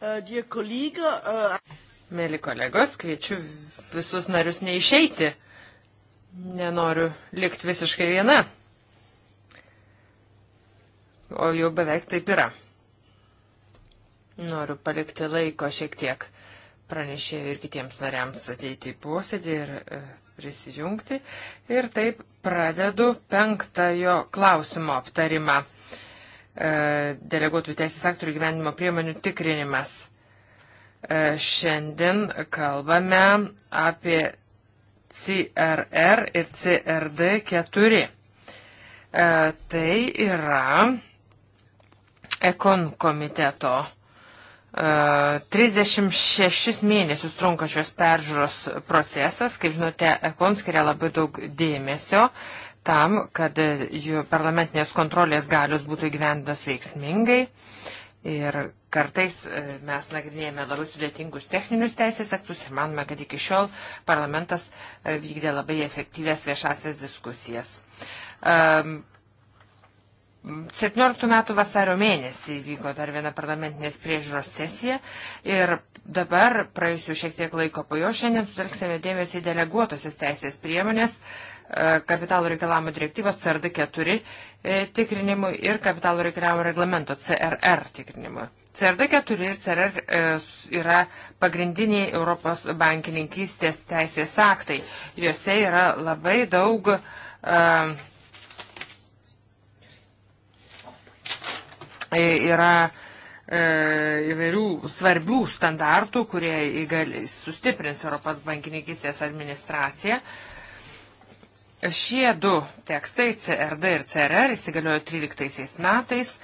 Uh, uh, Mėly kolegos, kviečiu visus narius neišeiti. Nenoriu likti visiškai viena. O jau beveik taip yra. Noriu palikti laiko šiek tiek pranešėjų ir kitiems nariams ateiti į posėdį ir e, prisijungti. Ir taip pradedu penktojo klausimo aptarimą. E, deleguotų teisės aktorių gyvenimo priemonių tikrinimas. E, šiandien kalbame apie CRR ir CRD 4. E, tai yra Ekon komiteto 36 mėnesius trunkačios peržiūros procesas. Kaip žinote, Ekon skiria labai daug dėmesio tam, kad jų parlamentinės kontrolės galios būtų įgyvendos veiksmingai. Ir kartais e, mes nagrinėjame labai sudėtingus techninius teisės aktus ir manome, kad iki šiol parlamentas e, vykdė labai efektyvės viešasias diskusijas. 17 metų vasario mėnesį vyko dar viena parlamentinės priežiūros sesija ir dabar, praėjusiu šiek tiek laiko po jo, šiandien sutelksime dėmesį į deleguotosios teisės priemonės E, kapitalo reikalavimo direktyvos CRD 4 e, tikrinimui ir kapitalo reikalavimo reglamento CRR tikrinimui. CRD 4 ir CRR e, yra pagrindiniai Europos bankininkystės teisės aktai. Juose yra labai daug yra įvairių svarbių standartų, kurie sustiprins Europos bankininkystės administraciją. Uh, Šie du tekstai, CRD ir CRR, įsigaliojo 13 metais.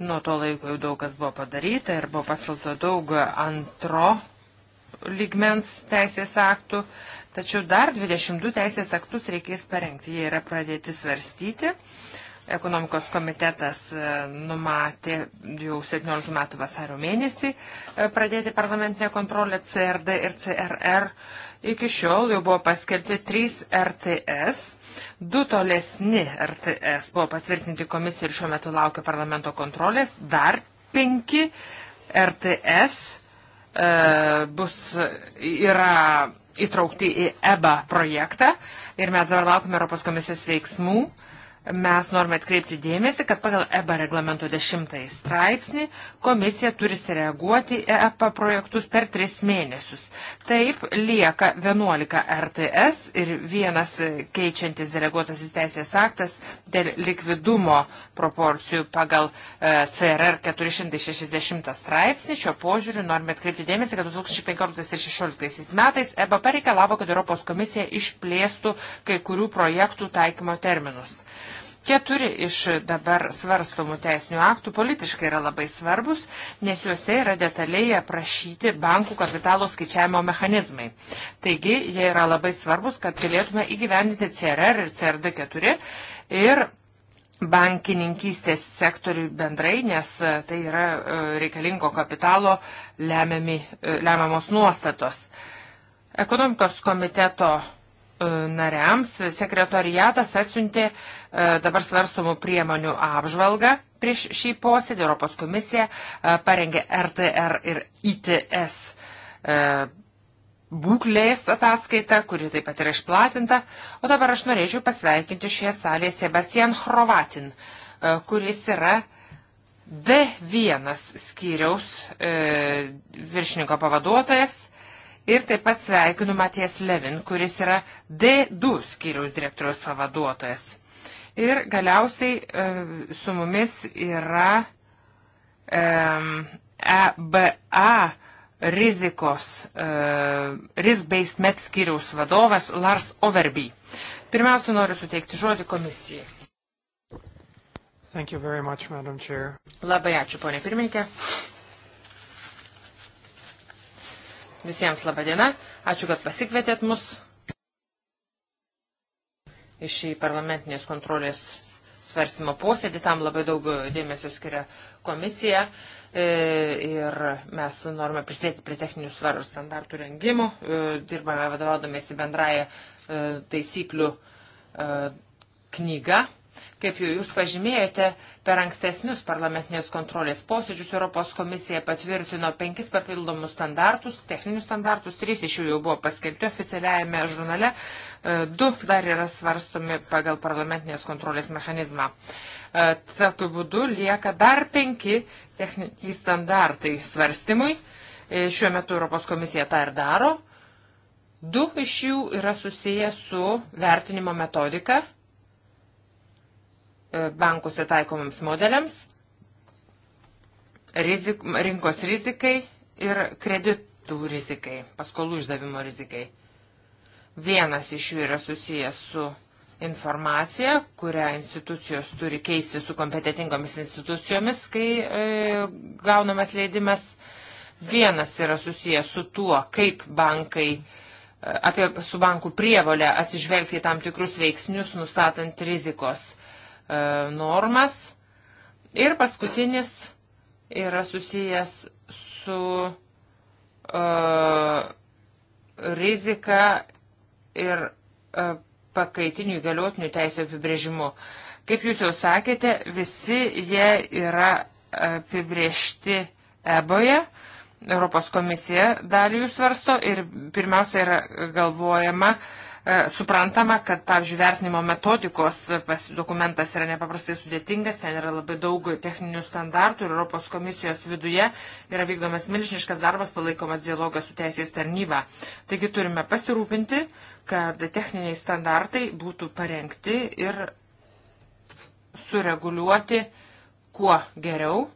Nuo to laiko jau daug kas buvo padaryta ir buvo pasalta daug antro lygmens teisės aktų, tačiau dar 22 teisės aktus reikės parengti. Jie yra pradėti svarstyti. Ekonomikos komitetas e, numatė jau 17 metų vasario mėnesį e, pradėti parlamentinę kontrolę CRD ir CRR Iki šiol jau buvo paskelbti 3 RTS, 2 tolesni RTS buvo patvirtinti komisija ir šiuo metu laukia parlamento kontrolės, dar 5 RTS e, bus, yra įtraukti į EBA projektą ir mes dabar laukime Europos komisijos veiksmų. E, mes norime atkreipti dėmesį, kad pagal EBA reglamento 10 straipsnį komisija turi sureaguoti į EPA projektus per 3 mėnesius. Taip lieka 11 RTS ir vienas keičiantis deleguotasis teisės aktas dėl likvidumo proporcijų pagal e, CRR 460 straipsnį. Šio požiūriu norime atkreipti dėmesį, kad 2015 ir 2016 metais EBA pareikalavo, kad Europos komisija išplėstų kai kurių projektų taikymo terminus. Keturi iš dabar svarstomų teisinių aktų politiškai yra labai svarbus, nes juose yra detaliai aprašyti bankų kapitalo skaičiavimo mechanizmai. Taigi, jie yra labai svarbus, kad galėtume įgyvendinti CRR ir CRD4 ir bankininkystės sektoriui bendrai, nes e, tai yra e, reikalingo kapitalo lemiami, e, lemiamos nuostatos. Ekonomikos komiteto E, nariams sekretoriatas atsiuntė e, dabar svarstomų priemonių apžvalgą prieš šį posėdį. Europos komisija e, parengė RTR ir ITS būklės ataskaita, kuri taip pat yra išplatinta. O dabar aš norėčiau pasveikinti šioje salėje Sebastian Hrovatin, kuris yra D1 skyriaus viršininko pavaduotojas Ir taip pat sveikinu Matijas Levin, kuris yra D2 skyriaus direktoriaus pavaduotojas. Ir galiausiai e, su mumis yra e, EBA rizikos, e, risk-based met skyriaus vadovas Lars Overby. Pirmiausia, noriu suteikti žodį komisijai. Much, Labai ačiū, ponė pirmininkė. Visiems laba diena. Ačiū, kad pasikvietėt mus iš į parlamentinės kontrolės svarstymo posėdį. Tam labai daug dėmesio skiria komisija e, ir mes norime prisidėti prie techninių svarų standartų rengimų. E, dirbame vadovaudomėsi bendrają e, taisyklių knygą Kaip jau jūs pažymėjote, per ankstesnius parlamentinės kontrolės posėdžius Europos komisija patvirtino penkis papildomus standartus, techninius standartus, trys iš jų jau buvo paskelbti oficialiajame žurnale, e, du dar yra svarstomi pagal parlamentinės kontrolės mechanizmą. E, tokiu būdu lieka dar penki techniniai standartai svarstymui. E, šiuo metu Europos komisija tą ir daro. Du iš jų yra susiję su vertinimo metodika bankuose taikomams modeliams, rizik, rinkos rizikai ir kreditų rizikai, paskolų išdavimo rizikai. Vienas iš jų yra susijęs su informacija, kurią institucijos turi keisti su kompetitingomis institucijomis, kai e, gaunamas leidimas. Vienas yra susijęs su tuo, kaip bankai, e, apie, su bankų prievolę atsižvelgti į tam tikrus veiksnius, nustatant rizikos E, normas. Ir paskutinis yra susijęs su uh, rizika ir uh, pakaitinių įgaliotinių teisų apibrėžimu. Kaip jūs jau sakėte, visi jie yra apibriežti eboje. Europos komisija dalį jų svarsto ir pirmiausia yra galvojama uh, E, suprantama, kad, pavyzdžiui, vertinimo metodikos e, dokumentas yra nepaprastai sudėtingas, ten yra labai daug techninių standartų ir Europos komisijos viduje yra vykdomas milžiniškas darbas, palaikomas dialogas su teisės tarnyba. Taigi turime pasirūpinti, kad techniniai standartai būtų parengti ir sureguliuoti kuo geriau.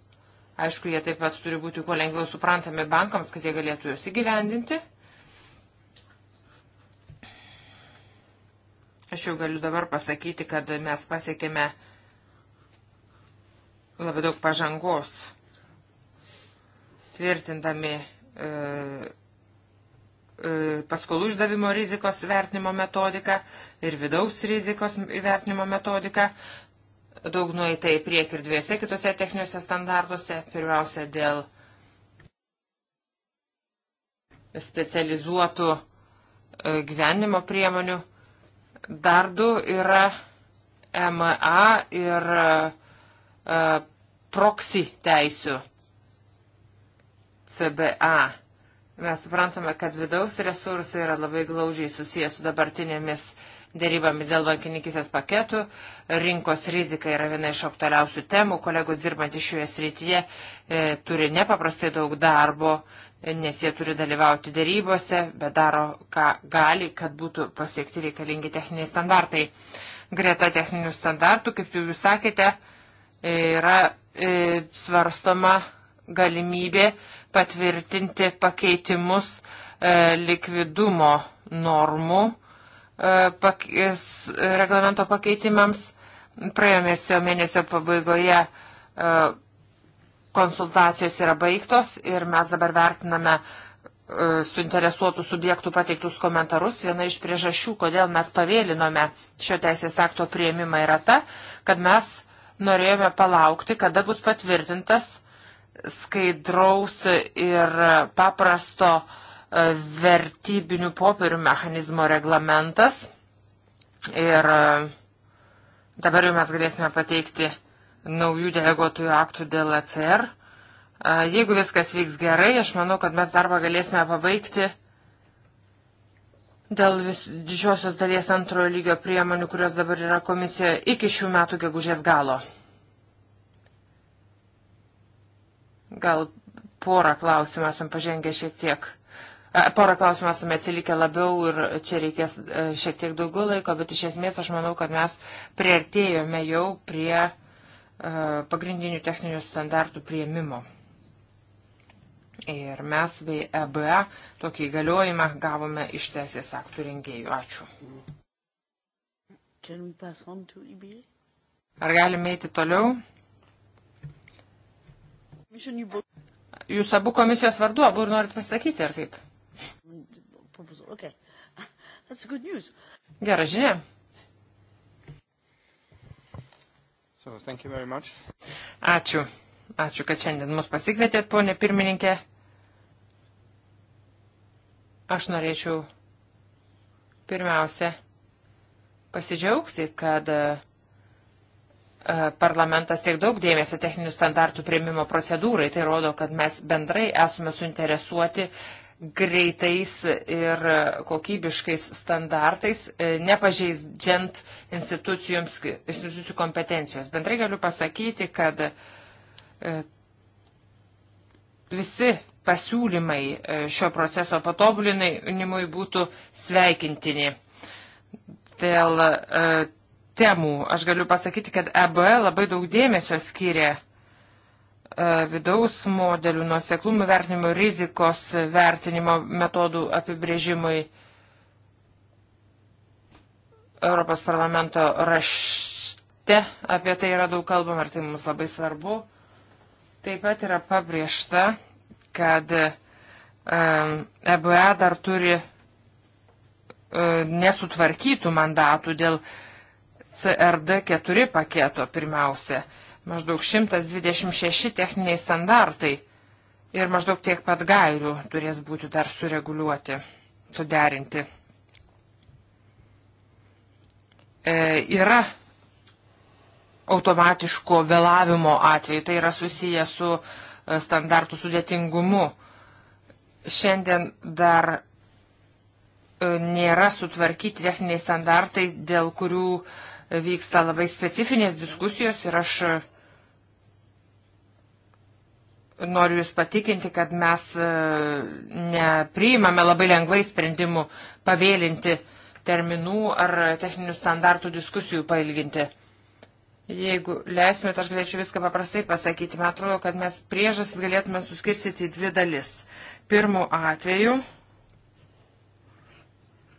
Aišku, jie taip pat turi būti kuo lengviau suprantami bankams, kad jie galėtų juos įgyvendinti. Aš jau galiu dabar pasakyti, kad mes pasiekėme labai daug pažangos, tvirtindami e, e, paskolų išdavimo rizikos vertinimo metodiką ir vidaus rizikos vertinimo metodiką. Daug nueitai priek ir dviese kitose techniniuose standartuose, pirmiausia dėl specializuotų e, gyvenimo priemonių Dar du yra MA ir uh, e, proksi teisių CBA. Mes suprantame, kad vidaus resursai yra labai glaužiai susijęs su dabartinėmis dėrybomis dėl bankininkisės paketų. Rinkos rizika yra viena iš aktualiausių temų. Kolegos dirbantys šioje srityje e, turi nepaprastai daug darbo. E, nes jie turi dalyvauti dėrybose, bet daro, ką gali, kad būtų pasiekti reikalingi techniniai standartai. Greta techninių standartų, kaip jau jūs sakėte, yra e, svarstoma galimybė patvirtinti pakeitimus e, likvidumo normų e, reglamento pakeitimams. Praėjo mėnesio pabaigoje Konsultacijos yra baigtos ir mes dabar vertiname e, suinteresuotų subjektų pateiktus komentarus. Viena iš priežasčių, kodėl mes pavėlinome šio teisės akto prieimimą, yra ta, kad mes norėjome palaukti, kada bus patvirtintas skaidraus ir paprasto e, vertybinių popierių mechanizmo reglamentas. Ir e, dabar jau mes galėsime pateikti naujų deleguotųjų aktų dėl ACR. E jeigu viskas vyks gerai, aš manau, kad mes darbą galėsime pabaigti dėl vis, didžiosios dalies antrojo lygio priemonių, kurios dabar yra komisijoje iki šių metų gegužės galo. Gal porą klausimą esam pažengę šiek tiek. Porą klausimų esame atsilikę labiau ir čia reikės e, šiek tiek daugiau laiko, bet iš esmės aš manau, kad mes priartėjome jau prie E, pagrindinių techninių standartų prieimimo. Ir mes bei EBA tokį įgaliojimą gavome iš teisės aktų rengėjų. Ačiū. E ar galime eiti toliau? Jūs abu komisijos vardu, abu ir norit pasakyti, ar kaip? Okay. Geras žinia. So, Ačiū. Ačiū, kad šiandien mus pasikvietėt, ponė pirmininkė. Aš norėčiau pirmiausia pasidžiaugti, kad e, e, parlamentas tiek daug dėmesio techninių standartų prieimimo procedūrai. Tai rodo, kad mes bendrai esame suinteresuoti greitais ir kokybiškais standartais, e, nepažeidžiant institucijų kompetencijos. Bendrai galiu pasakyti, kad e, visi pasiūlymai e, šio proceso patobulinimui būtų sveikintini. Dėl temų aš galiu pasakyti, kad EBE labai daug dėmesio skiria E, vidaus modelių, nuoseklumų vertinimo, rizikos vertinimo metodų apibrėžimui. Europos parlamento rašte apie tai yra daug kalbama ir tai mums labai svarbu. Taip pat yra pabrėžta, kad EBA e e dar turi nesutvarkytų mandatų dėl CRD4 paketo pirmiausia maždaug 126 techniniai standartai ir maždaug tiek pat gairių turės būti dar sureguliuoti, suderinti. E, yra automatiško vėlavimo atveju, tai yra susiję su e, standartų sudėtingumu. Šiandien dar e, nėra sutvarkyti techniniai standartai, dėl kurių uh, vyksta labai specifinės diskusijos ir aš noriu Jūs patikinti, kad mes e, nepriimame labai lengvai sprendimų pavėlinti terminų ar techninių standartų diskusijų pailginti. Jeigu leistumėte, aš galėčiau viską paprastai pasakyti. Man atrodo, kad mes priežasis galėtume suskirstyti į dvi dalis. Pirmu atveju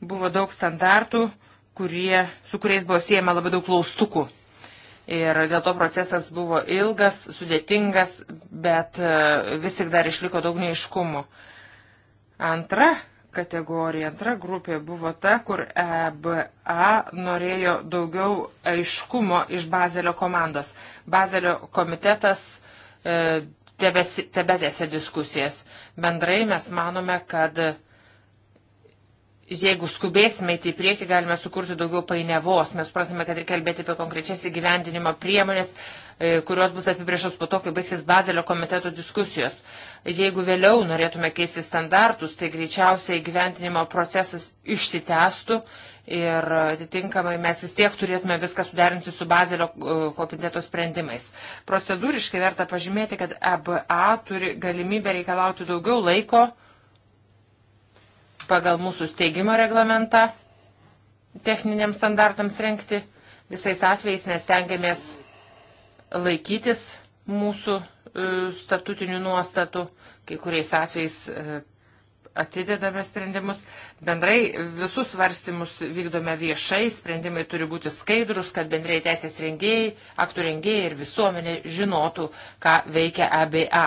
buvo daug standartų, kurie, su kuriais buvo siejama labai daug klaustukų. Ir dėl to procesas buvo ilgas, sudėtingas, bet e, vis tik dar išliko daug neiškumų. Antra kategorija, antra grupė buvo ta, kur EBA norėjo daugiau aiškumo iš Bazelio komandos. Bazelio komitetas e, tebetėse diskusijas. Bendrai mes manome, kad jeigu skubėsime į tai priekį, galime sukurti daugiau painiavos. Mes pratome, kad reikia kalbėti apie konkrečias įgyvendinimo priemonės, e, kurios bus apibriešos po to, kai baigsis Bazelio komiteto diskusijos. Jeigu vėliau norėtume keisti standartus, tai greičiausiai įgyvendinimo procesas išsitęstų ir atitinkamai mes vis tiek turėtume viską suderinti su Bazelio e, komiteto sprendimais. Procedūriškai verta pažymėti, kad EBA turi galimybę reikalauti daugiau laiko pagal mūsų steigimo reglamentą techniniams standartams renkti. Visais atvejais mes tengiamės laikytis mūsų e, statutinių nuostatų, kai kuriais atvejais e, atidedame sprendimus. Bendrai visus svarstymus vykdome viešai, sprendimai turi būti skaidrus, kad bendrai teisės rengėjai, aktų rengėjai ir visuomenė žinotų, ką veikia ABA.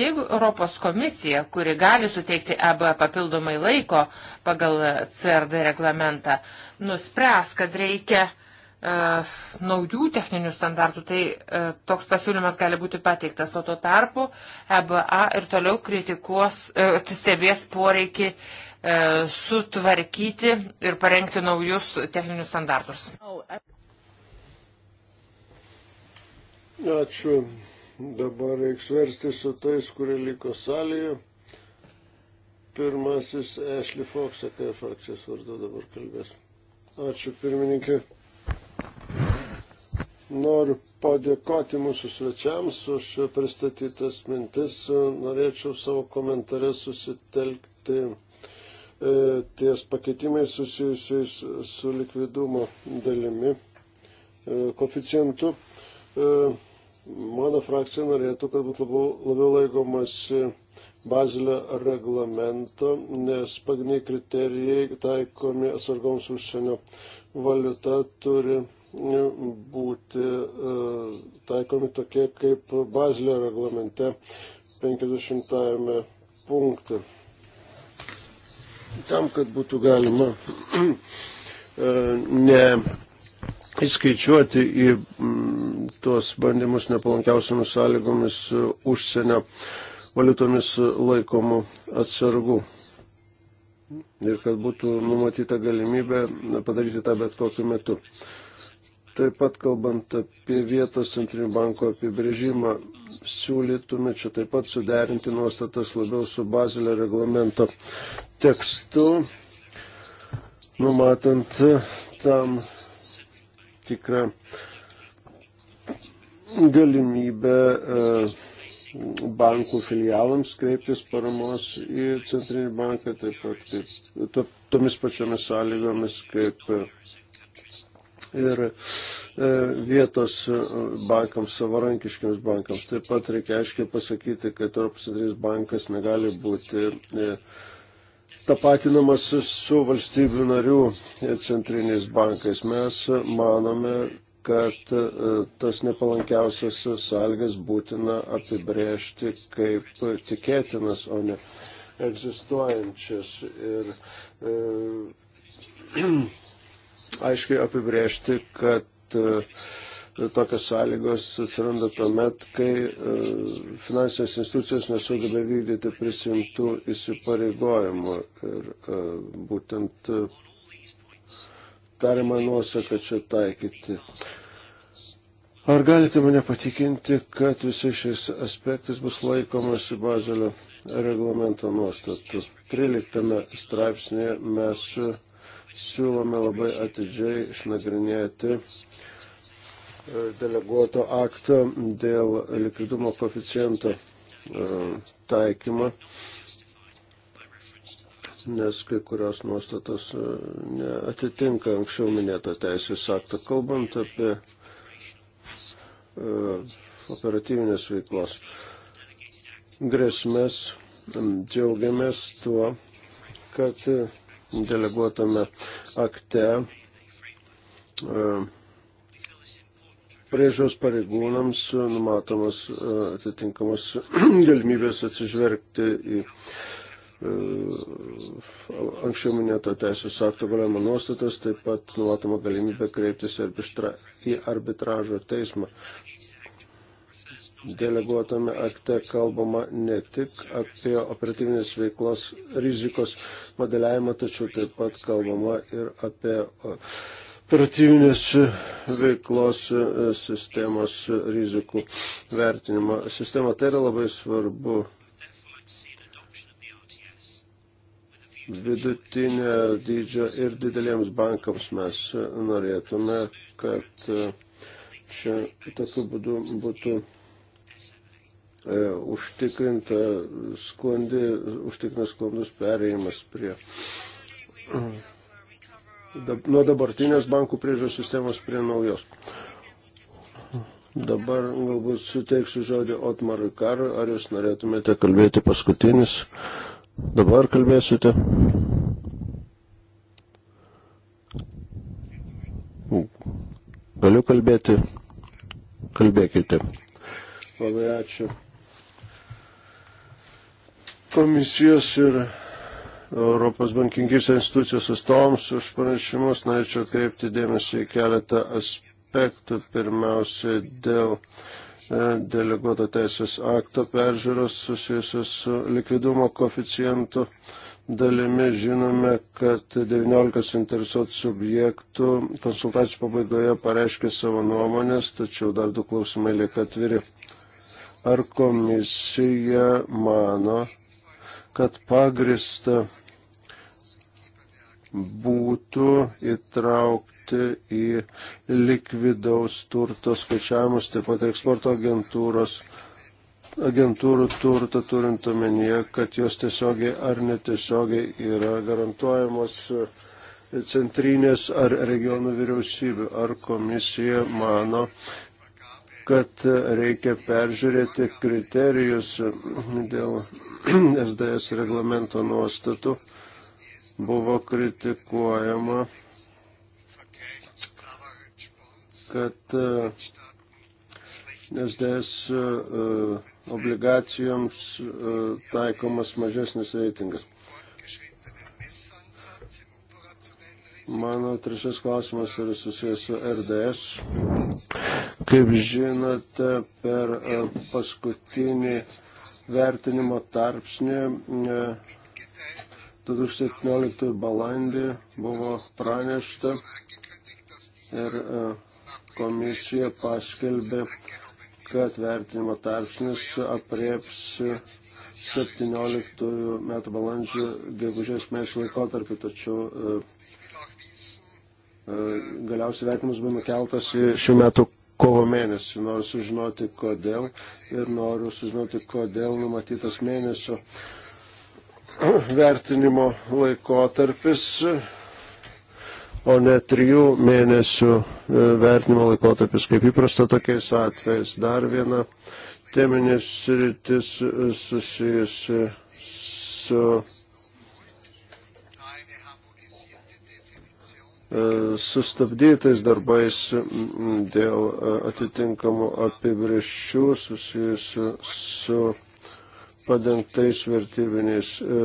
Jeigu Europos komisija, kuri gali suteikti EBA papildomai laiko pagal CRD reglamentą, nuspręs, kad reikia E, naujų techninių standartų, tai e, toks pasiūlymas gali būti pateiktas, o tuo tarpu EBA ir toliau kritikuos, e, stebės poreikį sutvarkyti ir parengti naujus techninius standartus. Ačiū. Dabar reiks versti su tais, kurie liko salėje. Pirmasis Ashley Fox, AK frakcijos vardu dabar kalbės. Ačiū pirmininkė. Noriu padėkoti mūsų svečiams už pristatytas mintis. Norėčiau savo komentarę susitelkti e, ties pakeitimais susijusiais su likvidumo dalimi, e, koficientu. E, mano frakcija norėtų, kad būtų labiau, labiau laikomasi bazilio reglamento, nes pagrindiniai kriterijai taikomi atsargoms užsienio valiuta turi e, būti e, taikomi tokie kaip Bazilio reglamente 50 punkte. Tam, kad būtų galima e, ne įskaičiuoti į tuos bandymus nepalankiausiamis sąlygomis užsienio valiutomis laikomų atsargų ir kad būtų numatyta galimybė padaryti tą bet kokiu metu. Taip pat kalbant apie vietos centrinio banko apibrėžimą, siūlytume čia taip pat suderinti nuostatas labiau su Bazilio reglamento tekstu, numatant tam tikrą galimybę uh, bankų filialams kreiptis paramos į Centrinį banką, taip pat kaip, to, tomis pačiomis sąlygomis kaip e, ir e, vietos e, bankams, savarankiškiams bankams. Taip pat reikia aiškiai pasakyti, kad Europos centrinis bankas negali būti tapatinamas su valstybių narių centriniais bankais. Mes manome, kad e, tas nepalankiausias sąlygas būtina apibrėžti kaip tikėtinas, o ne egzistuojančias. Ir e, aiškiai apibrėžti, kad e, tokios sąlygos atsiranda tuomet, kai e, finansinės institucijos nesugeba vykdyti prisimtų įsipareigojimų. Ir e, būtent e, tariamą nuosaką čia taikyti. Ar galite mane patikinti, kad visais šis aspektas bus laikomasi Bazelio reglamento nuostatų? 13 straipsnėje mes siūlome labai atidžiai išnagrinėti e, deleguoto akto dėl likvidumo koficiento e, taikymą nes kai kurios nuostatos e, atitinka anksčiau minėtą teisės aktą. Kalbant apie e, operatyvinės veiklos grėsmės, džiaugiamės tuo, kad deleguotame akte e, priežiūros pareigūnams numatomas atitinkamas galimybės atsižvelgti į E, anksčiau minėto teisės akto galiojimo nuostatas, taip pat numatoma galimybė kreiptis arbitra, į arbitražo teismą. Deleguotame akte kalbama ne tik apie operatyvinės veiklos rizikos modeliavimą, tačiau taip pat kalbama ir apie operatyvinės veiklos sistemos rizikų vertinimo sistemą. Tai yra labai svarbu vidutinio dydžio ir dideliems bankams mes norėtume, kad e, čia tokiu būdu būtų e, užtikrinta skundi, užtikrintas sklandus perėjimas prie e, dab, nuo dabartinės bankų priežiūros sistemos prie naujos. Dabar galbūt suteiksiu žodį Otmarui Karui, ar jūs norėtumėte kalbėti paskutinis? Uh, Dabar kalbėsite. Galiu kalbėti. Kalbėkite. Labai ačiū. Komisijos ir Europos bankingys institucijos atstovams už pranešimus norėčiau kreipti dėmesį į keletą aspektų. Pirmiausia, dėl uh, E, deleguoto teisės akto peržiūros susijusios su likvidumo koficijantu dalimi. Žinome, kad 19 suinteresuotų subjektų konsultacijų pabaigoje pareiškė savo nuomonės, tačiau dar du klausimai lieka atviri. Ar komisija mano, kad pagrista būtų įtraukti į likvidaus turto skaičiavimus, taip pat eksporto agentūros agentūrų turtą turint omenyje, kad jos tiesiogiai ar netiesiogiai yra garantuojamos centrinės ar regionų vyriausybių. Ar komisija mano, kad reikia peržiūrėti kriterijus dėl SDS reglamento nuostatų buvo kritikuojama, kad SDS e, e, obligacijoms e, taikomas mažesnis reitingas. Mano trečias klausimas yra susijęs su RDS. Kaip žinote, per paskutinį vertinimo tarpsnį 2017 balandį buvo pranešta ir e, komisija paskelbė, kad vertinimo tarpsnis aprieps 17 metų balandžio gegužės mėnesio laikotarpį, tačiau e, e, galiausiai vertinimas buvo nukeltas į šių metų kovo mėnesį. Noriu sužinoti, kodėl ir noriu sužinoti, kodėl numatytas mėnesio vertinimo laikotarpis, o ne trijų mėnesių e, vertinimo laikotarpis, kaip įprasta tokiais atvejais. Dar viena teminės rytis e, susijusi su e, sustabdytais darbais dėl atitinkamų apibrieščių susijusių su, su padengtais vertybiniais, e,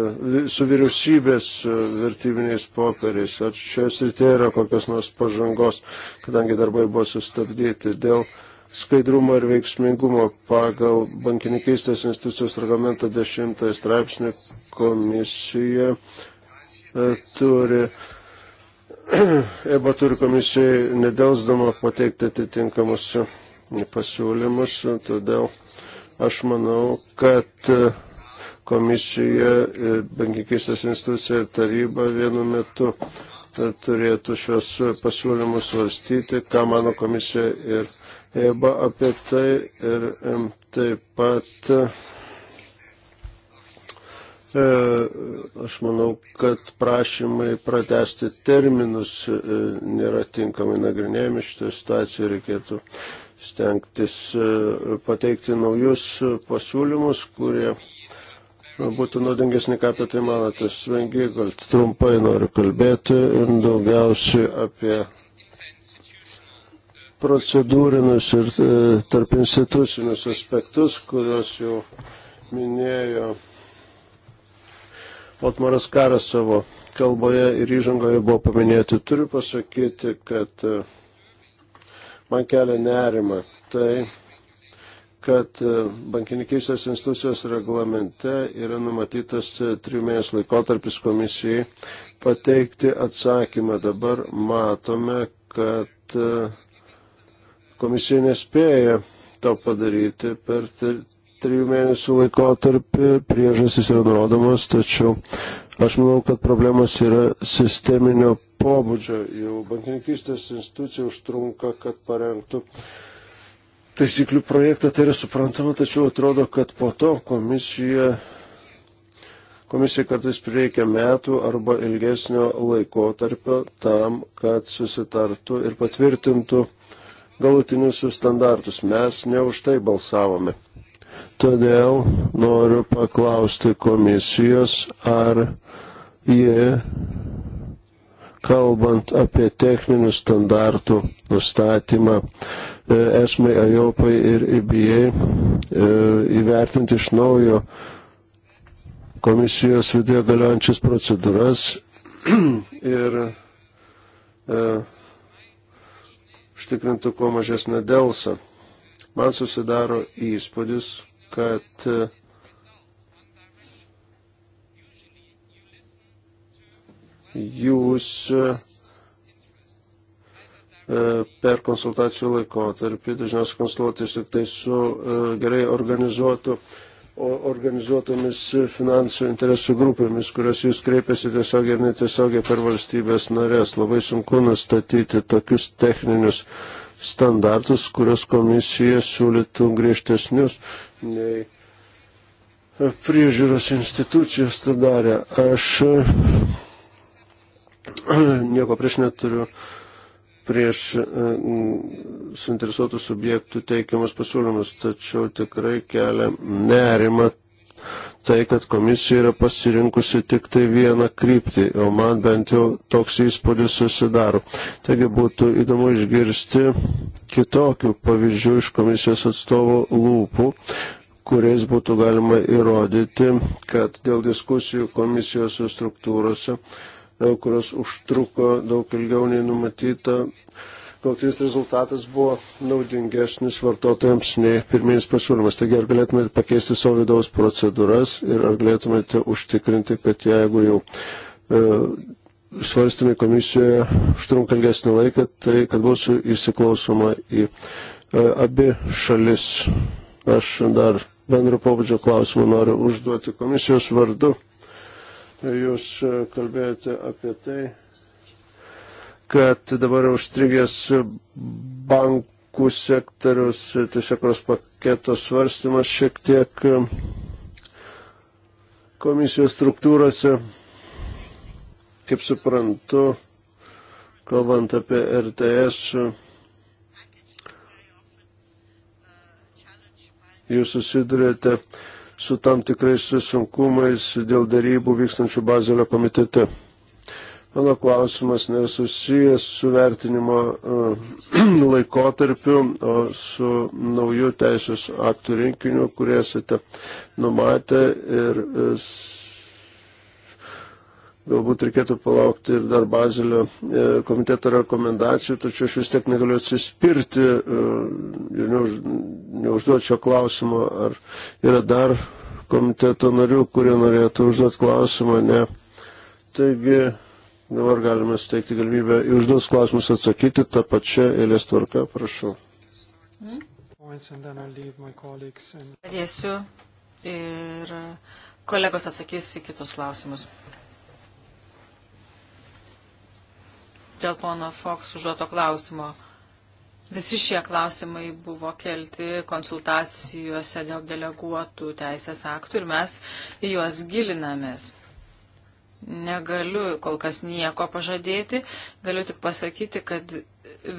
su vyriausybės e, vertybiniais popieriais. Ar šioje srityje yra kokios nors pažangos, kadangi darbai buvo sustabdyti dėl skaidrumo ir veiksmingumo pagal bankininkystės institucijos reglamento 10 straipsnį komisija e, turi EBA turi komisijai nedelsdama pateikti atitinkamus pasiūlymus, todėl Aš manau, kad e, komisija, e, bankikistės institucija ir taryba vienu metu e, turėtų šios pasiūlymus svarstyti, ką mano komisija ir EBA apie tai ir taip pat e, aš manau, kad prašymai pratesti terminus e, nėra tinkamai nagrinėjami, šitą situaciją reikėtų stengtis e, pateikti naujus pasiūlymus, kurie būtų naudingesni, ką apie tai manote. Svengi, gal trumpai noriu kalbėti ir daugiausiai apie procedūrinius ir e, tarp institucinius aspektus, kuriuos jau minėjo Otmaras Karas savo kalboje ir įžangoje buvo paminėti. Turiu pasakyti, kad uh, man kelia nerima. Tai, kad e, bankininkystės institucijos reglamente yra numatytas e, trijų mėnesių laikotarpis komisijai pateikti atsakymą. Dabar matome, kad e, komisija nespėja to padaryti per trijų mėnesių laikotarpį, priežastys yra nurodomos, tačiau aš manau, kad problemos yra sisteminio pobūdžio. Jau bankininkystės institucija užtrunka, kad parengtų taisyklių projektą, tai yra suprantama, tačiau atrodo, kad po to komisija, komisija kartais prireikia metų arba ilgesnio laikotarpio tam, kad susitartų ir patvirtintų galutinius standartus. Mes ne už tai balsavome. Todėl noriu paklausti komisijos, ar jie kalbant apie techninių standartų nustatymą e, esmai, ajopai ir įbijai e, įvertinti iš naujo komisijos viduje galiojančias procedūras ir e, užtikrintų kuo mažesnę dėlsą. Man susidaro įspūdis, kad uh, jūs e, per konsultacijų laikotarpį dažniausiai konsultuotis tik tai su e, gerai organizuotu organizuotomis finansų interesų grupėmis, kurios jūs kreipiasi tiesiogiai ir netiesiogiai per valstybės narės. Labai sunku nustatyti tokius techninius standartus, kurios komisija siūlytų griežtesnius nei priežiūros institucijos tą tai darė. Aš nieko prieš neturiu prieš e, suinteresuotų subjektų teikiamas pasiūlymas, tačiau tikrai kelia nerima tai, kad komisija yra pasirinkusi tik tai vieną kryptį, o man bent jau toks įspūdis susidaro. Taigi būtų įdomu išgirsti kitokių pavyzdžių iš komisijos atstovų lūpų, kuriais būtų galima įrodyti, kad dėl diskusijų komisijos struktūrose E, kurios užtruko daug ilgiau nei numatyta. Galtinis rezultatas buvo naudingesnis vartotojams nei pirminis pasiūlymas. Taigi ar galėtumėte pakeisti savo vidaus procedūras ir ar galėtumėte užtikrinti, kad jeigu jau e, svarstymai komisijoje užtrunka ilgesnį laiką, tai kad bus įsiklausoma į e, abi šalis. Aš dar bendro pobūdžio klausimą noriu užduoti komisijos vardu. Jūs e, kalbėjote apie tai, kad dabar užstrigęs bankų sektorius, e, tiesiogros paketo svarstymas šiek tiek e, komisijos struktūrose, kaip suprantu, kalbant apie RTS, jūs susidurėte su tam tikrais sunkumais dėl darybų vykstančių Bazelio komitete. Mano klausimas nesusijęs su vertinimo e, laikotarpiu, o su naujų teisės aktų rinkiniu, kurie esate numatę ir e, Galbūt reikėtų palaukti ir dar Bazilio e, komiteto rekomendacijų, tačiau aš vis tiek negaliu atsispirti e, ir neužduočio klausimo, ar yra dar komiteto narių, kurie norėtų užduoti klausimą, ne. Taigi dabar galime steigti galimybę į užduos klausimus atsakyti tą pačią eilės tvarką, prašau. Hmm? Pradėsiu ir kolegos atsakys į kitus klausimus. dėl pono Fox užduoto klausimo. Visi šie klausimai buvo kelti konsultacijose dėl deleguotų teisės aktų ir mes į juos gilinamės. Negaliu kol kas nieko pažadėti, galiu tik pasakyti, kad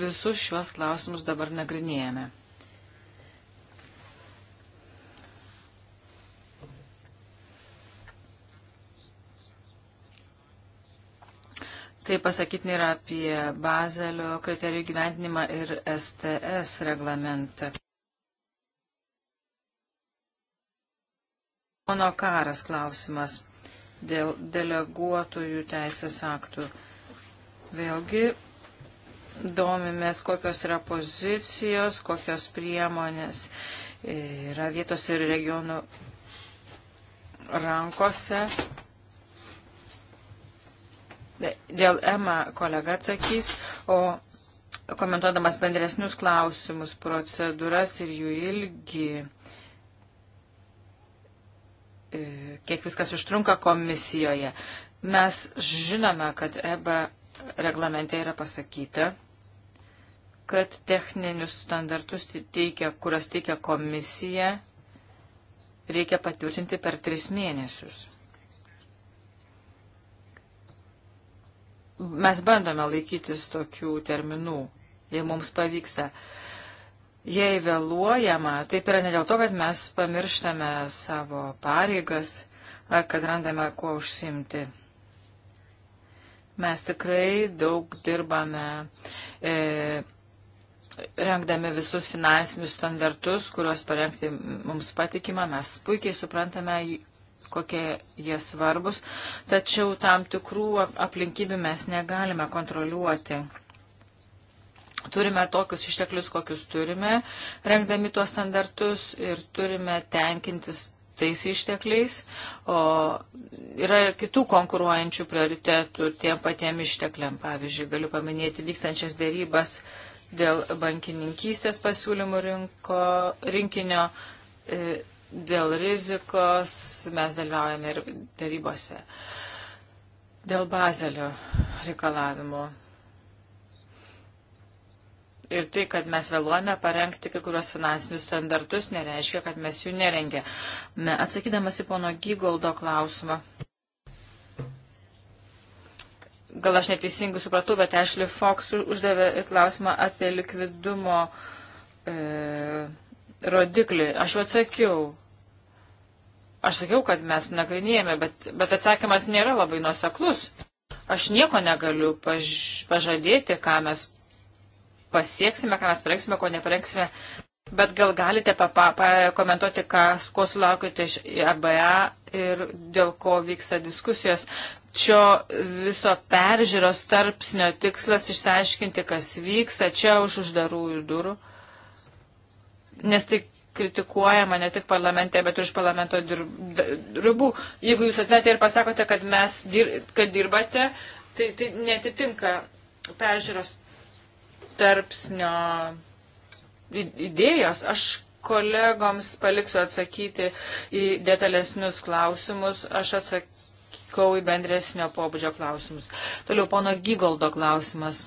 visus šiuos klausimus dabar nagrinėjame. Tai pasakytinai yra apie Bazelio kriterijų gyventinimą ir STS reglamentą. Mano karas klausimas dėl deleguotojų teisės aktų. Vėlgi domimės, kokios yra pozicijos, kokios priemonės yra vietos ir regionų rankose Dėl EMA kolega atsakys, o komentuodamas bendresnius klausimus, procedūras ir jų ilgį, e, kiek viskas užtrunka komisijoje. Mes žinome, kad EBA reglamente yra pasakyta, kad techninius standartus, teikia, kurios teikia komisija, reikia patvirtinti per tris mėnesius. Mes bandome laikytis tokių terminų, jei mums pavyksta. Jei vėluojama, taip yra ne dėl to, kad mes pamirštame savo pareigas ar kad randame kuo užsimti. Mes tikrai daug dirbame. E, rengdami visus finansinius standartus, kuriuos parengti mums patikima, mes puikiai suprantame kokie jie svarbus, tačiau tam tikrų aplinkybių mes negalime kontroliuoti. Turime tokius išteklius, kokius turime, rengdami tuos standartus ir turime tenkintis tais ištekliais, o yra ir kitų konkuruojančių prioritetų tiem patiem ištekliam. Pavyzdžiui, galiu paminėti vykstančias dėrybas dėl bankininkystės pasiūlymų rinko, rinkinio. E, dėl rizikos mes dalyvaujame ir darybose. Dėl bazelio reikalavimo. Ir tai, kad mes vėluojame parengti kai kurios finansinius standartus, nereiškia, kad mes jų nerengėme. Atsakydamas į pono Gygoldo klausimą. Gal aš neteisingai supratau, bet Ashley Fox uždavė klausimą apie likvidumo. E, rodiklį. Aš jau atsakiau. Aš sakiau, kad mes nagrinėjame, bet, bet atsakymas nėra labai nuoseklus. Aš nieko negaliu paž, pažadėti, ką mes pasieksime, ką mes parengsime, ko neparengsime. Bet gal galite pakomentuoti, ko sulaukite iš ABA ir dėl ko vyksta diskusijos. Čia viso peržiūros tarpsnio tikslas išsiaiškinti, kas vyksta čia už uždarųjų durų nes tai kritikuojama ne tik parlamente, bet ir iš parlamento ribų. Jeigu jūs atmetė ir pasakote, kad mes dir, kad dirbate, tai, tai netitinka peržiūros tarpsnio idėjos. Aš kolegoms paliksiu atsakyti į detalesnius klausimus. Aš atsakau į bendresnio pobūdžio klausimus. Toliau pono Gygoldo klausimas.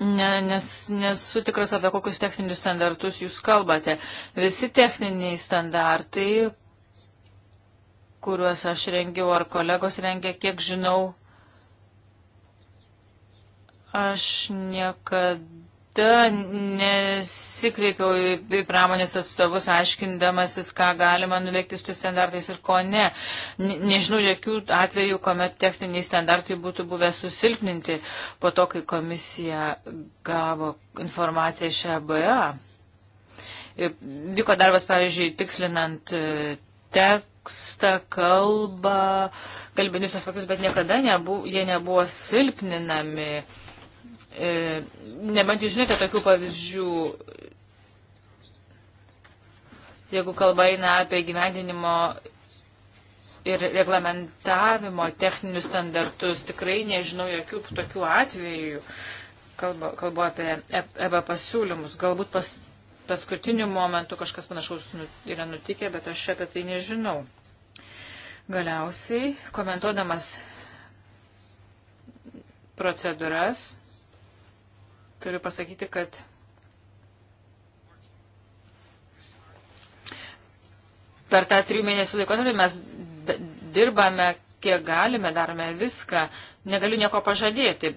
Ne, nes nesu tikras, apie kokius techninius standartus jūs kalbate. Visi techniniai standartai, kuriuos aš rengiau ar kolegos rengia, kiek žinau, aš niekada kartą nesikreipiau į pramonės atstovus, aiškindamasis, ką galima nuveikti su standartais ir ko ne. Nežinau jokių atvejų, kuomet techniniai standartai būtų buvę susilpninti po to, kai komisija gavo informaciją iš ABA. E vyko darbas, pavyzdžiui, tikslinant e, tekstą, kalbą, kalbinius aspektus, bet niekada nebu, jie nebuvo silpninami E, Nebent jūs žinote tokių pavyzdžių, jeigu kalba eina apie gyvendinimo ir reglamentavimo techninius standartus, tikrai nežinau jokių tokių atvejų. Kalbu, kalbu apie EBA e pasiūlymus. Galbūt pas, paskutiniu momentu kažkas panašaus nu, yra nutikę, bet aš apie tai nežinau. Galiausiai, komentuodamas procedūras, Turiu pasakyti, kad per tą trijų mėnesių laikotarpį mes dirbame, kiek galime, darome viską. Negaliu nieko pažadėti.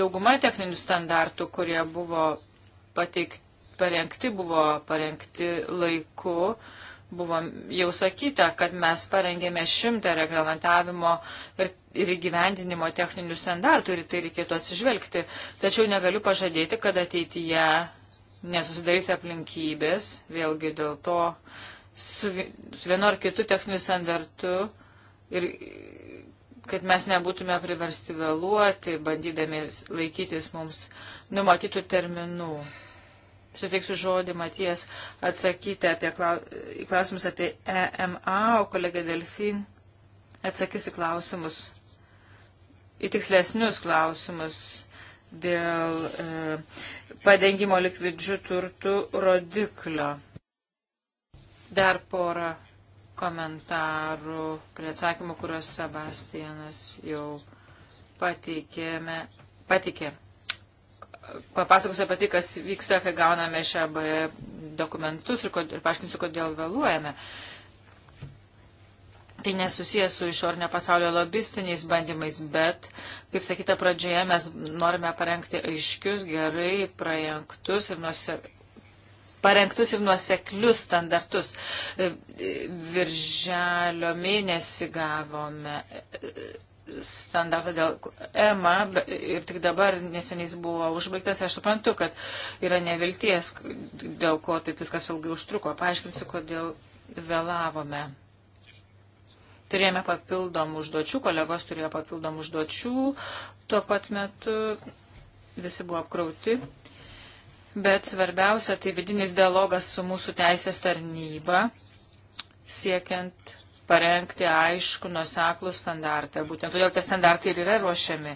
Dauguma techninių standartų, kurie buvo pateikti, parengti, buvo parengti laiku. Uh, Buvo jau sakyta, kad mes parengėme šimtą reglamentavimo ir, ir įgyvendinimo techninių standartų ir tai reikėtų atsižvelgti. Tačiau negaliu pažadėti, kad ateityje nesusidarys aplinkybės, vėlgi dėl to su, su vienu ar kitu techniniu standartu ir kad mes nebūtume priversti vėluoti, bandydami laikytis mums numatytų terminų suteiksiu žodį Maties atsakyti apie klausimus apie EMA, o kolegė Delfin atsakys į klausimus, į tikslesnius klausimus dėl e, padengimo likvidžių turtų rodiklio. Dar porą komentarų prie atsakymų, kuriuos Sebastianas jau pateikėme, pateikė papasakosiu apie tai, kas vyksta, kai gauname šią dokumentus ir, kod, ir paaiškinsiu, kodėl vėluojame. Tai nesusijęs su išornio pasaulio lobistiniais bandymais, bet, kaip sakyta pradžioje, mes norime parengti aiškius, gerai praengtus ir nuose, parengtus ir nuoseklius standartus. Virželio mėnesį gavome standartą dėl EMA ir tik dabar neseniais buvo užbaigtas. Aš suprantu, kad yra nevilties, dėl ko taip viskas ilgai užtruko. Paaiškinsiu, kodėl vėlavome. Turėjome papildomų užduočių, kolegos turėjo papildomų užduočių, tuo pat metu visi buvo apkrauti. Bet svarbiausia, tai vidinis dialogas su mūsų teisės tarnyba, siekiant parengti aišku nuseklų standartą. Būtent todėl tie standartai ir yra ruošiami.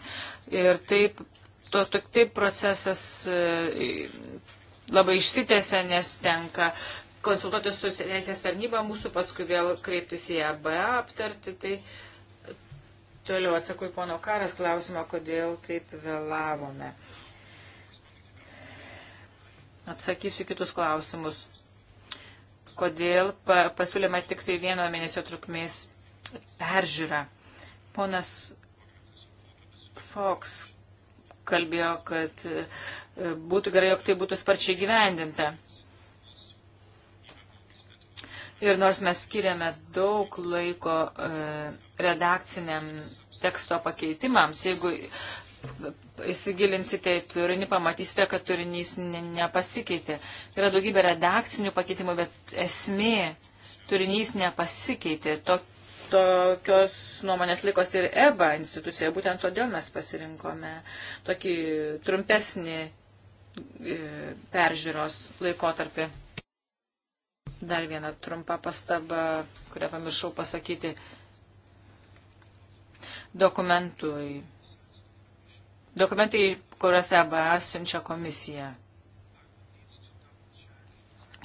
Ir taip, to, to, taip procesas e, labai išsitėse, nes tenka konsultuoti su teisės tarnyba, mūsų paskui vėl kreiptis į AB aptarti. Tai toliau atsakau į pono karas klausimą, kodėl taip vėlavome. Atsakysiu kitus klausimus kodėl pa, pasiūlėme tik tai vieno mėnesio trukmės peržiūrą. Ponas Fox kalbėjo, kad e, būtų gerai, jog tai būtų sparčiai gyvendinta. Ir nors mes skiriame daug laiko e, redakciniam teksto pakeitimams, jeigu įsigilinsite į turinį, pamatysite, kad turinys ne, nepasikeitė. Yra daugybė redakcinių pakeitimų, bet esmė turinys nepasikeitė. To, tokios nuomonės likos ir EBA institucija. Būtent todėl mes pasirinkome tokį trumpesnį e, peržiūros laikotarpį. Dar viena trumpa pastaba, kurią pamiršau pasakyti dokumentui Dokumentai, kuriuos EBA siunčia komisija.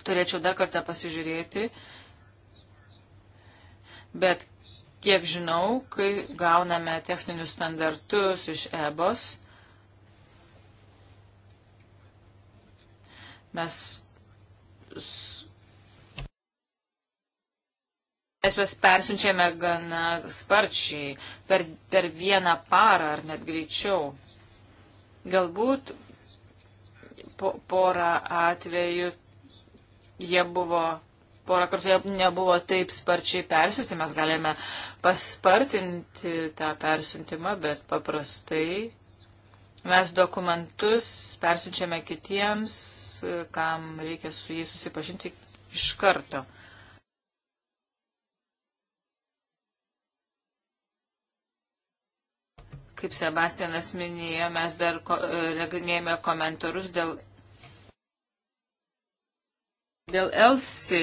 Turėčiau dar kartą pasižiūrėti, bet kiek žinau, kai gauname techninius standartus iš EBOS, mes, mes juos persiunčiame gana sparčiai, per, per vieną parą ar net greičiau. Galbūt po, porą atvejų jie buvo, porą kartų jie nebuvo taip sparčiai persiusti, mes galime paspartinti tą persiuntimą, bet paprastai mes dokumentus persiunčiame kitiems, kam reikia su jais susipažinti iš karto. Kaip Sebastianas minėjo, mes dar e, nagrinėjame ko, komentarus dėl, dėl ELSI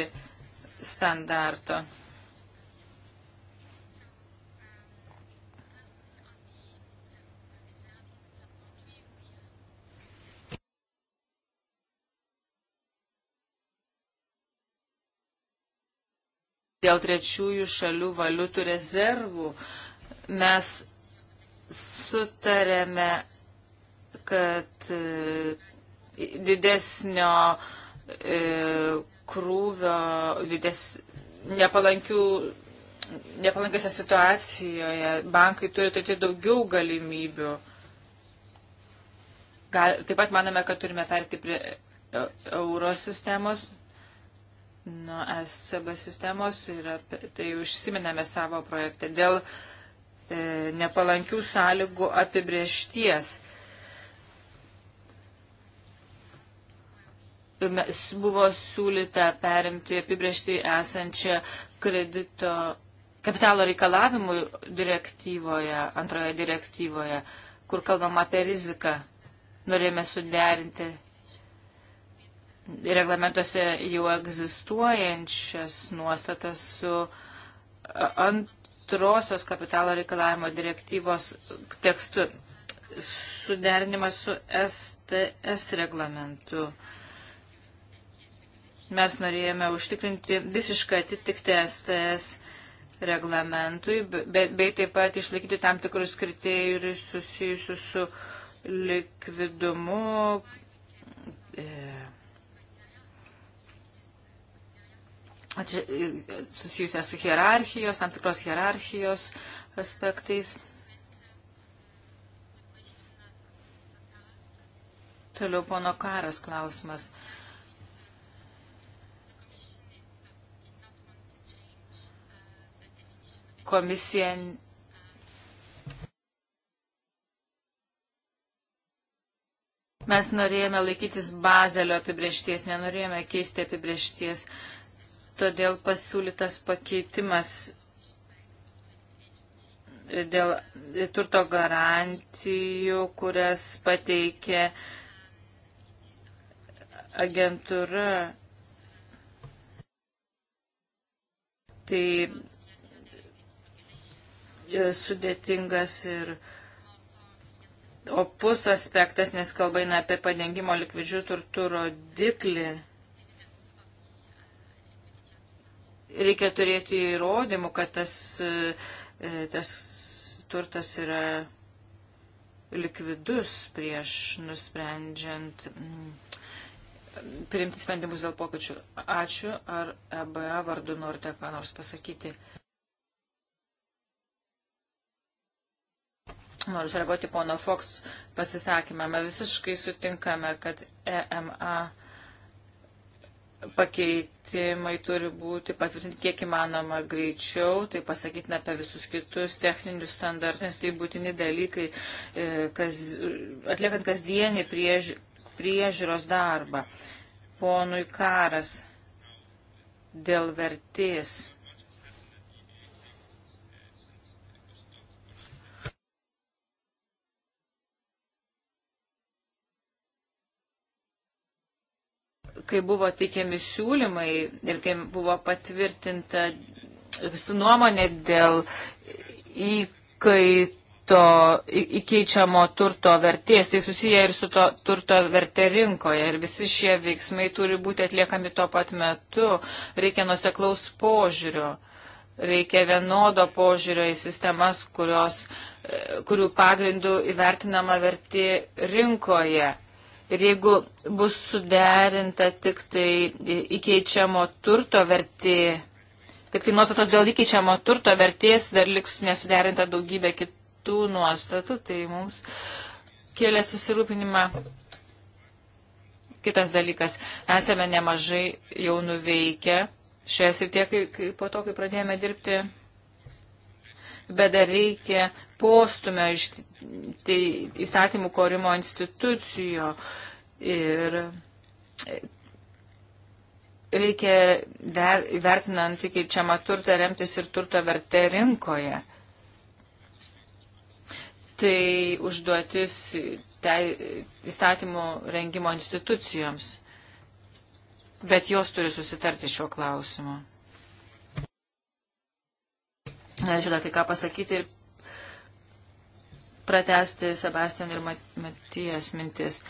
standarto. dėl trečiųjų šalių valiutų rezervų. Mes sutarėme, kad e, didesnio e, krūvio, dides, nepalankių nepalankiose situacijoje bankai turi turėti daugiau galimybių. Gal, taip pat manome, kad turime perti prie e, euro sistemos, nuo SCB sistemos ir tai užsiminame savo projekte. Dėl uh, E, nepalankių sąlygų apibriešties. Buvo siūlyta perimti apibriešti esančią kredito kapitalo reikalavimų direktyvoje, antroje direktyvoje, kur kalbama apie riziką. Norėjome suderinti reglamentuose jau egzistuojančias nuostatas su ant antrosios kapitalo reikalavimo direktyvos tekstu suderinimas su STS reglamentu. Mes norėjome užtikrinti visišką atitikti STS reglamentui, bei, bei taip pat išlaikyti tam tikrus kriterijus susijusius su likvidumu, e, E, susijusią su hierarchijos, tam tikros hierarchijos aspektais. Toliau pono karas klausimas. Komisija Mes norėjome laikytis bazelio apibriešties, nenorėjome keisti apibriešties. Uh, Todėl pasiūlytas pakeitimas dėl turto garantijų, kurias pateikė agentūra. Tai e, sudėtingas ir opus aspektas, nes kalba eina apie padengimo likvidžių turtų rodiklį. reikia turėti įrodymų, kad tas, e, tas turtas yra likvidus prieš nusprendžiant mm, priimti sprendimus dėl pokyčių. Ačiū. Ar EBA vardu norite ką nors pasakyti? Noriu sureaguoti pono Fox pasisakymą. Mes visiškai sutinkame, kad EMA pakeitimai turi būti patvirtinti kiek įmanoma greičiau, tai pasakytina apie visus kitus techninius standartus, tai būtini dalykai, e, kas, atliekant kasdienį priež, priežiūros darbą. Ponui karas dėl vertės kai buvo teikiami siūlymai ir kai buvo patvirtinta visų nuomonė dėl įkaito įkeičiamo turto vertės, tai susiję ir su to turto vertė rinkoje. Ir visi šie veiksmai turi būti atliekami tuo pat metu. Reikia nuseklaus požiūrio. Reikia vienodo požiūrio į sistemas, kurios, e, kurių pagrindų įvertinama vertė rinkoje Ir jeigu bus suderinta tik tai įkeičiamo turto vertė, tik tai nuostatos dėl įkeičiamo turto vertės dar liks nesuderinta daugybė kitų nuostatų, tai mums kėlė susirūpinimą. Kitas dalykas, esame nemažai jau nuveikę šioje srityje, kai, kai po to, kai pradėjome dirbti, bet dar reikia postumio iš tai įstatymų korimo institucijų ir reikia ver, vertinant įkeičiamą turtą remtis ir turto vertę rinkoje. Tai užduotis tai įstatymų rengimo institucijoms, bet jos turi susitarti šiuo klausimu. Norėčiau dar kai ką pasakyti ir pratesti Sebastian ir Matijas mintis.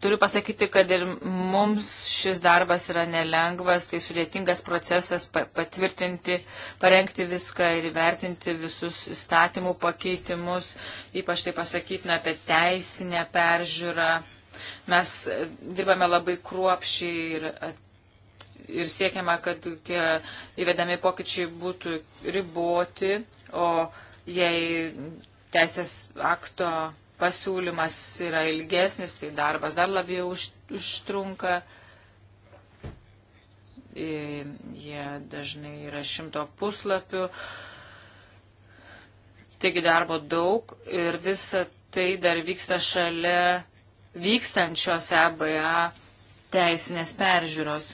Turiu pasakyti, kad ir mums šis darbas yra nelengvas, tai sudėtingas procesas patvirtinti, parengti viską ir įvertinti visus įstatymų pakeitimus, ypač tai pasakytina apie teisinę peržiūrą. Mes dirbame labai kruopšiai ir ir siekiama, kad tie įvedami pokyčiai būtų riboti, o jei teisės akto pasiūlymas yra ilgesnis, tai darbas dar labiau už, užtrunka. E, jie dažnai yra šimto puslapių. Taigi darbo daug ir visa tai dar vyksta šalia vykstančios EBA teisinės peržiūros.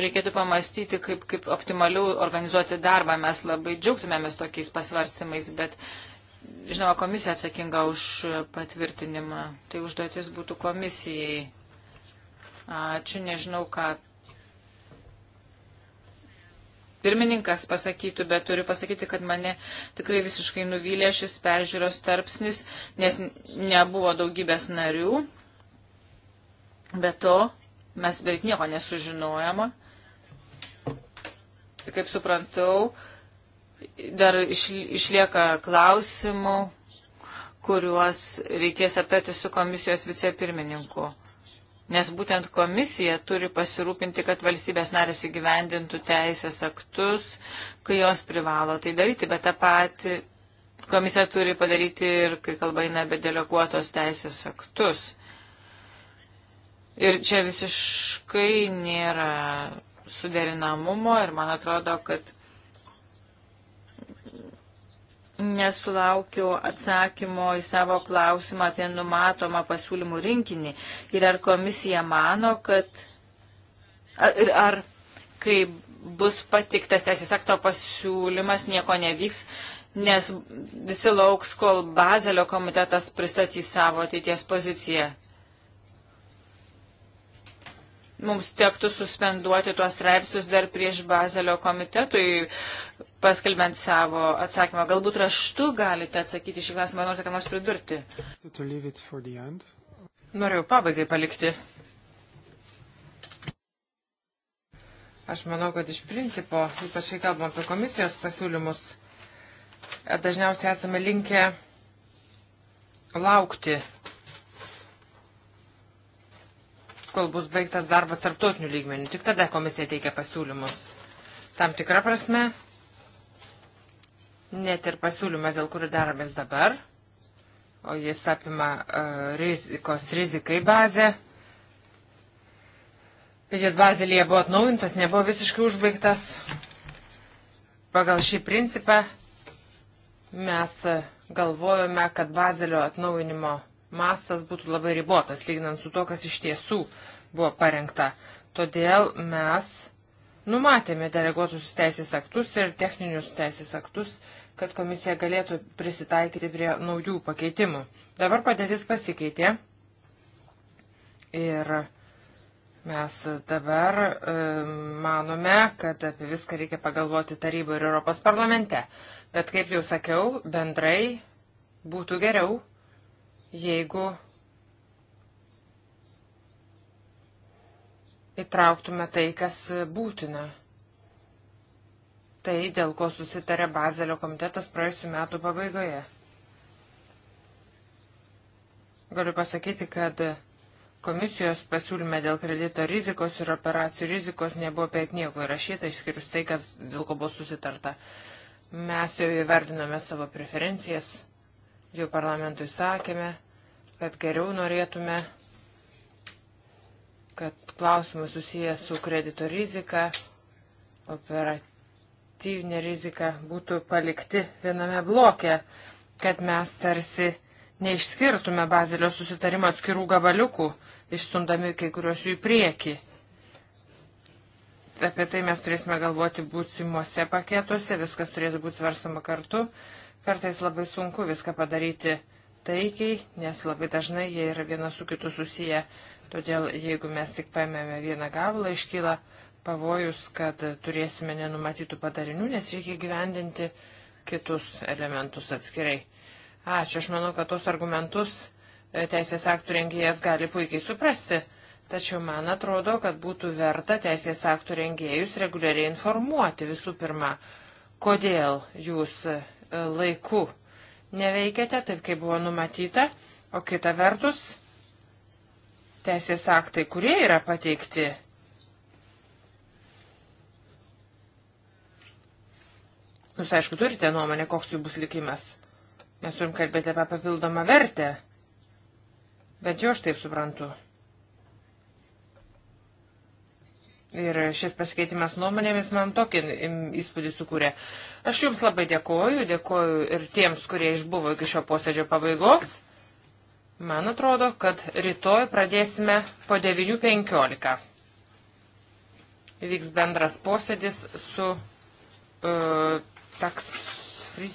reikėtų pamastyti, kaip, kaip optimaliau organizuoti darbą. Mes labai džiaugtumėmės tokiais pasvarstymais, bet, žinoma, komisija atsakinga už patvirtinimą. Tai užduotis būtų komisijai. Ačiū, nežinau, ką pirmininkas pasakytų, bet turiu pasakyti, kad mane tikrai visiškai nuvylė šis peržiūros tarpsnis, nes nebuvo daugybės narių. Be to, mes beveik nieko nesužinojama. Kaip suprantau, dar išlieka klausimų, kuriuos reikės aptarti su komisijos vicepirmininku. Nes būtent komisija turi pasirūpinti, kad valstybės narės įgyvendintų teisės aktus, kai jos privalo tai daryti, bet tą patį komisija turi padaryti ir, kai kalba eina apie deleguotos teisės aktus. Ir čia visiškai nėra suderinamumo ir man atrodo, kad nesulaukiau atsakymo į savo klausimą apie numatomą pasiūlymų rinkinį. Ir ar komisija mano, kad ar, ar kai bus patiktas teisės akto pasiūlymas, nieko nevyks, nes visi lauks, kol Bazelio komitetas pristatys savo ateities poziciją mums tektų suspenduoti tuos straipsnius dar prieš Bazelio komitetui, paskelbent savo atsakymą. Galbūt raštu galite atsakyti šį klausimą, norite ką nors pridurti. Norėjau pabaigai palikti. Aš manau, kad iš principo, ypač kai kalbam apie komisijos pasiūlymus, dažniausiai esame linkę laukti kol bus baigtas darbas tarptautinių lygmenių. Tik tada komisija teikia pasiūlymus. Tam tikrą prasme, net ir pasiūlymas, dėl kurių daromės dabar, o jis apima uh, rizikos rizikai bazę. Jis bazėlėje buvo atnaujintas, nebuvo visiškai užbaigtas. Pagal šį principą mes galvojame, kad bazelio atnaujinimo mastas būtų labai ribotas, lyginant su to, kas iš tiesų buvo parengta. Todėl mes numatėme deleguotusius teisės aktus ir techninius teisės aktus, kad komisija galėtų prisitaikyti prie naujų pakeitimų. Dabar padėtis pasikeitė ir mes dabar e, manome, kad apie viską reikia pagalvoti taryboje ir Europos parlamente. Bet kaip jau sakiau, bendrai būtų geriau jeigu įtrauktume tai, kas būtina. Tai, dėl ko susitarė Bazelio komitetas praėjusiu metu pabaigoje. Galiu pasakyti, kad komisijos pasiūlyme dėl kredito rizikos ir operacijų rizikos nebuvo beveik nieko įrašyta, išskyrus tai, kas dėl ko buvo susitarta. Mes jau įverdinome savo preferencijas Jau parlamentui sakėme, kad geriau norėtume, kad klausimai susijęs su kredito rizika, operatyvinė rizika būtų palikti viename bloke, kad mes tarsi neišskirtume Bazilio susitarimo atskirų gabaliukų, išstumdami kai kuriuos jų į priekį. Apie tai mes turėsime galvoti būsimuose paketuose, viskas turėtų būti svarstama kartu. Kartais labai sunku viską padaryti taikiai, nes labai dažnai jie yra vienas su kitu susiję. Todėl jeigu mes tik paėmėme vieną gavalą, iškyla pavojus, kad turėsime nenumatytų padarinių, nes reikia gyvendinti kitus elementus atskirai. Ačiū, aš manau, kad tos argumentus e, teisės aktų rengėjas gali puikiai suprasti, tačiau man atrodo, kad būtų verta teisės aktų rengėjus reguliariai informuoti visų pirma, kodėl jūs E, laiku neveikiate taip, kaip buvo numatyta, o kita vertus, teisės aktai, kurie yra pateikti, Jūs, aišku, turite nuomonę, koks jų bus likimas. Mes turim kalbėti apie papildomą vertę. Bet jo aš taip suprantu. Ir šis pasikeitimas nuomonėmis man tokį įspūdį sukūrė. Aš Jums labai dėkoju, dėkoju ir tiems, kurie išbuvo iki šio posėdžio pabaigos. Man atrodo, kad rytoj pradėsime po 9.15. Vyks bendras posėdis su uh, tax free.